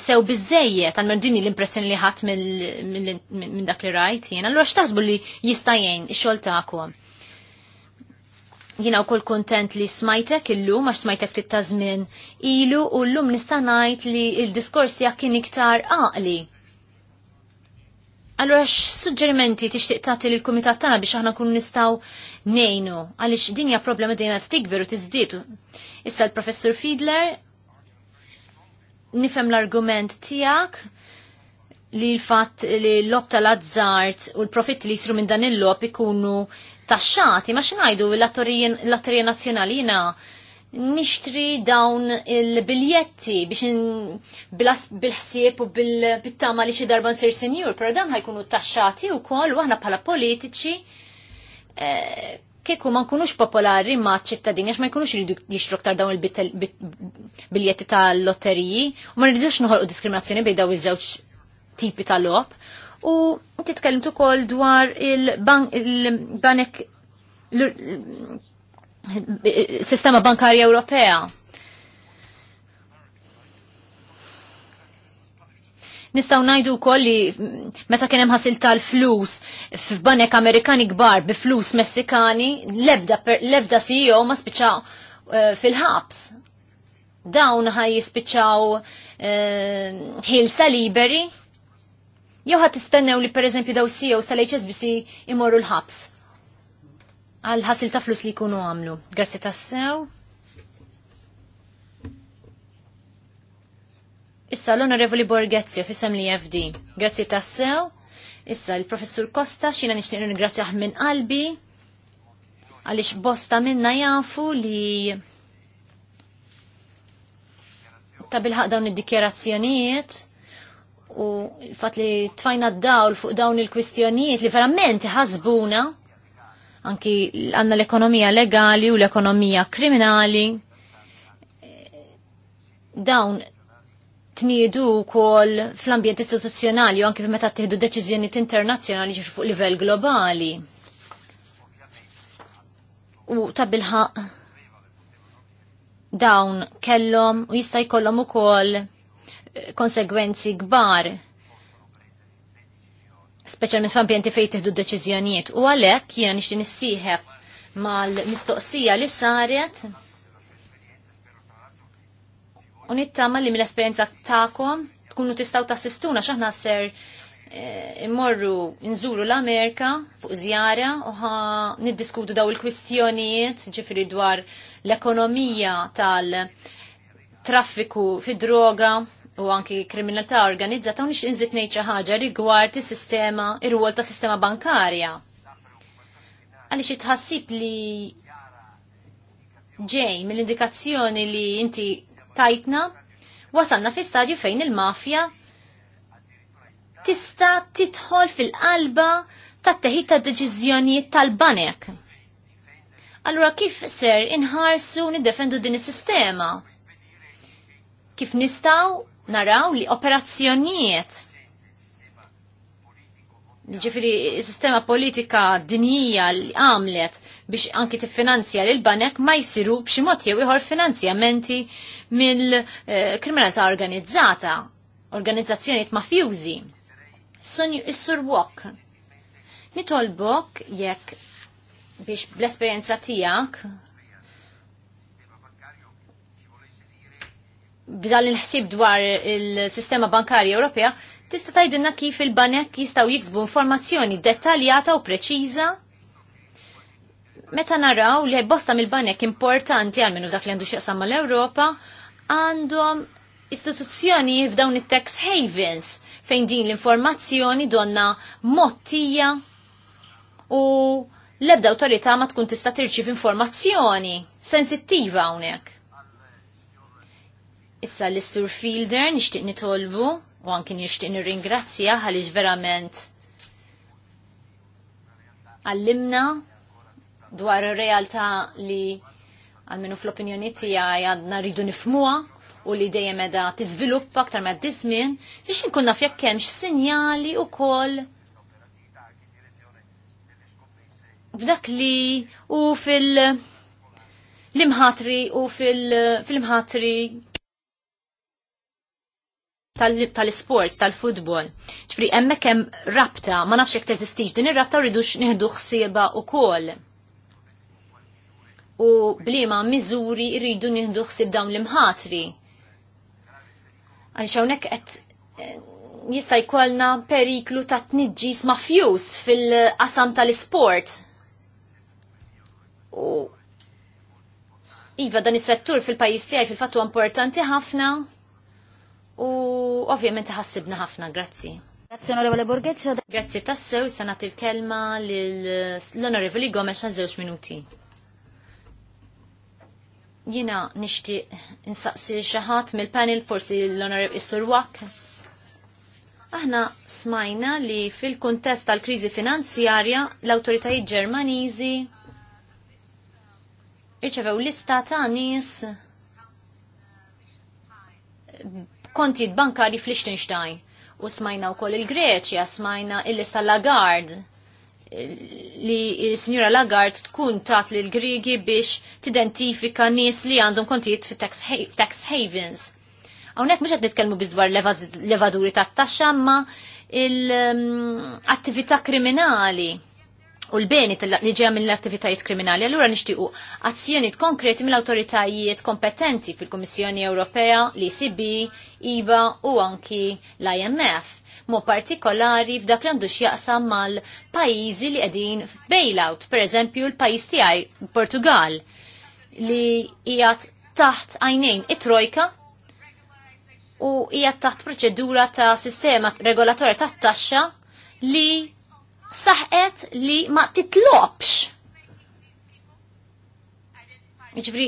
sew biżejjed għal merdini l-impressjoni li ħadd minn dak li rajt jien. Allura x'taħsbu li jista' jgħin ix-xogħol tagħkom? jina u kol kontent li smajtek illum, ma smajtek ftit tazmin ilu u l-lum nistanajt li il-diskors tijak kien iktar għaqli. Allora x t tati tagħti l kumitat tagħna biex aħna kun nistgħu ngħinu għaliex din hija problema dejjem qed tikber u tiżdied. Issa l-Professur Fiedler nifhem l-argument tiegħek li l-fatt li l-lob tal-azzart u l-profitt li jisru minn dan il-lob ikunu taxxati, ma xinajdu l-attorija nazjonali jina nixtri dawn il-biljetti biex bil-ħsieb u bil-tama li xi darba nsir senjur, pero dan ħajkunu taxxati wkoll u aħna bħala politiċi eh, kieku ma nkunux popolari ma ċittadini għax ma jkunux jridu jixtru ktar dawn il-biljetti tal-lotteriji u ma rridux noħolqu diskriminazzjoni bejn daw iż-żewġ tipi tal lop u titkellimt ukoll dwar il-banek sistema bankarja Ewropea. Nistaw najdu kol li meta kienem ħasil tal-flus f'banek Amerikani kbar bi flus Messikani, lebda, per, lebda CEO ma spiċa uh, eh, fil-ħabs. Dawn ħaj jispiċaw eh, ħilsa liberi Jew ħat tistennew li pereżempju daw CEOs tal-HSBC imorru l-ħabs għal ħasil ta' flus li jkunu għamlu. Grazzi tassew. Issa l-Onorevoli Borghezio fissem li FD. Grazzi tassew. Issa l-Professur Costa xina nixtieq ringrazzjah minn qalbi għaliex bosta minna jafu li ta' bilħaq dawn id-dikjerazzjonijiet u fatt li tfajna d-dawl fuq dawn il-kwistjonijiet li verament ħasbuna anki għanna l-ekonomija legali u l-ekonomija kriminali dawn tniedu kol fl-ambjent istituzzjonali u anki meta tiħdu deċiżjonijiet internazzjonali ġifu fuq livell globali. U tabilħa dawn kellhom u jista' jkollhom ukoll konsegwenzi kbar speċjalment f'ambjenti fejn tieħdu deċiżjonijiet u għalhekk jiena nixtieq nissieħeb mal-mistoqsija li saret u nittama li mill-esperjenza tagħkom tkunu tistgħu tassistuna x'aħna ser eh, immorru nżuru l-Amerika fuq zjara uħa niddiskutu daw il-kwistjonijiet ġifiri dwar l-ekonomija tal-traffiku fi droga u anki kriminalità organizzata u nix inżit nejċa ħagġa rigward is-sistema, ir-rwol ta' sistema bankarja. Għaliex itħassib li ġej mill-indikazzjoni li inti tajtna, wasalna fi stadju fejn il-mafja tista titħol fil-qalba ta' teħid ta' deċiżjonijiet tal-banek. Allura kif ser inħarsu niddefendu din is-sistema? Kif nistaw naraw li operazzjonijiet ġifiri sistema politika dinjija li għamlet biex anki tiffinanzja lil banek ma jisiru b'xi mod jew ieħor finanzjamenti mill-kriminalità eh, organizzata, organizzazzjonijiet mafjużi. Is-sur Wok. Nitolbok jekk biex bl-esperjenza tiegħek b'dan il-ħsib dwar il-sistema bankarja Ewropea, tista' tgħidilna kif il-banek jistgħu jiksbu informazzjoni dettaljata u preċiża meta naraw li bosta mill-banek importanti għal minnu dak li għandu xieqsam mal-Ewropa għandhom istituzzjoni f'dawn it-tax havens fejn din l-informazzjoni donna mottija u l-ebda autorità ma tkun tista' tirċiv informazzjoni sensittiva hawnhekk. Issa l-Sur Fielder nixtieq nitolbu u anki nixtieq nirringrazzja għaliex verament għallimna dwar ir-realtà li għalmenu fl-opinjoni tiegħi għadna rridu nifmuha u li dejjem edha tiżviluppa aktar ma' dizmin biex inkun naf jekk hemm sinjali wkoll b'dak li u fil imħatri u fil-imħatri tal-sports, tal-futbol. ċfri, emmek hemm rabta, ma nafx jek teżistix, din ir-rabta rridux nieħdu ħsieba wkoll. U bliema miżuri rridu nieħdu ħsieb dawn l-imħatri. Għaliex hawnhekk qed eh, jista' jkollna periklu ta' tniġġis mafjus fil-qasam tal-isport. U Iva dan is-settur fil-pajjiż tiegħi fil-fattu importanti ħafna u ovvjament ħassibna ħafna, grazzi. Grazzi onorevole Borgheccio. Grazzi tassew, sanat il-kelma l-onorevoli Gomes għal żewġ minuti. Jina nishti insaqsi xaħat mill-panel forsi l-onorev Isur Wak. Aħna smajna li fil-kontest tal-krizi finanzjarja l-autoritajiet ġermaniżi irċevew lista ta' nies kontijiet bankari fl-Liechtenstein. U smajna u koll il-Greċja, smajna il-lista Lagard li signora Lagard tkun tat li l-Grigi biex tidentifika nies li għandhom kontijiet fi tax havens. Għonek mux għed nitkelmu bizdwar levaduri tat taxxa ma l um, attività kriminali u l-beni li ġeja mill attivitajiet kriminali. Allura nixtiequ azzjonijiet konkreti mill-awtoritajiet kompetenti fil-Kummissjoni Ewropea, l-ECB, IBA u anki l-IMF mo partikolari f'dak li għandu x'jaqsam mal-pajjiżi li qegħdin bailout, pereżempju l-pajjiż tijaj, Portugal li jgħat taħt għajnejn it-trojka u hija taħt proċedura ta' sistema regolatorja tat-taxxa li saħqet li ma titlobx. Iġbri,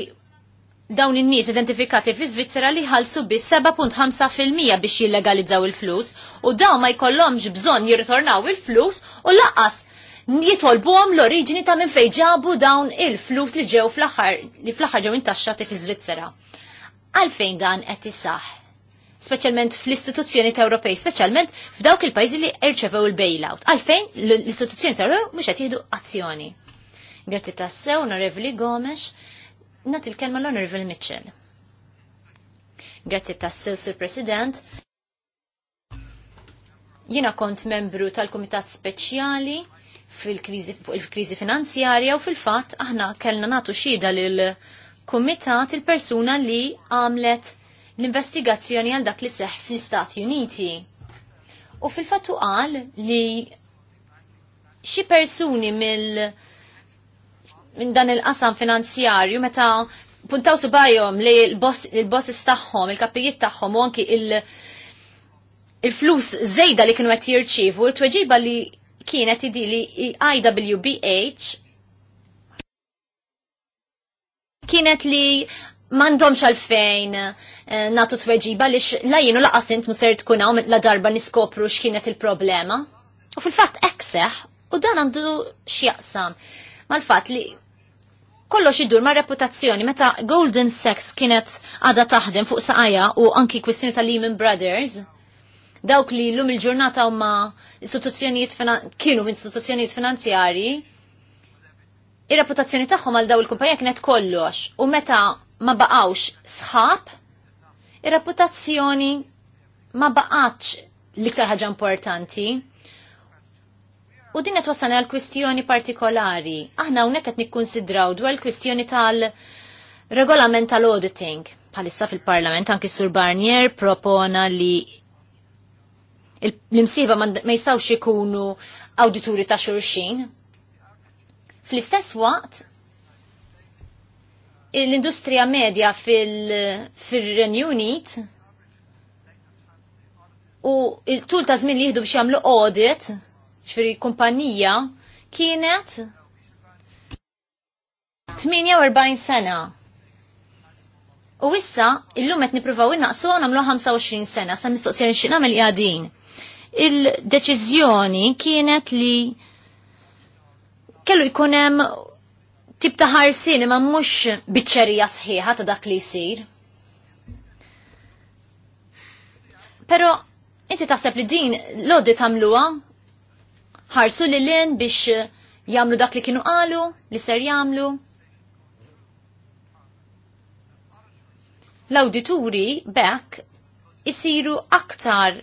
dawn in-nies identifikati fi Svizzera li ħalsu bi 7.5% biex jillegalizzaw il-flus u dawn ma jkollhomx bżonn jirritornaw il-flus u laqas jitolbuhom l-oriġini ta' minn fejn ġabu dawn il-flus li ġew fl-aħħar li fl-aħħar ġew intaxxati fi Svizzera. Għalfejn dan qed isaħ? specialment fl-istituzzjoni ta' Ewropej, specialment f'dawk il-pajzi li rċevew il-bailout. għalfejn l-istituzzjoni ta' Ewropej mux jihdu azzjoni. Grazzi ta' sew, onorevoli Gomes, nat il-kelma l-onorevoli Mitchell. Grazzi ta' sew, sur President. Jina kont membru tal-Komitat Speċjali fil-krizi finanzjarja u fil-fat aħna kellna natu xida lil kumitat il-persuna li għamlet l-investigazzjoni għal dak li seħ fl-Istati Uniti. U fil-fattu qal li xi persuni mill minn dan il-qasam finanzjarju meta puntaw subajhom li l il tagħhom, il-kapijiet tagħhom u anki il-flus żejda li kienu qed jirċievu, il-tweġiba li kienet idi li IWBH kienet li mandomx għalfejn eh, natu tweġiba li la jienu laqas int muser tkun hawn la darba niskopru x'kienet il-problema. U fil-fatt ekseħ u dan għandu x'jaqsam mal-fatt li kollox idur ma' reputazzjoni meta Golden Sex kienet għada taħdem fuq saqajja u anki kwistjoni ta' Lehman Brothers dawk li l-lum il-ġurnata huma istituzzjonijiet kienu istituzzjonijiet finanzjari ir-reputazzjoni tagħhom għal daw il-kumpanija kienet kollox u meta ma baqawx sħab, ir-reputazzjoni ma baqatx l-iktar ħaġa importanti. U din qed wassana għal kwistjoni partikolari. Aħna hawnhekk qed nikkunsidraw dwar il-kwistjoni tal-regolament tal-auditing. Bħalissa fil-Parlament anki Sur Barnier propona li l-imsiba ma jistawx ikunu awdituri ta' xurxin. Fl-istess waqt, l-industrija medja fil-Renju Unit u il-tul ta' żmien li jieħdu biex jagħmlu audit, ġifieri kumpanija, kienet 48 sena. U issa, illum qed nippruvaw innaqsu nagħmlu 25 sena, sa mistoqsija nixtieq nagħmel jadin. Il-deċiżjoni kienet li kellu jkun tip ta' ħarsin ma' mhux biċċerija sħiħa ta' dak li jsir. Però inti taħseb li din l-oddi tagħmluha ħarsu li l biex jagħmlu dak li kienu qalu, li ser jagħmlu. L-awdituri bekk isiru aktar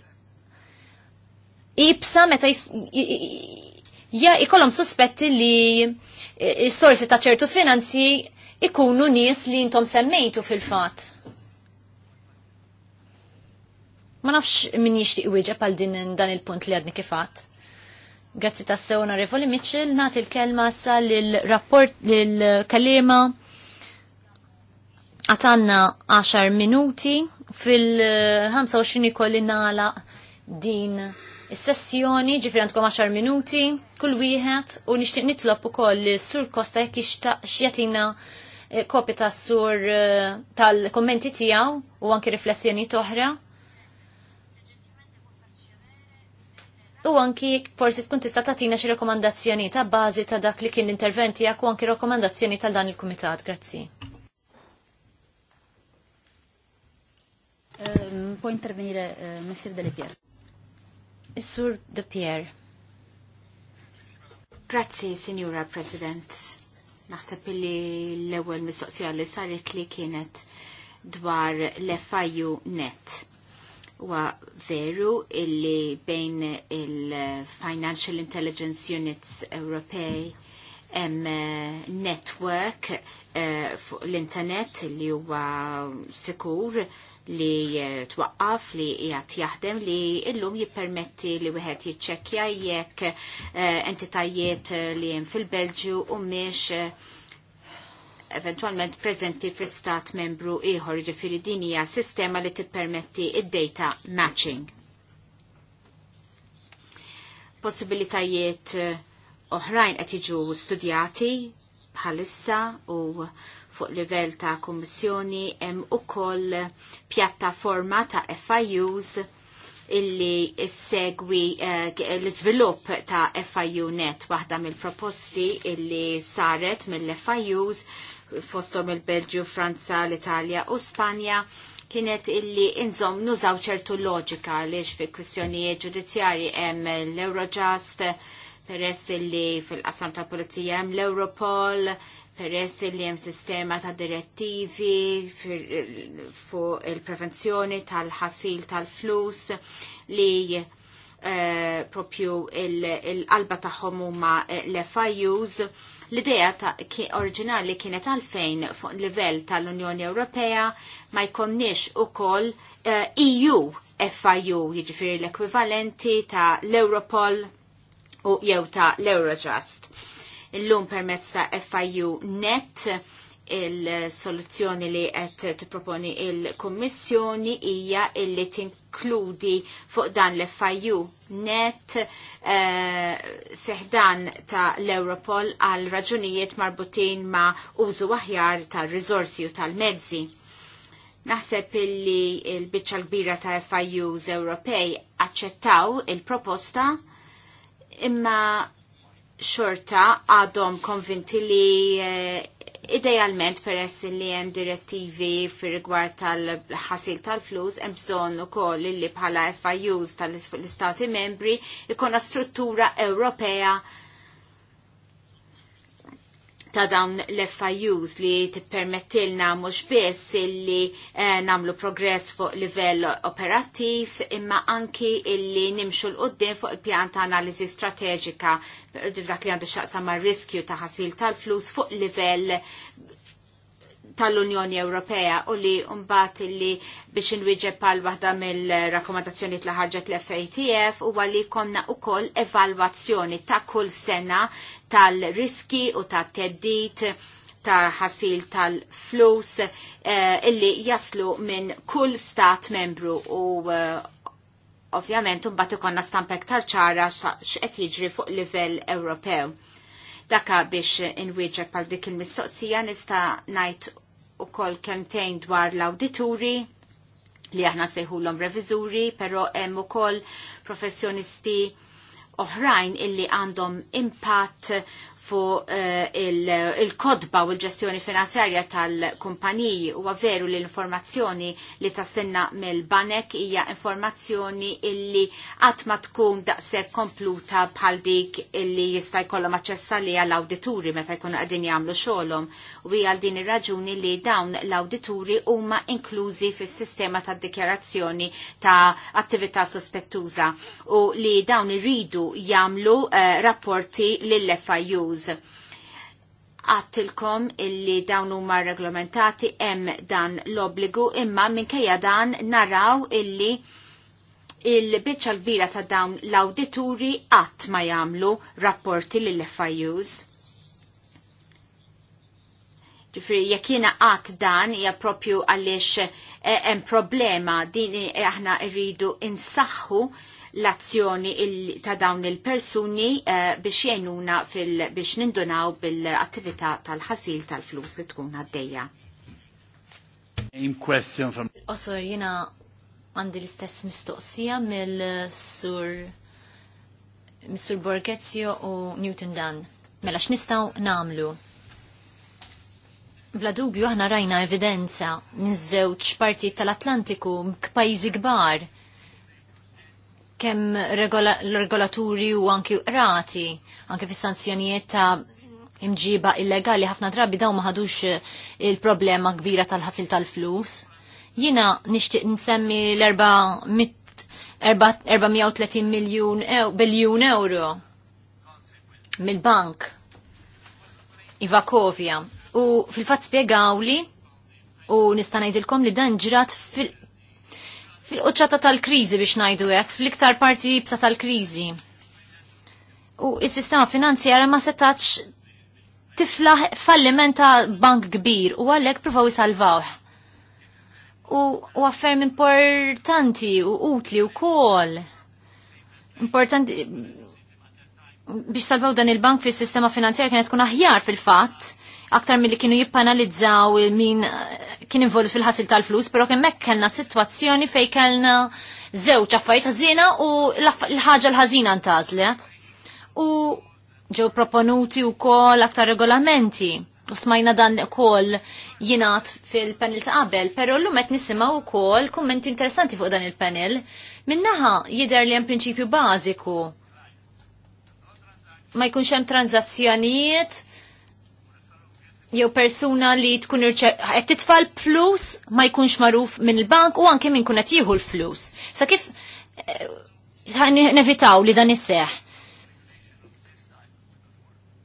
ibsa meta ja ikollhom sospetti li is-sorsi ta' ċertu finanzi ikunu nies li intom semmejtu fil-fatt. Ma nafx min jixtieq wieġeb għal din dan il-punt li għadni kifat. Grazzi ta' sewna Revoli Mitchell, nagħti il kelma sa lill-rapport lill-kalima għatanna 10 minuti fil-25 kolli nala din is-sessjoni ġifri għandkom 10 minuti kull wieħed u nixtieq nitlob ukoll sur Kosta jekk jixtaq jagħtina eh, kopja tas-sur eh, tal-kommenti tiegħu u anki riflessjoni oħra. U anki forsi tkun tista' tagħtina xi rakkomandazzjoni ta' bażi ta' dak li kien l-intervent tiegħek u anki rakkomandazzjoni tal dan il-kumitat. Grazzi. Ehm, può intervenire uh, eh, Messir Delle Is-Sur De Pierre. Grazzi, Signora President. Naħseb li l-ewwel mistoqsija li saret li kienet dwar l-FIU net. Wa veru illi bejn il-Financial Intelligence Units Ewropej hemm eh, network uh, fuq l-internet li huwa sikur li eh, twaqqaf li jgħat jaħdem li illum jippermetti li wieħed jiċċekkja jekk eh, entitajiet eh, li hemm fil-Belġju u mhix eventualment preżenti fi stat membru ieħor jiġifieri din hija sistema li tippermetti id-data matching. Possibilitajiet oħrajn qed jiġu studjati bħalissa u fuq livell ta' kummissjoni hemm ukoll pjattaforma ta' FIUs illi segwi eh, l-izvilupp ta' FIU net waħda mill-proposti illi saret mill-FIUs fostom il-Belġju, Franza, l-Italja u Spanja kienet illi inżom nużaw ċertu loġika li fi kwistjonijiet ġudizzjari hemm l-Eurojust, peress illi fil-qasam tal-Polizija hemm l-Europol, peress li hemm sistema ta' direttivi fuq il-prevenzjoni tal-ħasil tal-flus li eh, propju il-qalba il tagħhom huma eh, l-FIUs. L-idea oriġinali kienet għalfejn fuq livell tal-Unjoni Ewropea ma jkonniex ukoll eh, EU FIU, jiġifieri l-ekwivalenti ta' l-Europol u jew ta' l-Eurojust Illum permezz ta' FIU net il-soluzzjoni li qed tipproponi il-Kummissjoni hija illi tinkludi fuq dan l-FIU net uh, fiħdan ta' l-Europol għal raġunijiet marbutin ma' użu aħjar tal rizorsi u tal-mezzi. Naħseb illi il-bicċa kbira ta' FIUs Ewropej aċċettaw il-proposta imma xorta għadhom konvinti li eh, idealment peress li hemm direttivi fir rigward tal-ħasil tal-flus hemm bżonn ukoll li bħala FIUs tal-istati membri ikona struttura Ewropea ta' dawn l-FIUs li tippermettilna mhux biss illi eh, namlu progress fuq livell operattiv imma anki illi nimxu l-qoddim fuq il-pjan ta' analiżi strateġika dak li għandu xaqsa ma' riskju ta' ħasil tal-flus fuq livell tal-Unjoni Ewropea u li mbagħad illi biex inwieġeb pal waħda mill-rakkomandazzjoni li ħarġet l-FATF u li konna koll evalwazzjoni ta' kull sena tal-riski u ta' teddit ta' ħasil tal-flus eh, illi jaslu minn kull stat membru u eh, ovvjament bat ikonna stampek tarċara x'qed jiġri fuq livell Ewropew. Daka biex inwieġeb pal dik il-mistoqsija nista' ngħid ukoll kemtejn dwar l-awdituri li aħna sejħulhom reviżuri, però hemm ukoll professjonisti oħrajn illi għandhom impatt fuq uh, il-kodba il u l-ġestjoni finanzjarja tal-kumpaniji u veru li l-informazzjoni li tasenna mill-banek hija informazzjoni illi għatma tkun daqse kompluta bħal dik illi jista' jkollhom aċċessa li għall-awdituri meta jkunu qegħdin jagħmlu xogħolhom u hija għal din ir-raġuni li dawn l-awdituri huma inklużi fis-sistema tad-dikjarazzjoni ta' attività sospettuża u li dawn irridu jagħmlu uh, rapporti lill-FIU NGOs għattilkom illi dawn huma reglamentati hemm dan l-obbligu imma minkejja dan naraw illi il-biċċa l-bira ta' dawn l-awdituri qatt ma jagħmlu rapporti lill-FIUs. Ġifri, jekk jiena qatt dan hija propju għaliex eh, hemm problema din eh, aħna rridu insaħħu l-azzjoni ta' dawn il-persuni eh, biex jenuna fil biex nindunaw bil-attività tal-ħasil tal-flus li tkun għaddeja. From... Osor, jena għandi l-istess mistoqsija mill-sur Mr. Borgezio u Newton Dan, Mela x'nistgħu namlu? Bla dubju aħna rajna evidenza minn żewġ partijiet tal-Atlantiku k'pajjiżi kbar kemm l-regolaturi u anki rati, anki fis-sanzjonijiet ta' imġiba illegali ħafna drabi daw maħadux eh, il-problema kbira tal-ħasil tal-flus. Jina nishtiq nsemmi l-430 miljon biljun euro mill-bank Ivakovia. U fil-fat spiegawli u nistanajdilkom li dan ġrat fil fil-qċata tal-krizi biex najdu hekk, fl-iktar parti jibsa tal-krizi. U s-sistema finanzjara ma setax tifla fallimenta bank kbir u għalhekk provaw jisalvawh. U għaffermi importanti u utli u kol. Importanti biex salvaw dan il-bank fis sistema finanzjar kienet tkun aħjar fil-fatt aktar mill-li kienu jippanalizzaw min eh, kien involut fil-ħasil tal-flus, pero kemmek kellna situazzjoni fej kellna zewċ affarijiet ħażina u l ħagġa l-ħażina ntażlet. U ġew proponuti wkoll aktar regolamenti. U smajna dan ukoll jingħat fil-panel ta' qabel, però llum qed nisimgħu wkoll kummenti interessanti fuq dan il-panel. Minnaħa jidher li hemm prinċipju bażiku ma jkunx hemm tranzazzjonijiet jew persuna li tkun qed titfal plus ma jkunx magħruf minn il-bank u anke minn kun qed jieħu l-flus. Sa kif eh, nevitaw li dan isseħ.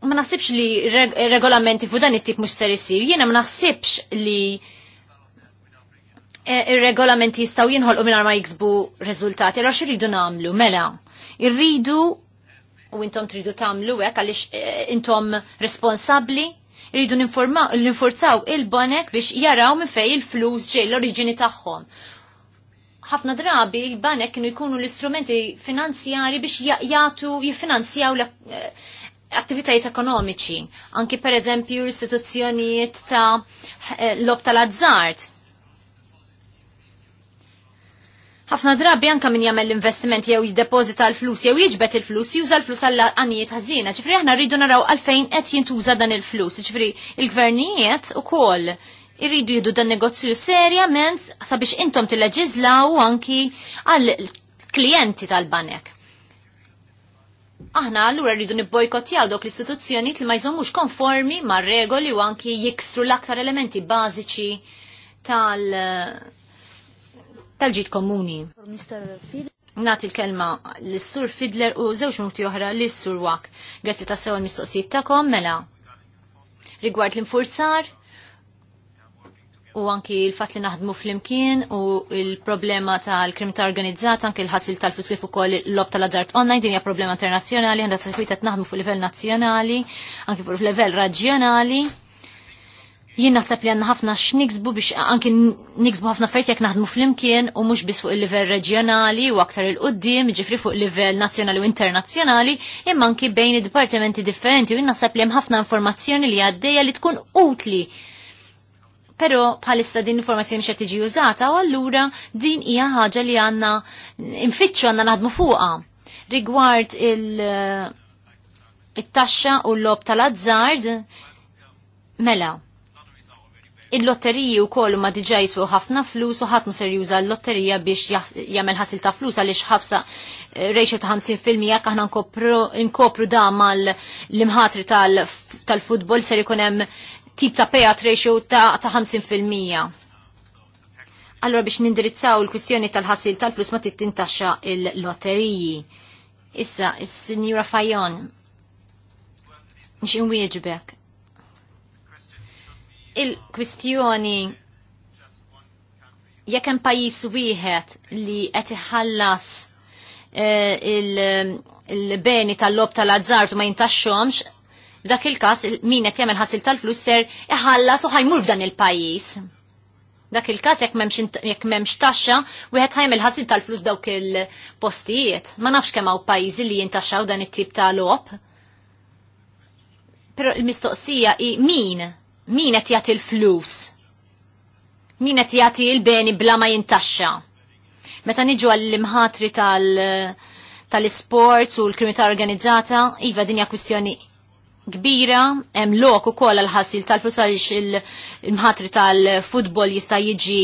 Ma naħsibx li regolamenti fu dan it-tip mhux ser isir. Jiena ma naħsibx li eh, ir-regolamenti jistgħu jinħolqu minn ma jiksbu rezultati, Allora x'irridu nagħmlu? Mela, irridu u intom tridu tagħmlu hekk għaliex eh, intom responsabbli Irridu ninforzaw il-banek biex jaraw minn fej il-flus ġej l-oriġini tagħhom. Ħafna drabi il-banek kienu jkunu l-istrumenti finanzjari biex jagħtu jiffinanzjaw eh, attivitajiet ekonomiċi, anki per eżempju l-istituzzjonijiet ta' eh, lob tal-azzart ħafna drabi anka min jagħmel l-investiment jew jiddepozita l-flus jew jiġbet il-flus juża l-flus għall għanijiet ħażina. Ġifri aħna rridu naraw għalfejn qed jintuża dan il-flus. Ġifri il-gvernijiet ukoll irridu jihdu dan negozju serjament sabiex intom tilleġizlaw anki għal klijenti tal-banek. Aħna allura rridu nibbojkotjaw dawk l-istituzzjoni li ma jżommux konformi ma' regoli u anki jiksru l-aktar elementi bażiċi tal- tal-ġid komuni. Nati l-kelma l-sur Fidler u zewx minuti oħra l-sur Wak. Grazzi ta' sewa l-mistoqsijiet ta'kom, mela. Rigward l-infurzar, u anki l-fat li naħdmu fl-imkien u il-problema tal ta' organizzata, anki l-ħasil tal-flus u ukoll l-lob tal-azzart online, dinja problema internazzjonali, għandha s naħdmu fuq livell nazzjonali, anki fuq livell raġjonali jien naħseb li għandna ħafna x'niksbu biex anki niksbu ħafna fejt jekk naħdmu flimkien u mhux biss fuq il-livell reġjonali u aktar il qudiem jiġifieri fuq il-livell nazzjonali u internazzjonali, imma anki bejn id-dipartimenti differenti u jien naħseb li hemm ħafna informazzjoni li għaddejja li tkun utli. Però bħalissa din informazzjoni xed tiġi użata u allura din hija ħaġa li għandna infittxu għandna naħdmu fuqha. Rigward il- it-taxxa u l-lob tal-azzard, mela, il-lotteriji u koll ma diġa jiswu ħafna flus u ħatmu ser juża l-lotterija biex jagħmel ħasil ta' flus għaliex ħafsa eh, ratio ta' 50% jekk aħna nkopru da mal l-imħatri tal-futbol ser ikun hemm tip ta' payout ratio ta' 50%. Allora biex nindirizzaw il-kwistjoni tal-ħasil tal-flus ma tittintaxxa il-lotteriji. Issa, is-Sinjura Fajon, nix wieġbek? il-kwistjoni jekk hemm pajjiż wieħed li qed iħallas eh, il-beni tal-lob tal-azzart ma jintaxxhomx, f'dak il-każ min qed jagħmel ħasil tal-flus ser iħallas u ħajmur f'dan il-pajjiż. Dak il-każ jekk m'hemmx taxxa, wieħed ħajmel ħasil tal-flus dawk il-postijiet. Ma nafx kemm hawn pajjiżi li jintaxxaw dan it-tip ta' lob. Però l-mistoqsija hi min min qed jagħti l-flus? Min qed jagħti l-beni bla ma jintaxxa? Meta niġu għall-imħatri tal- tal-sports u l-kriminalità organizzata, iva dinja kwistjoni kbira, hemm lok ukoll għal ħassil tal-flus għaliex il-mħatri tal-futbol jista' jiġi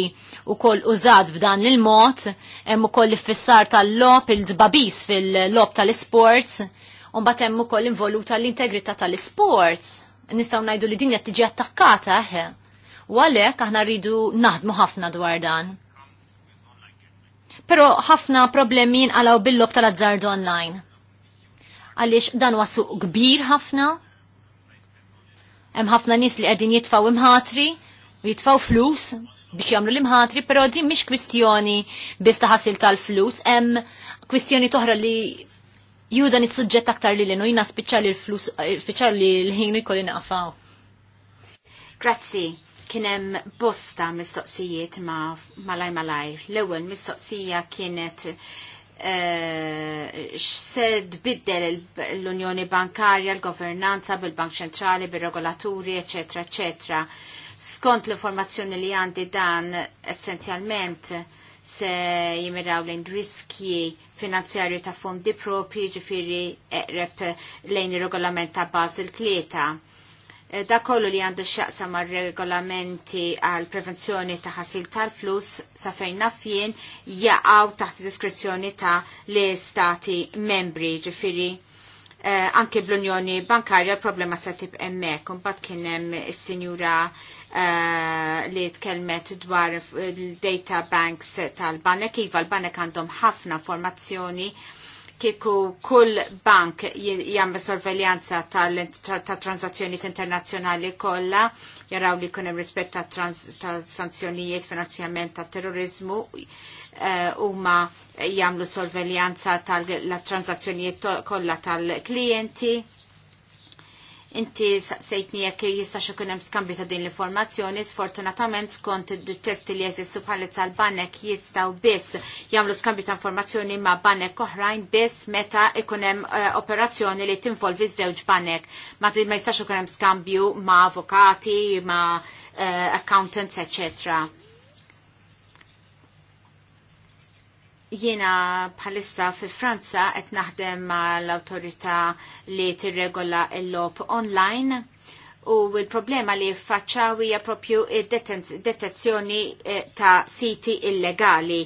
ukoll użad b'dan il-mod, hemm ukoll l-fissar tal-lob, il-dbabis fil-lob tal isports un bat hemm ukoll involuta l-integrità tal isports nistgħu ngħidu li dinja tiġi attakkata eħe. Eh? U għalhekk aħna rridu naħdmu ħafna dwar dan. Però ħafna problemi għalaw billob tal-azzardu online. Għaliex dan wasu kbir ħafna, hemm ħafna nies li qegħdin jitfgħu imħatri u jitfgħu flus biex jagħmlu l-imħatri, però din mhix kwistjoni biss ta' ħasil tal-flus, hemm kwistjoni toħra li ju dan is-suġġett aktar li l-inu jina spiċċali l-flus, eh, spiċċali l ħinu jkolli naqfaw. Grazzi, kienem bosta mistoqsijiet ma malaj malaj. L-ewel mistoqsija kienet eh, x'se tbiddel l-Unjoni Bankarja, l-Governanza bil-Bank Ċentrali, bir-regolaturi, eċetera, eċetera. Skont l-informazzjoni li għandi dan essenzjalment se jimiraw lejn riskji finanzjarju ta' fondi propri ġifiri eqreb lejn ir-regolament ta' Basel tlieta. E, da kollu li għandu xaqsa ma' regolamenti għal prevenzjoni ta' ħasil tal-flus sa' fejn nafjien jaqaw taħt diskrezzjoni ta' l stati membri ġifiri eh, anke bl-Unjoni Bankarja l-problema se tib emmek, un kienem il-Sinjura eh, li tkelmet dwar il-data banks tal-banek, iva l-banek għandhom ħafna informazzjoni kieku kull bank jgħamil sorveljanza tal-transazzjoni ta internazzjonali kollha, jaraw li kunem rispett ta' sanzjonijiet finanzjament tal terrorizmu, Eh, huma uh, jagħmlu sorveljanza tal-transazzjonijiet kollha tal-klijenti. Inti sejtni jekk jista' xi hemm skambju ta' din l-informazzjoni, sfortunatament skont testi li jeżistu bħalissa l-banek jistgħu biss jagħmlu skambju ta' informazzjoni ma' banek oħrajn biss meta ikun hemm uh, operazzjoni li tinvolvi żewġ banek. Ma, ma jistax ikun hemm skambju ma' avukati, ma' uh, accountants, eccetera Jiena bħalissa fi Franza qed naħdem mal-awtorità li tirregola l-lop online u l-problema li faċċaw hija propju detezzjoni eh, ta' siti illegali,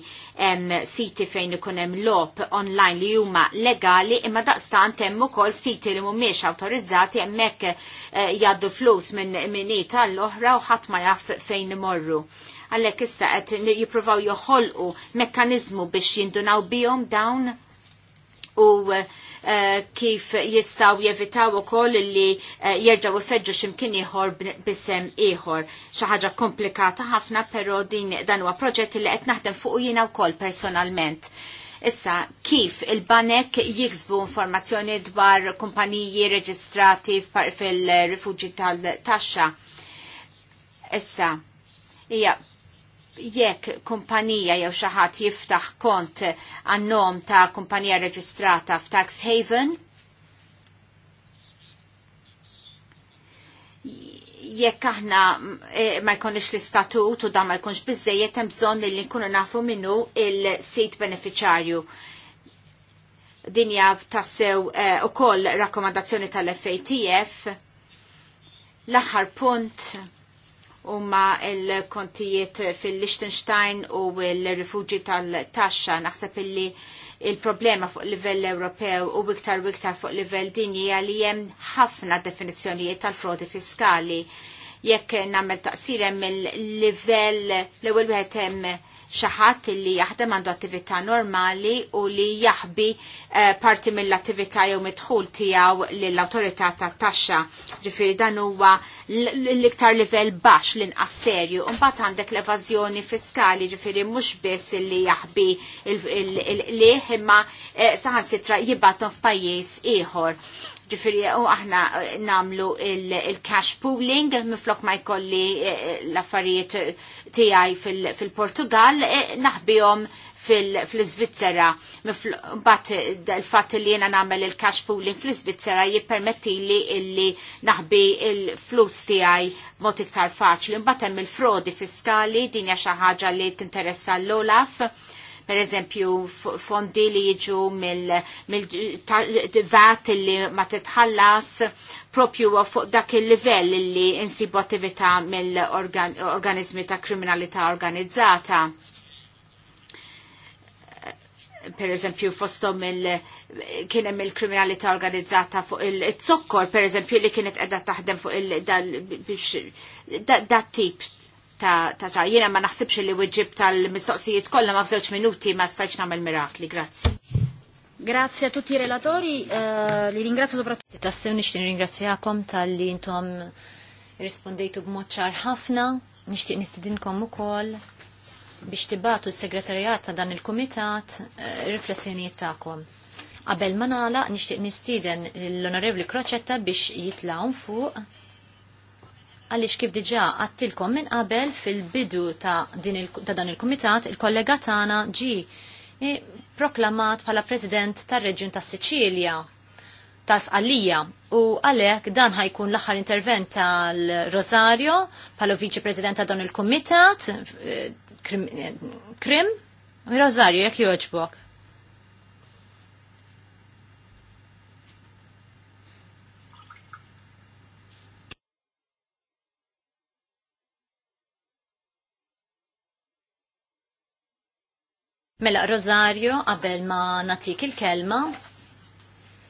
siti fejn ikun hemm lop online li huma legali, imma daqstant hemm ukoll siti li mhumiex awtorizzati hemmhekk eh, jgħaddu flus minn min tal-oħra u ħadd ma jaf fejn imorru għallek issa qed jippruvaw joħolqu mekkaniżmu biex jindunaw bihom dawn u eh, eh, kif jistaw jevitaw u koll li eh, jirġaw u feġġu ximkien iħor bisem iħor. ħaġa komplikata ħafna, pero din dan huwa proġett li qed naħdem fuq jiena wkoll personalment. Issa, kif il-banek jiksbu informazzjoni dwar kumpaniji reġistrati fil-rifuġi tal-taxxa? Issa, hija jekk kumpanija jew xi ħadd jiftaħ kont għan-nom ta' kumpanija reġistrata f'tax haven, jekk aħna eh, ma jkunx l-istatut u dan ma jkunx biżejjed hemm bżonn li nkunu nafu minnu il-sit beneficjarju. Dinja tassew eh, ukoll rakkomandazzjoni tal-FATF. L-aħħar punt umma il kontijiet fil-Liechtenstein u l-rifuġi tal-taxxa. Naħseb illi il-problema fuq livell Ewropew u iktar u iktar fuq livell dinji għalli hemm ħafna definizzjonijiet tal-frodi fiskali. Jekk nagħmel taqsir hemm il-livell l-ewwel wieħed hemm xaħat li jaħdem għandu attività normali u li jaħbi parti mill-attività jew midħul tiegħu lill-awtorità ta' taxxa Ġifiri dan huwa l-iktar livell baxx l-inqas serju. Mbagħad għandek l-evażjoni fiskali, ġifieri mhux biss li jaħbi l-lieħ imma saħansitra jibatom f'pajjiż ieħor Ġifiri, u aħna eh, namlu il-cash pooling, miflok ma jkolli eh, l-affarijiet eh, tijaj fil-Portugal, naħbijom naħbihom fil-Svizzera. Bat il-fat li jena namel il-cash pooling fil-Svizzera jippermetti li illi naħbi il-flus tijaj mot iktar faċli. Mbatem il-frodi fiskali, dinja xaħġa li t-interessa l-Olaf per eżempju fondi li jiġu mill-vat mil, li ma titħallas propju fuq dak il-livell li insibu attività mill-organizmi ta' kriminalità organizzata per eżempju fostom il- kienem il-kriminalità organizzata fuq il-zokkor, per eżempju, li kienet edha taħdem fuq il- dat tip ta' ta' jiena ma naħsibx li wieġib tal-mistoqsijiet kollha ma' f'żewġ minuti ma stajtx nagħmel mirakli. Grazzi. Grazie a tutti i relatori, uh, li ringrazio soprattutto. Tassew nixtieq ringrazzjakom tal-li intom rispondejtu b'mod ċar ħafna, nixtieq nistidinkom ukoll biex tibatu s-segretarjat ta' dan il-kumitat eh, riflessjonijiet tagħkom. Qabel ma nagħlaq nixtieq nistieden l-Onorevli Kroċetta biex jitlgħu fuq għaliex kif diġà għattilkom minn qabel fil-bidu ta', il ta dan il-kumitat il-kollega Tana ġi eh, proklamat bħala President tar-Reġjun tas Siċilja ta' sqallija u għalhekk dan ħajkun l-aħħar intervent tal-Rosario bħala Viċi President ta' dan il-kumitat eh, Krim, eh, Krim Rosario jekk jogħġbok. Mela, Rosario, qabel ma natik il-kelma,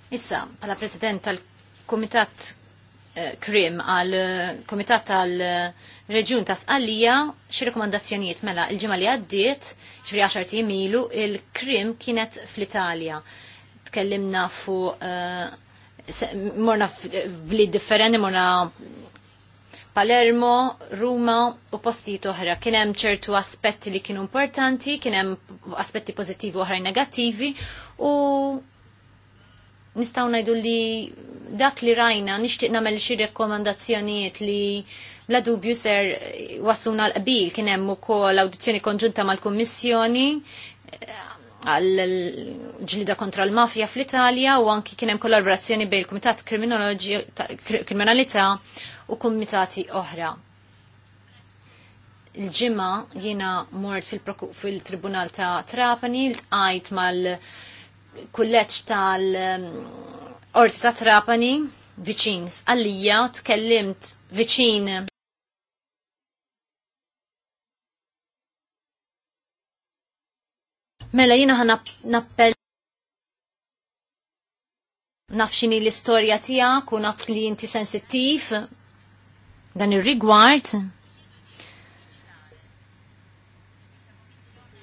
issa, pala president tal-Komitat eh, Krim għal eh, Komitat tal Reġjun ta' Sqalija xi rekomandazzjonijiet mela il-ġimgħa li għaddiet xi 10 ilu il-Krim kienet fl-Italja. Tkellimna fuq eh, morna bli differenti, morna Palermo, Ruma u postijiet oħra. Kien hemm ċertu aspetti li kienu importanti, kien hemm aspetti pożittivi oħra negattivi u nistgħu ngħidu li dak li rajna nixtieq nagħmel xi rakkomandazzjonijiet li bla dubju ser wasluna l-qbil kien hemm ukoll awdizzjoni konġunta mal-Kummissjoni eh, għal ġlida kontra l-mafja fl-Italja u anki kien hemm kollaborazzjoni bejn il-Kumitat Kriminalità u kumitati oħra. Il-ġimma jiena mort fil-Tribunal ta' Trapani, l-tqajt mal-kulleċ tal-Orti um, ta' Trapani, viċin għalija, tkellimt viċin Mela jina ħan nappell nafxini l-istoria tijak u naf li jinti sensittiv dan ir-rigward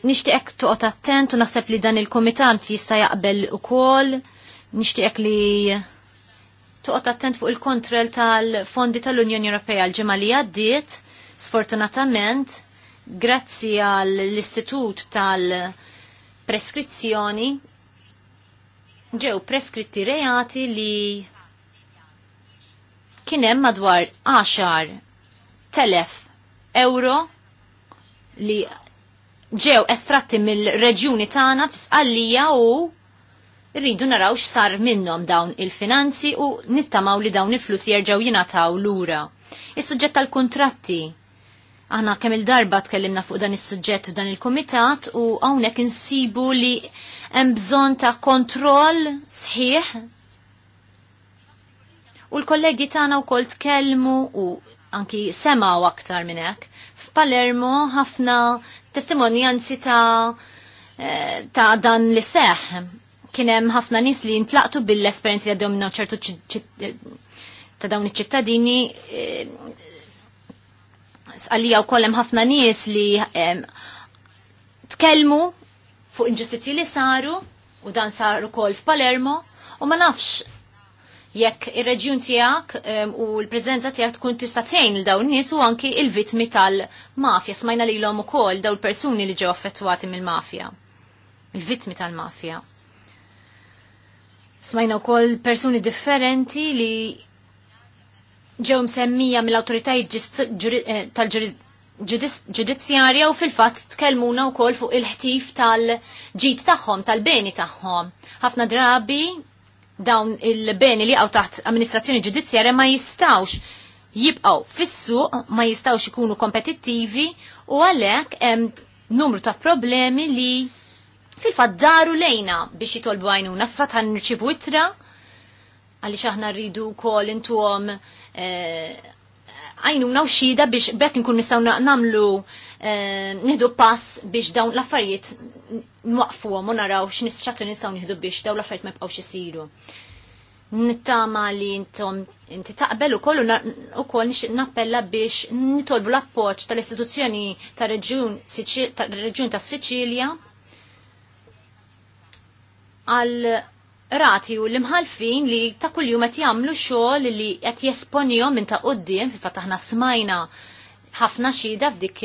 nishtiqek toqgħod attent u naħseb li dan il-kumitant jista' jaqbel ukoll, nishtiqek li toqgħod attent fuq il-kontroll tal-fondi tal-Unjoni Ewropea l-ġimgħa li għaddiet, sfortunatament, grazzi għall-istitut tal-preskrizzjoni ġew preskritti reati li kien hemm madwar 10 telef euro li ġew estratti mill-reġjuni tagħna f'sqallija u rridu naraw x'sar minnhom dawn il-finanzi u nittamaw li dawn il-flus jerġgħu jingħataw lura. Is-suġġett tal-kuntratti aħna kemm il-darba tkellimna fuq dan is-suġġett u dan il-kumitat u hawnhekk insibu li hemm bżonn ta' kontroll sħiħ U l-kollegi tagħna wkoll tkellmu u anki sema' u aktar minn hekk. F'Palermo ħafna testimonjanzi ta' eh, ta' dan li seħ. Kien hemm ħafna nies li jintlaqtu bil esperienzi ta' għadhom ċertu ta' dawn ċittadini eh, għalija u kollem ħafna nies li eh, tkellmu fuq inġustizji li saru u dan saru kol f'Palermo u ma nafx jekk ir-reġjun tiegħek um, u l-preżenza tiegħek tkun tista' tgħin il dawn nies u anki il-vittmi tal-mafja smajna lilhom ukoll dawn persuni li ġew affettwati mill-mafja. Il-vittmi tal-mafja. Smajna wkoll persuni differenti li ġew msemmija mill-awtoritajiet eh, tal-ġudizzjarja u fil-fatt tkellmuna wkoll fuq il-ħtif tal-ġid tagħhom, tal-beni tagħhom. Ħafna drabi dawn il-beni li għaw taħt amministrazzjoni ġudizzjarja ma jistawx jibqaw fis-suq, ma jistawx ikunu kompetittivi u għalhekk hemm numru ta' problemi li fil fat daru lejna biex jitolbu għajnuna f'fatt għan nirċivu itra għaliex aħna rridu wkoll intuhom eh, għajnuna u xida biex bekk nkun nistaw namlu eh, nihdu pass biex dawn l-affarijiet nwaqfu u naraw x'nisċazzjoni nistaw nieħdu biex dawn l-affarijiet ma jibqawx isiru. Nittama li intom inti taqbel u kollu u koll nappella biex nitolbu l-appoċ tal-istituzzjoni tal-reġjun tal tas-Siċilja rati u l-imħalfin li ta' kull-jum għet jamlu xol li għet jesponijom minn ta' uddim, fi fataħna smajna ħafna xida f'dik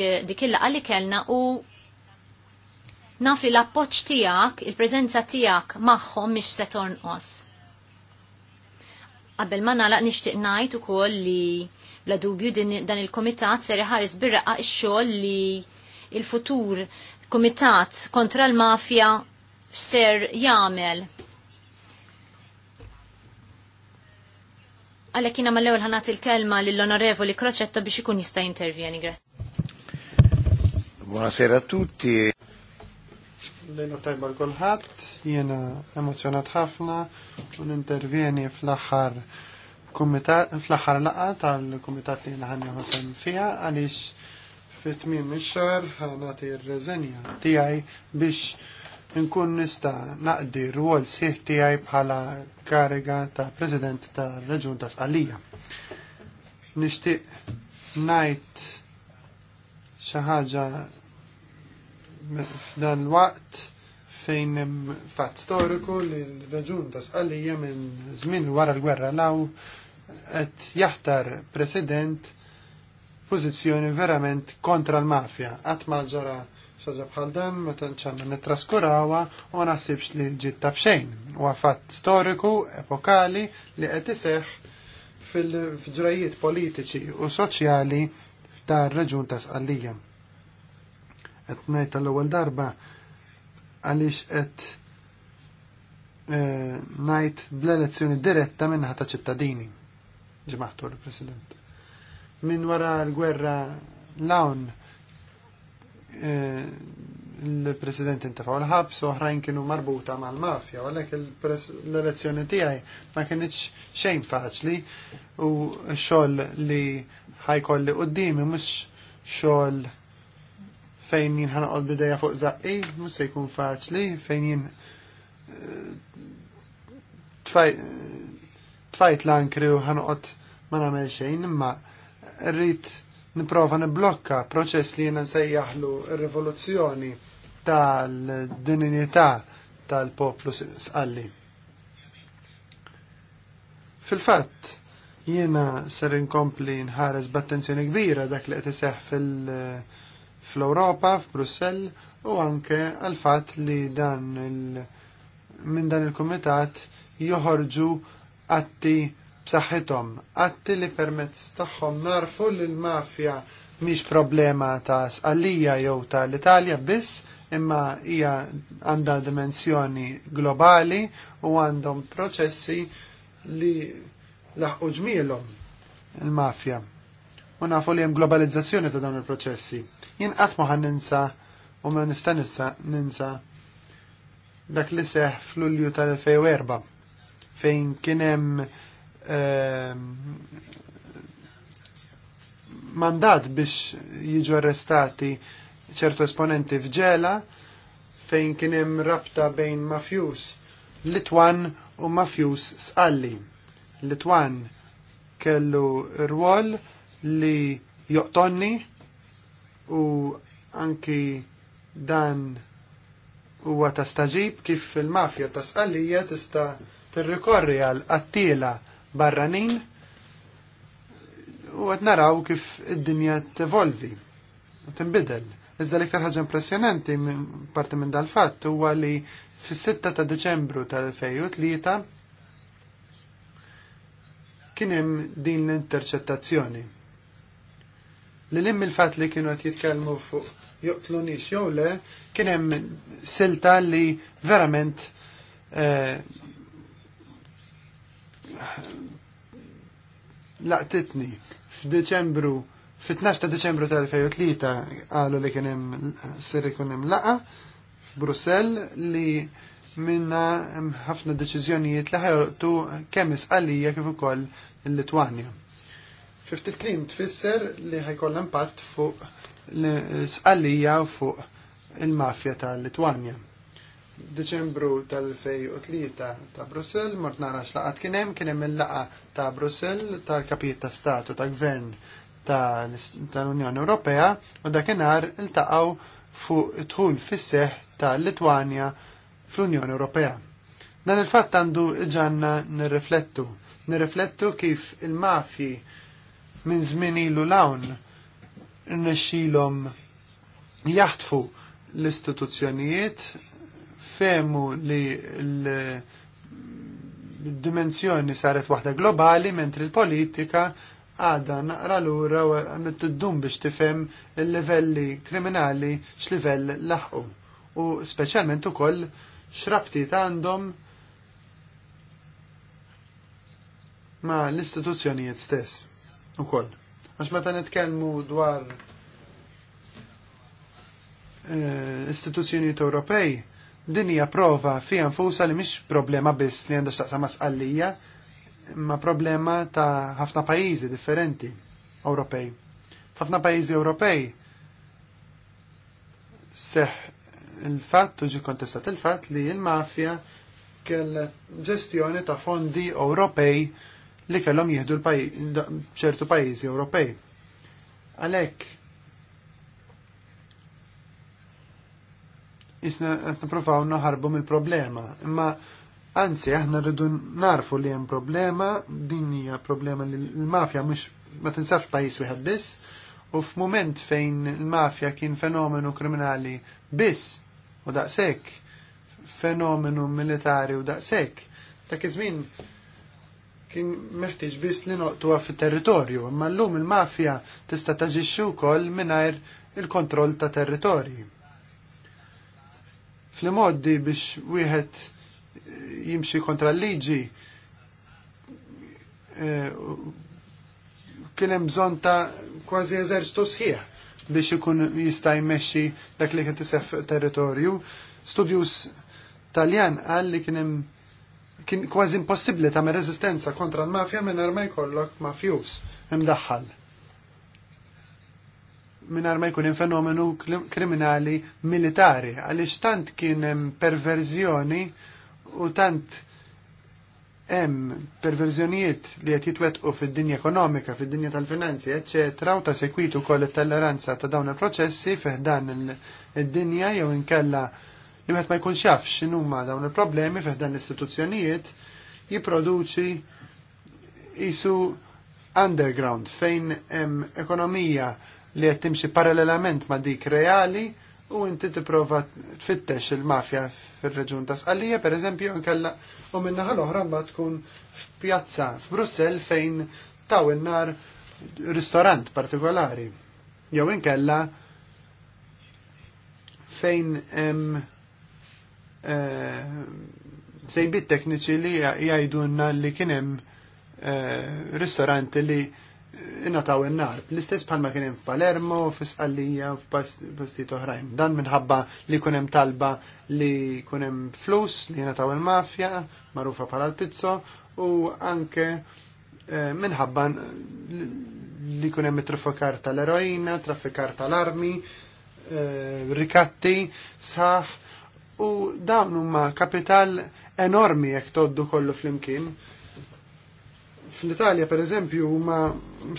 il laqgħa li kellna u naf li l-appoċ tijak, il-prezenza tijak maħħom mish setorn os. Qabel ma nalaq nishtiq najt u koll li bla dubju dan il-komitat seri ħares birraqa x xogħol li il-futur komitat kontra l-mafja ser jamel Għalek jina mal-ewel ħanat il-kelma l-onorevoli Kroċetta biex ikun jista' intervjeni. Buonasera a tutti. Lejna tajba l-kolħat, jena emozjonat ħafna un intervjeni fl-axar fl-axar laqa tal-komitat li nħanni ħosem fija għalix fit-tmim il-xar ħanati r-reżenja tijaj biex nkun nista naqdi rwol sħiħ tijaj bħala kariga ta' President ta' Reġun ta' Sqalija. Nixtieq ngħid xi ħaġa f'dan waqt fejn hemm fatt storiku li l-Reġun ta' Sqalija minn żmien wara l-gwerra law qed jaħtar President pożizzjoni verament kontra l-mafja, qatt ma ġara ħaġa bħal dan meta ċanna nitraskurawa, u naħsibx li ġiet xejn. Huwa fatt storiku, epokali li qed iseħħ fil-ġrajiet politiċi u soċjali ta' reġun ta' sqallija. Qed ngħid tal-ewwel darba għaliex qed e, najt bl-elezzjoni diretta minnaħa ta' ċittadini, ġimaħtu l-President. Min wara l-gwerra l-awn il-president intafaw l-ħabs u oħrajn kienu marbuta mal-mafja, għalek l-elezzjoni tijaj ma kienieċ xejn faċli u xoll li ħajkolli d-dimi, mux xoll fejn jien ħanqol bideja fuq zaqqi, mux se jkun faċli, fejn jien eh, tfajt l-ankri u ħanqot ma namel xejn, imma rrit niprofa niblokka proċess li jena nsejjaħlu rivoluzzjoni tal-dininità tal-poplu sqalli. Fil-fatt, jiena ser inkompli nħares b'attenzjoni kbira dak li qed iseħħ europa ewropa f'Brussell u anke għal fatt li dan il- minn dan il-kumitat joħorġu atti b'saħħithom, għatti li permezz tagħhom narfu li l-mafja mhix problema ta' sqallija jew ta' l-Italja biss, imma hija għandha dimensjoni globali u għandhom proċessi li laħqu ġmielhom il-mafja. U nafu li hemm globalizzazzjoni ta' dawn il-proċessi. Jien qatt ma ninsa u ma nista' ninsa dak li seħ fl-Ulju tal-2004 fejn kien hemm Ehm, mandat biex jiġu arrestati ċertu esponenti fġela fejn kien hemm rabta bejn mafjus Litwan u mafjus sqalli. Litwan kellu rwol li joqtonni u anki dan huwa ta' staġib kif il-mafja ta' sqallija tista' tirrikorri għal qattila barranin u għed naraw kif id-dinja t-evolvi, t-imbidel. Iżda l-iktar ħagġa impressjonanti parti minn dal-fatt huwa li fis-6 ta' Deċembru tal-2003 kien hemm din l-interċettazzjoni. l lim il-fatt li kienu qed jitkellmu fuq joqtlunix jew le kien hemm silta li verament eh, laqtitni f'Deċembru fit-12 ta' Deċembru tal-2003 qalu li kien hemm ser ikun hemm laqa f'Brussell li minna ħafna deċiżjonijiet li ħajtu kemm isqalija kif ukoll il-Litwanja. Ftit klim tfisser li ħajkollha impatt fuq l-sqalija fuq il-mafja tal-Litwanja. Deċembru tal-2003 ta' Brussel, mort nara xlaqat kienem, kienem il-laqa ta' Brussel tal-kapijiet ta' statu ta' gvern tal-Unjoni Ewropea u dakinhar iltaqgħu fuq tħul fis ta' tal-Litwanja fl-Unjoni Ewropea. Dan il-fatt għandu ġanna nirriflettu. Nirriflettu kif il-mafji minn zmini ilu lawn nirnexxilhom jaħtfu l-istituzzjonijiet femu li l-dimensjoni saret waħda globali, mentri l-politika għada naqra l-ura u għamittid biex tifem il-livelli kriminali x-livell laħqu. U specialment u koll xrabtit għandhom ma l-istituzzjonijiet stess u koll. Għax meta nitkellmu dwar eh, istituzzjonijiet Ewropej, din hija prova fi nfusa li mhix problema biss li għandha xaqsa masqallija, imma problema ta' ħafna pajjiżi differenti Ewropej. F'ħafna pajjiżi Ewropej seħ il-fatt u ġi kontestat il-fatt li l-mafja kell ġestjoni ta' fondi Ewropej li kellhom jieħdu ċertu pajjiżi Ewropej. Għalhekk isna qed profaw naħarbu mill-problema. Imma anzi aħna rridu narfu li hemm problema, din hija problema li l-mafja mhux ma tinsafx pajis wieħed biss, u f'mument fejn il-mafja kien fenomenu kriminali biss u daqshekk fenomenu militari u daqshekk, dak iż-żmien kien meħtieġ biss li noqtuha fit-territorju, imma llum il-mafja tista' taġixxu wkoll mingħajr il-kontroll ta' territorji fl-modi biex wieħed jimxi kontra l-liġi e, kien hemm bżonn ta' kważi eżerċitu sħiħ biex ikun jista' jmexxi dak li kien isef territorju. Studjus Taljan qal li kien hemm kien kważi impossibbli tagħmel reżistenza kontra l-mafja mingħajr ma jkollok mafjus imdaħħal minar ma jkun hemm fenomenu kriminali militari għaliex tant kien hemm u tant hemm perverzjonijiet li qed jitwettqu fid-dinja ekonomika, fid-dinja tal-finanzi, eċċetra, u ta' sekwitu wkoll it-tolleranza ta' dawn il-proċessi fih id-dinja jew inkella li wieħed ma jkunx jaf x'inhuma dawn il-problemi fih l-istituzzjonijiet jipproduċi jisu underground fejn hemm ekonomija li qed timxi parallelament ma' dik reali u inti tipprova tfittex il-mafja fir-reġun ta' Sqallija pereżempju nkella u minnaħa l-oħra mbagħad tkun f'pjazza f'Brussell fejn taw in-nar ristorant partikolari. Jew inkella fejn hemm eh, sejbit tekniċi li jgħidunna li kien hemm eh, ristoranti li innataw in-nar. L-istess bħalma kien hemm Palermo, f'Isqallija, f'postijiet oħrajn. Dan minħabba li kunem hemm talba li kunem hemm flus li ingħataw il-mafja, magħrufa bħala l-pizzo, u anke eh, minħabba li kunem hemm traffikar tal-eroina, traffikar tal-armi, eh, rikatti, saħ, u dawn huma kapital enormi jekk toddu kollu flimkien. imkien Fl-Italja, per eżempju, huma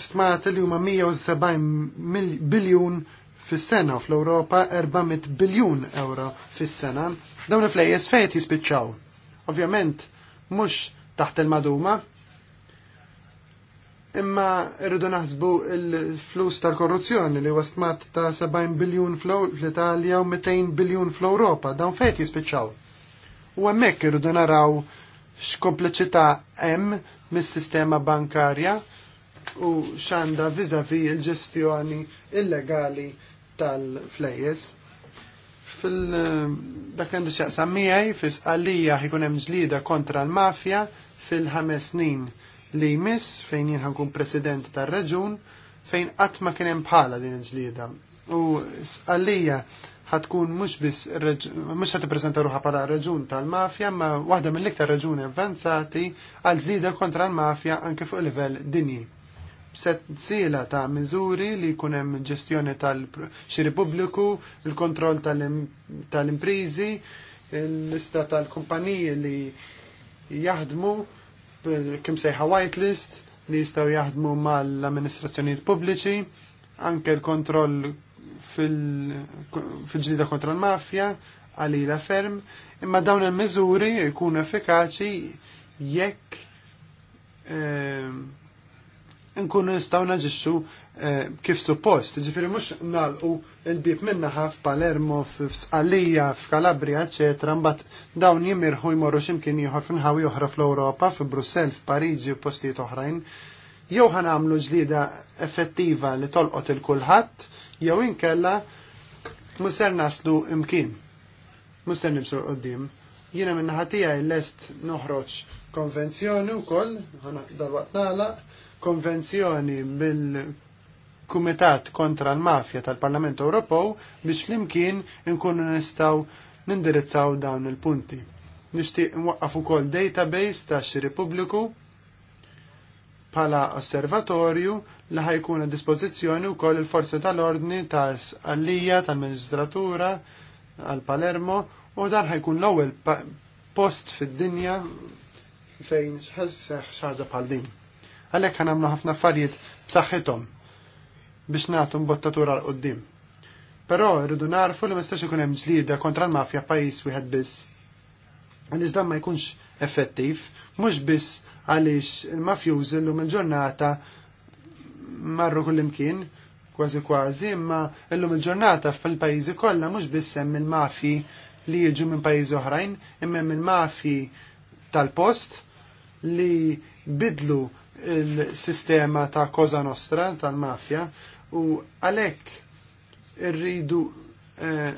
stmat li huma 170 biljun fis-sena, fl-Ewropa 400 biljun euro fis-sena. Dawn il-flejjes fejt jispiċċaw. Ovvjament, mhux taħt il-maduma, imma rridu naħsbu il-flus tal-korruzzjoni li huwa stmat ta' 70 biljun fl-Italja u 200 biljun fl ewropa dawn fejt jispiċċaw. U hemmhekk irridu naraw x'kompliċità hemm mis-sistema bankarja u x'għandha viżavi l-ġestjoni illegali tal-flejes. Fil-dak eh, għandu xaqsam miegħi fis għalija ħikun hemm ġlida kontra l-mafja fil-ħames snin li jmiss fejn jien ħankun president tar reġun fejn qatt ma kien hemm bħala din il-ġlieda. U għalija ħatkun mhux biss mhux ħat tippreżenta ruħa bħala raġun tal-mafja, ma waħda mill-iktar raġuni avvanzati għal zida kontra l-mafja anke fuq livell dinji. sila ta' miżuri li jkun hemm ġestjoni tal-xiri pubbliku, il-kontroll tal-imprizi, l-lista tal-kumpaniji li jaħdmu kim sejħa whitelist li jistaw jaħdmu mal-amministrazzjonijiet pubbliċi, anke l-kontroll fil-ġlida kontra l-mafja, għalila ferm, imma dawn il-mizuri jkunu effikaċi jekk ehm, nkunu nistaw naġixxu eh, kif suppost. Ġifiri mux nalqu il-bib ħaf Palermo, f'Sqalija, f'Kalabria, eccetera, mbagħad dawn jimirħu jmorru x'imkien ieħor f'inħawi oħra fl-Ewropa, f'Brussel, f'Parigi u postijiet oħrajn. Jew ħanamlu ġlida effettiva li tolqot il-kulħadd, jew inkella musser naslu imkien. Musser nimsur qoddim. Jiena minn tiegħi lest noħroġ konvenzjoni wkoll, dal-waqt nagħlaq, konvenzjoni bil kumitat kontra l-mafja tal-Parlament Ewropew biex flimkien nkunu nistgħu nindirizzaw dawn il-punti. Nixtieq nwaqqaf ukoll database ta' xiri pubbliku bħala osservatorju li ħajkun a dispożizzjoni wkoll il-forzi tal-ordni ta' għallija tal-Ministratura għal Palermo u dan ħajkun l-ewwel post fid-dinja fejn xħasseħ xaġa bħal din. Għalhekk ħanamlu ħafna affarijiet b'saħħithom biex nagħtu bottatura l qoddim. Però rridu narfu li mistax ikun hemm ġlieda kontra l-mafja pajjiż wieħed biss. Għaliex dan ma jkunx effettiv, mhux biss għaliex il-mafjużi llum il-ġurnata marru kullimkien kważi kważi, imma illum il-ġurnata fil-pajjiżi kollha mhux biss hemm il-mafi li jiġu minn pajjiżi oħrajn, imma hemm il-mafi tal-post li bidlu il-sistema ta' koza nostra tal-mafja u għalhekk irridu eh,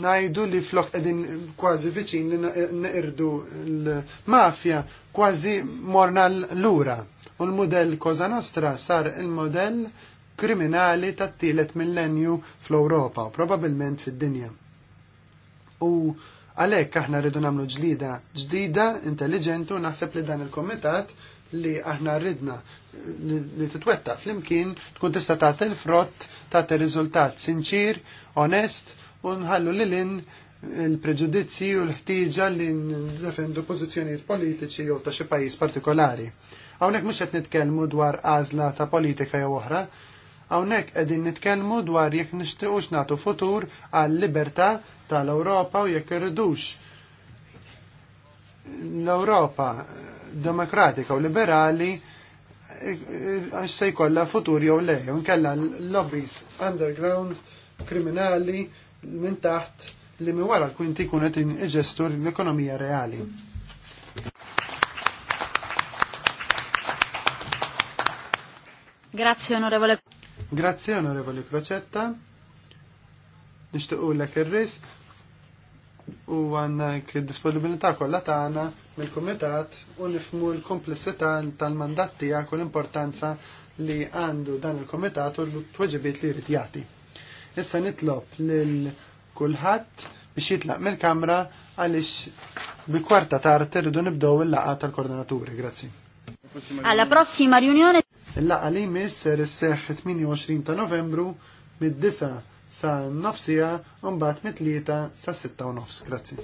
najdu li flok edin kważi viċin li irdu l-mafja kważi morna l-lura. U l-modell Koza Nostra sar il-modell kriminali tat-tielet millenju fl-Ewropa u probabilment fid-dinja. U għalhekk aħna rridu nagħmlu ġlida ġdida, intelligentu, u naħseb li dan il-komitat li aħna rridna li titwetta flimkien tkun tista' tagħti l-frott tagħti riżultat sinċir, onest u nħallu lil in il-preġudizzi u l-ħtieġa li ndefendu pożizzjonijiet politiċi jew ta' xi pajjiż partikolari. Hawnhekk mhux qed nitkellmu dwar għażla ta' politika jew oħra, hawnhekk qegħdin nitkellmu dwar jekk nixtiequx nagħtu futur għal libertà tal-Ewropa u jekk irridux l-Ewropa demokratika u liberali għax eh, eh, se jkollha futur jew le, jew nkella lobbies underground, kriminali, minn taħt li mi wara l-kwinti kunet iġestur l-ekonomija reali. Grazie onorevole. Grazie onorevole Crocetta. Nishtuqu l-ek il-risq u għannak disponibilità kollha tagħna mill-kumitat u nifmu l-komplessità tal-mandat tiegħek u l-importanza li għandu dan il-kumitat u l-tweġibiet li jrid jagħti. Issa nitlob lil kulħadd biex jitlaq mill-kamra għaliex bi kwarta tard irridu nibdew il-laqgħa tal-koordinaturi. Grazzi. Alla prossima riunione Il-laqa li jmiss ser isseħ 28 ta' novembru mid disa sa' nofsija un bat mit-3 sa' 6 nofs. Grazzi.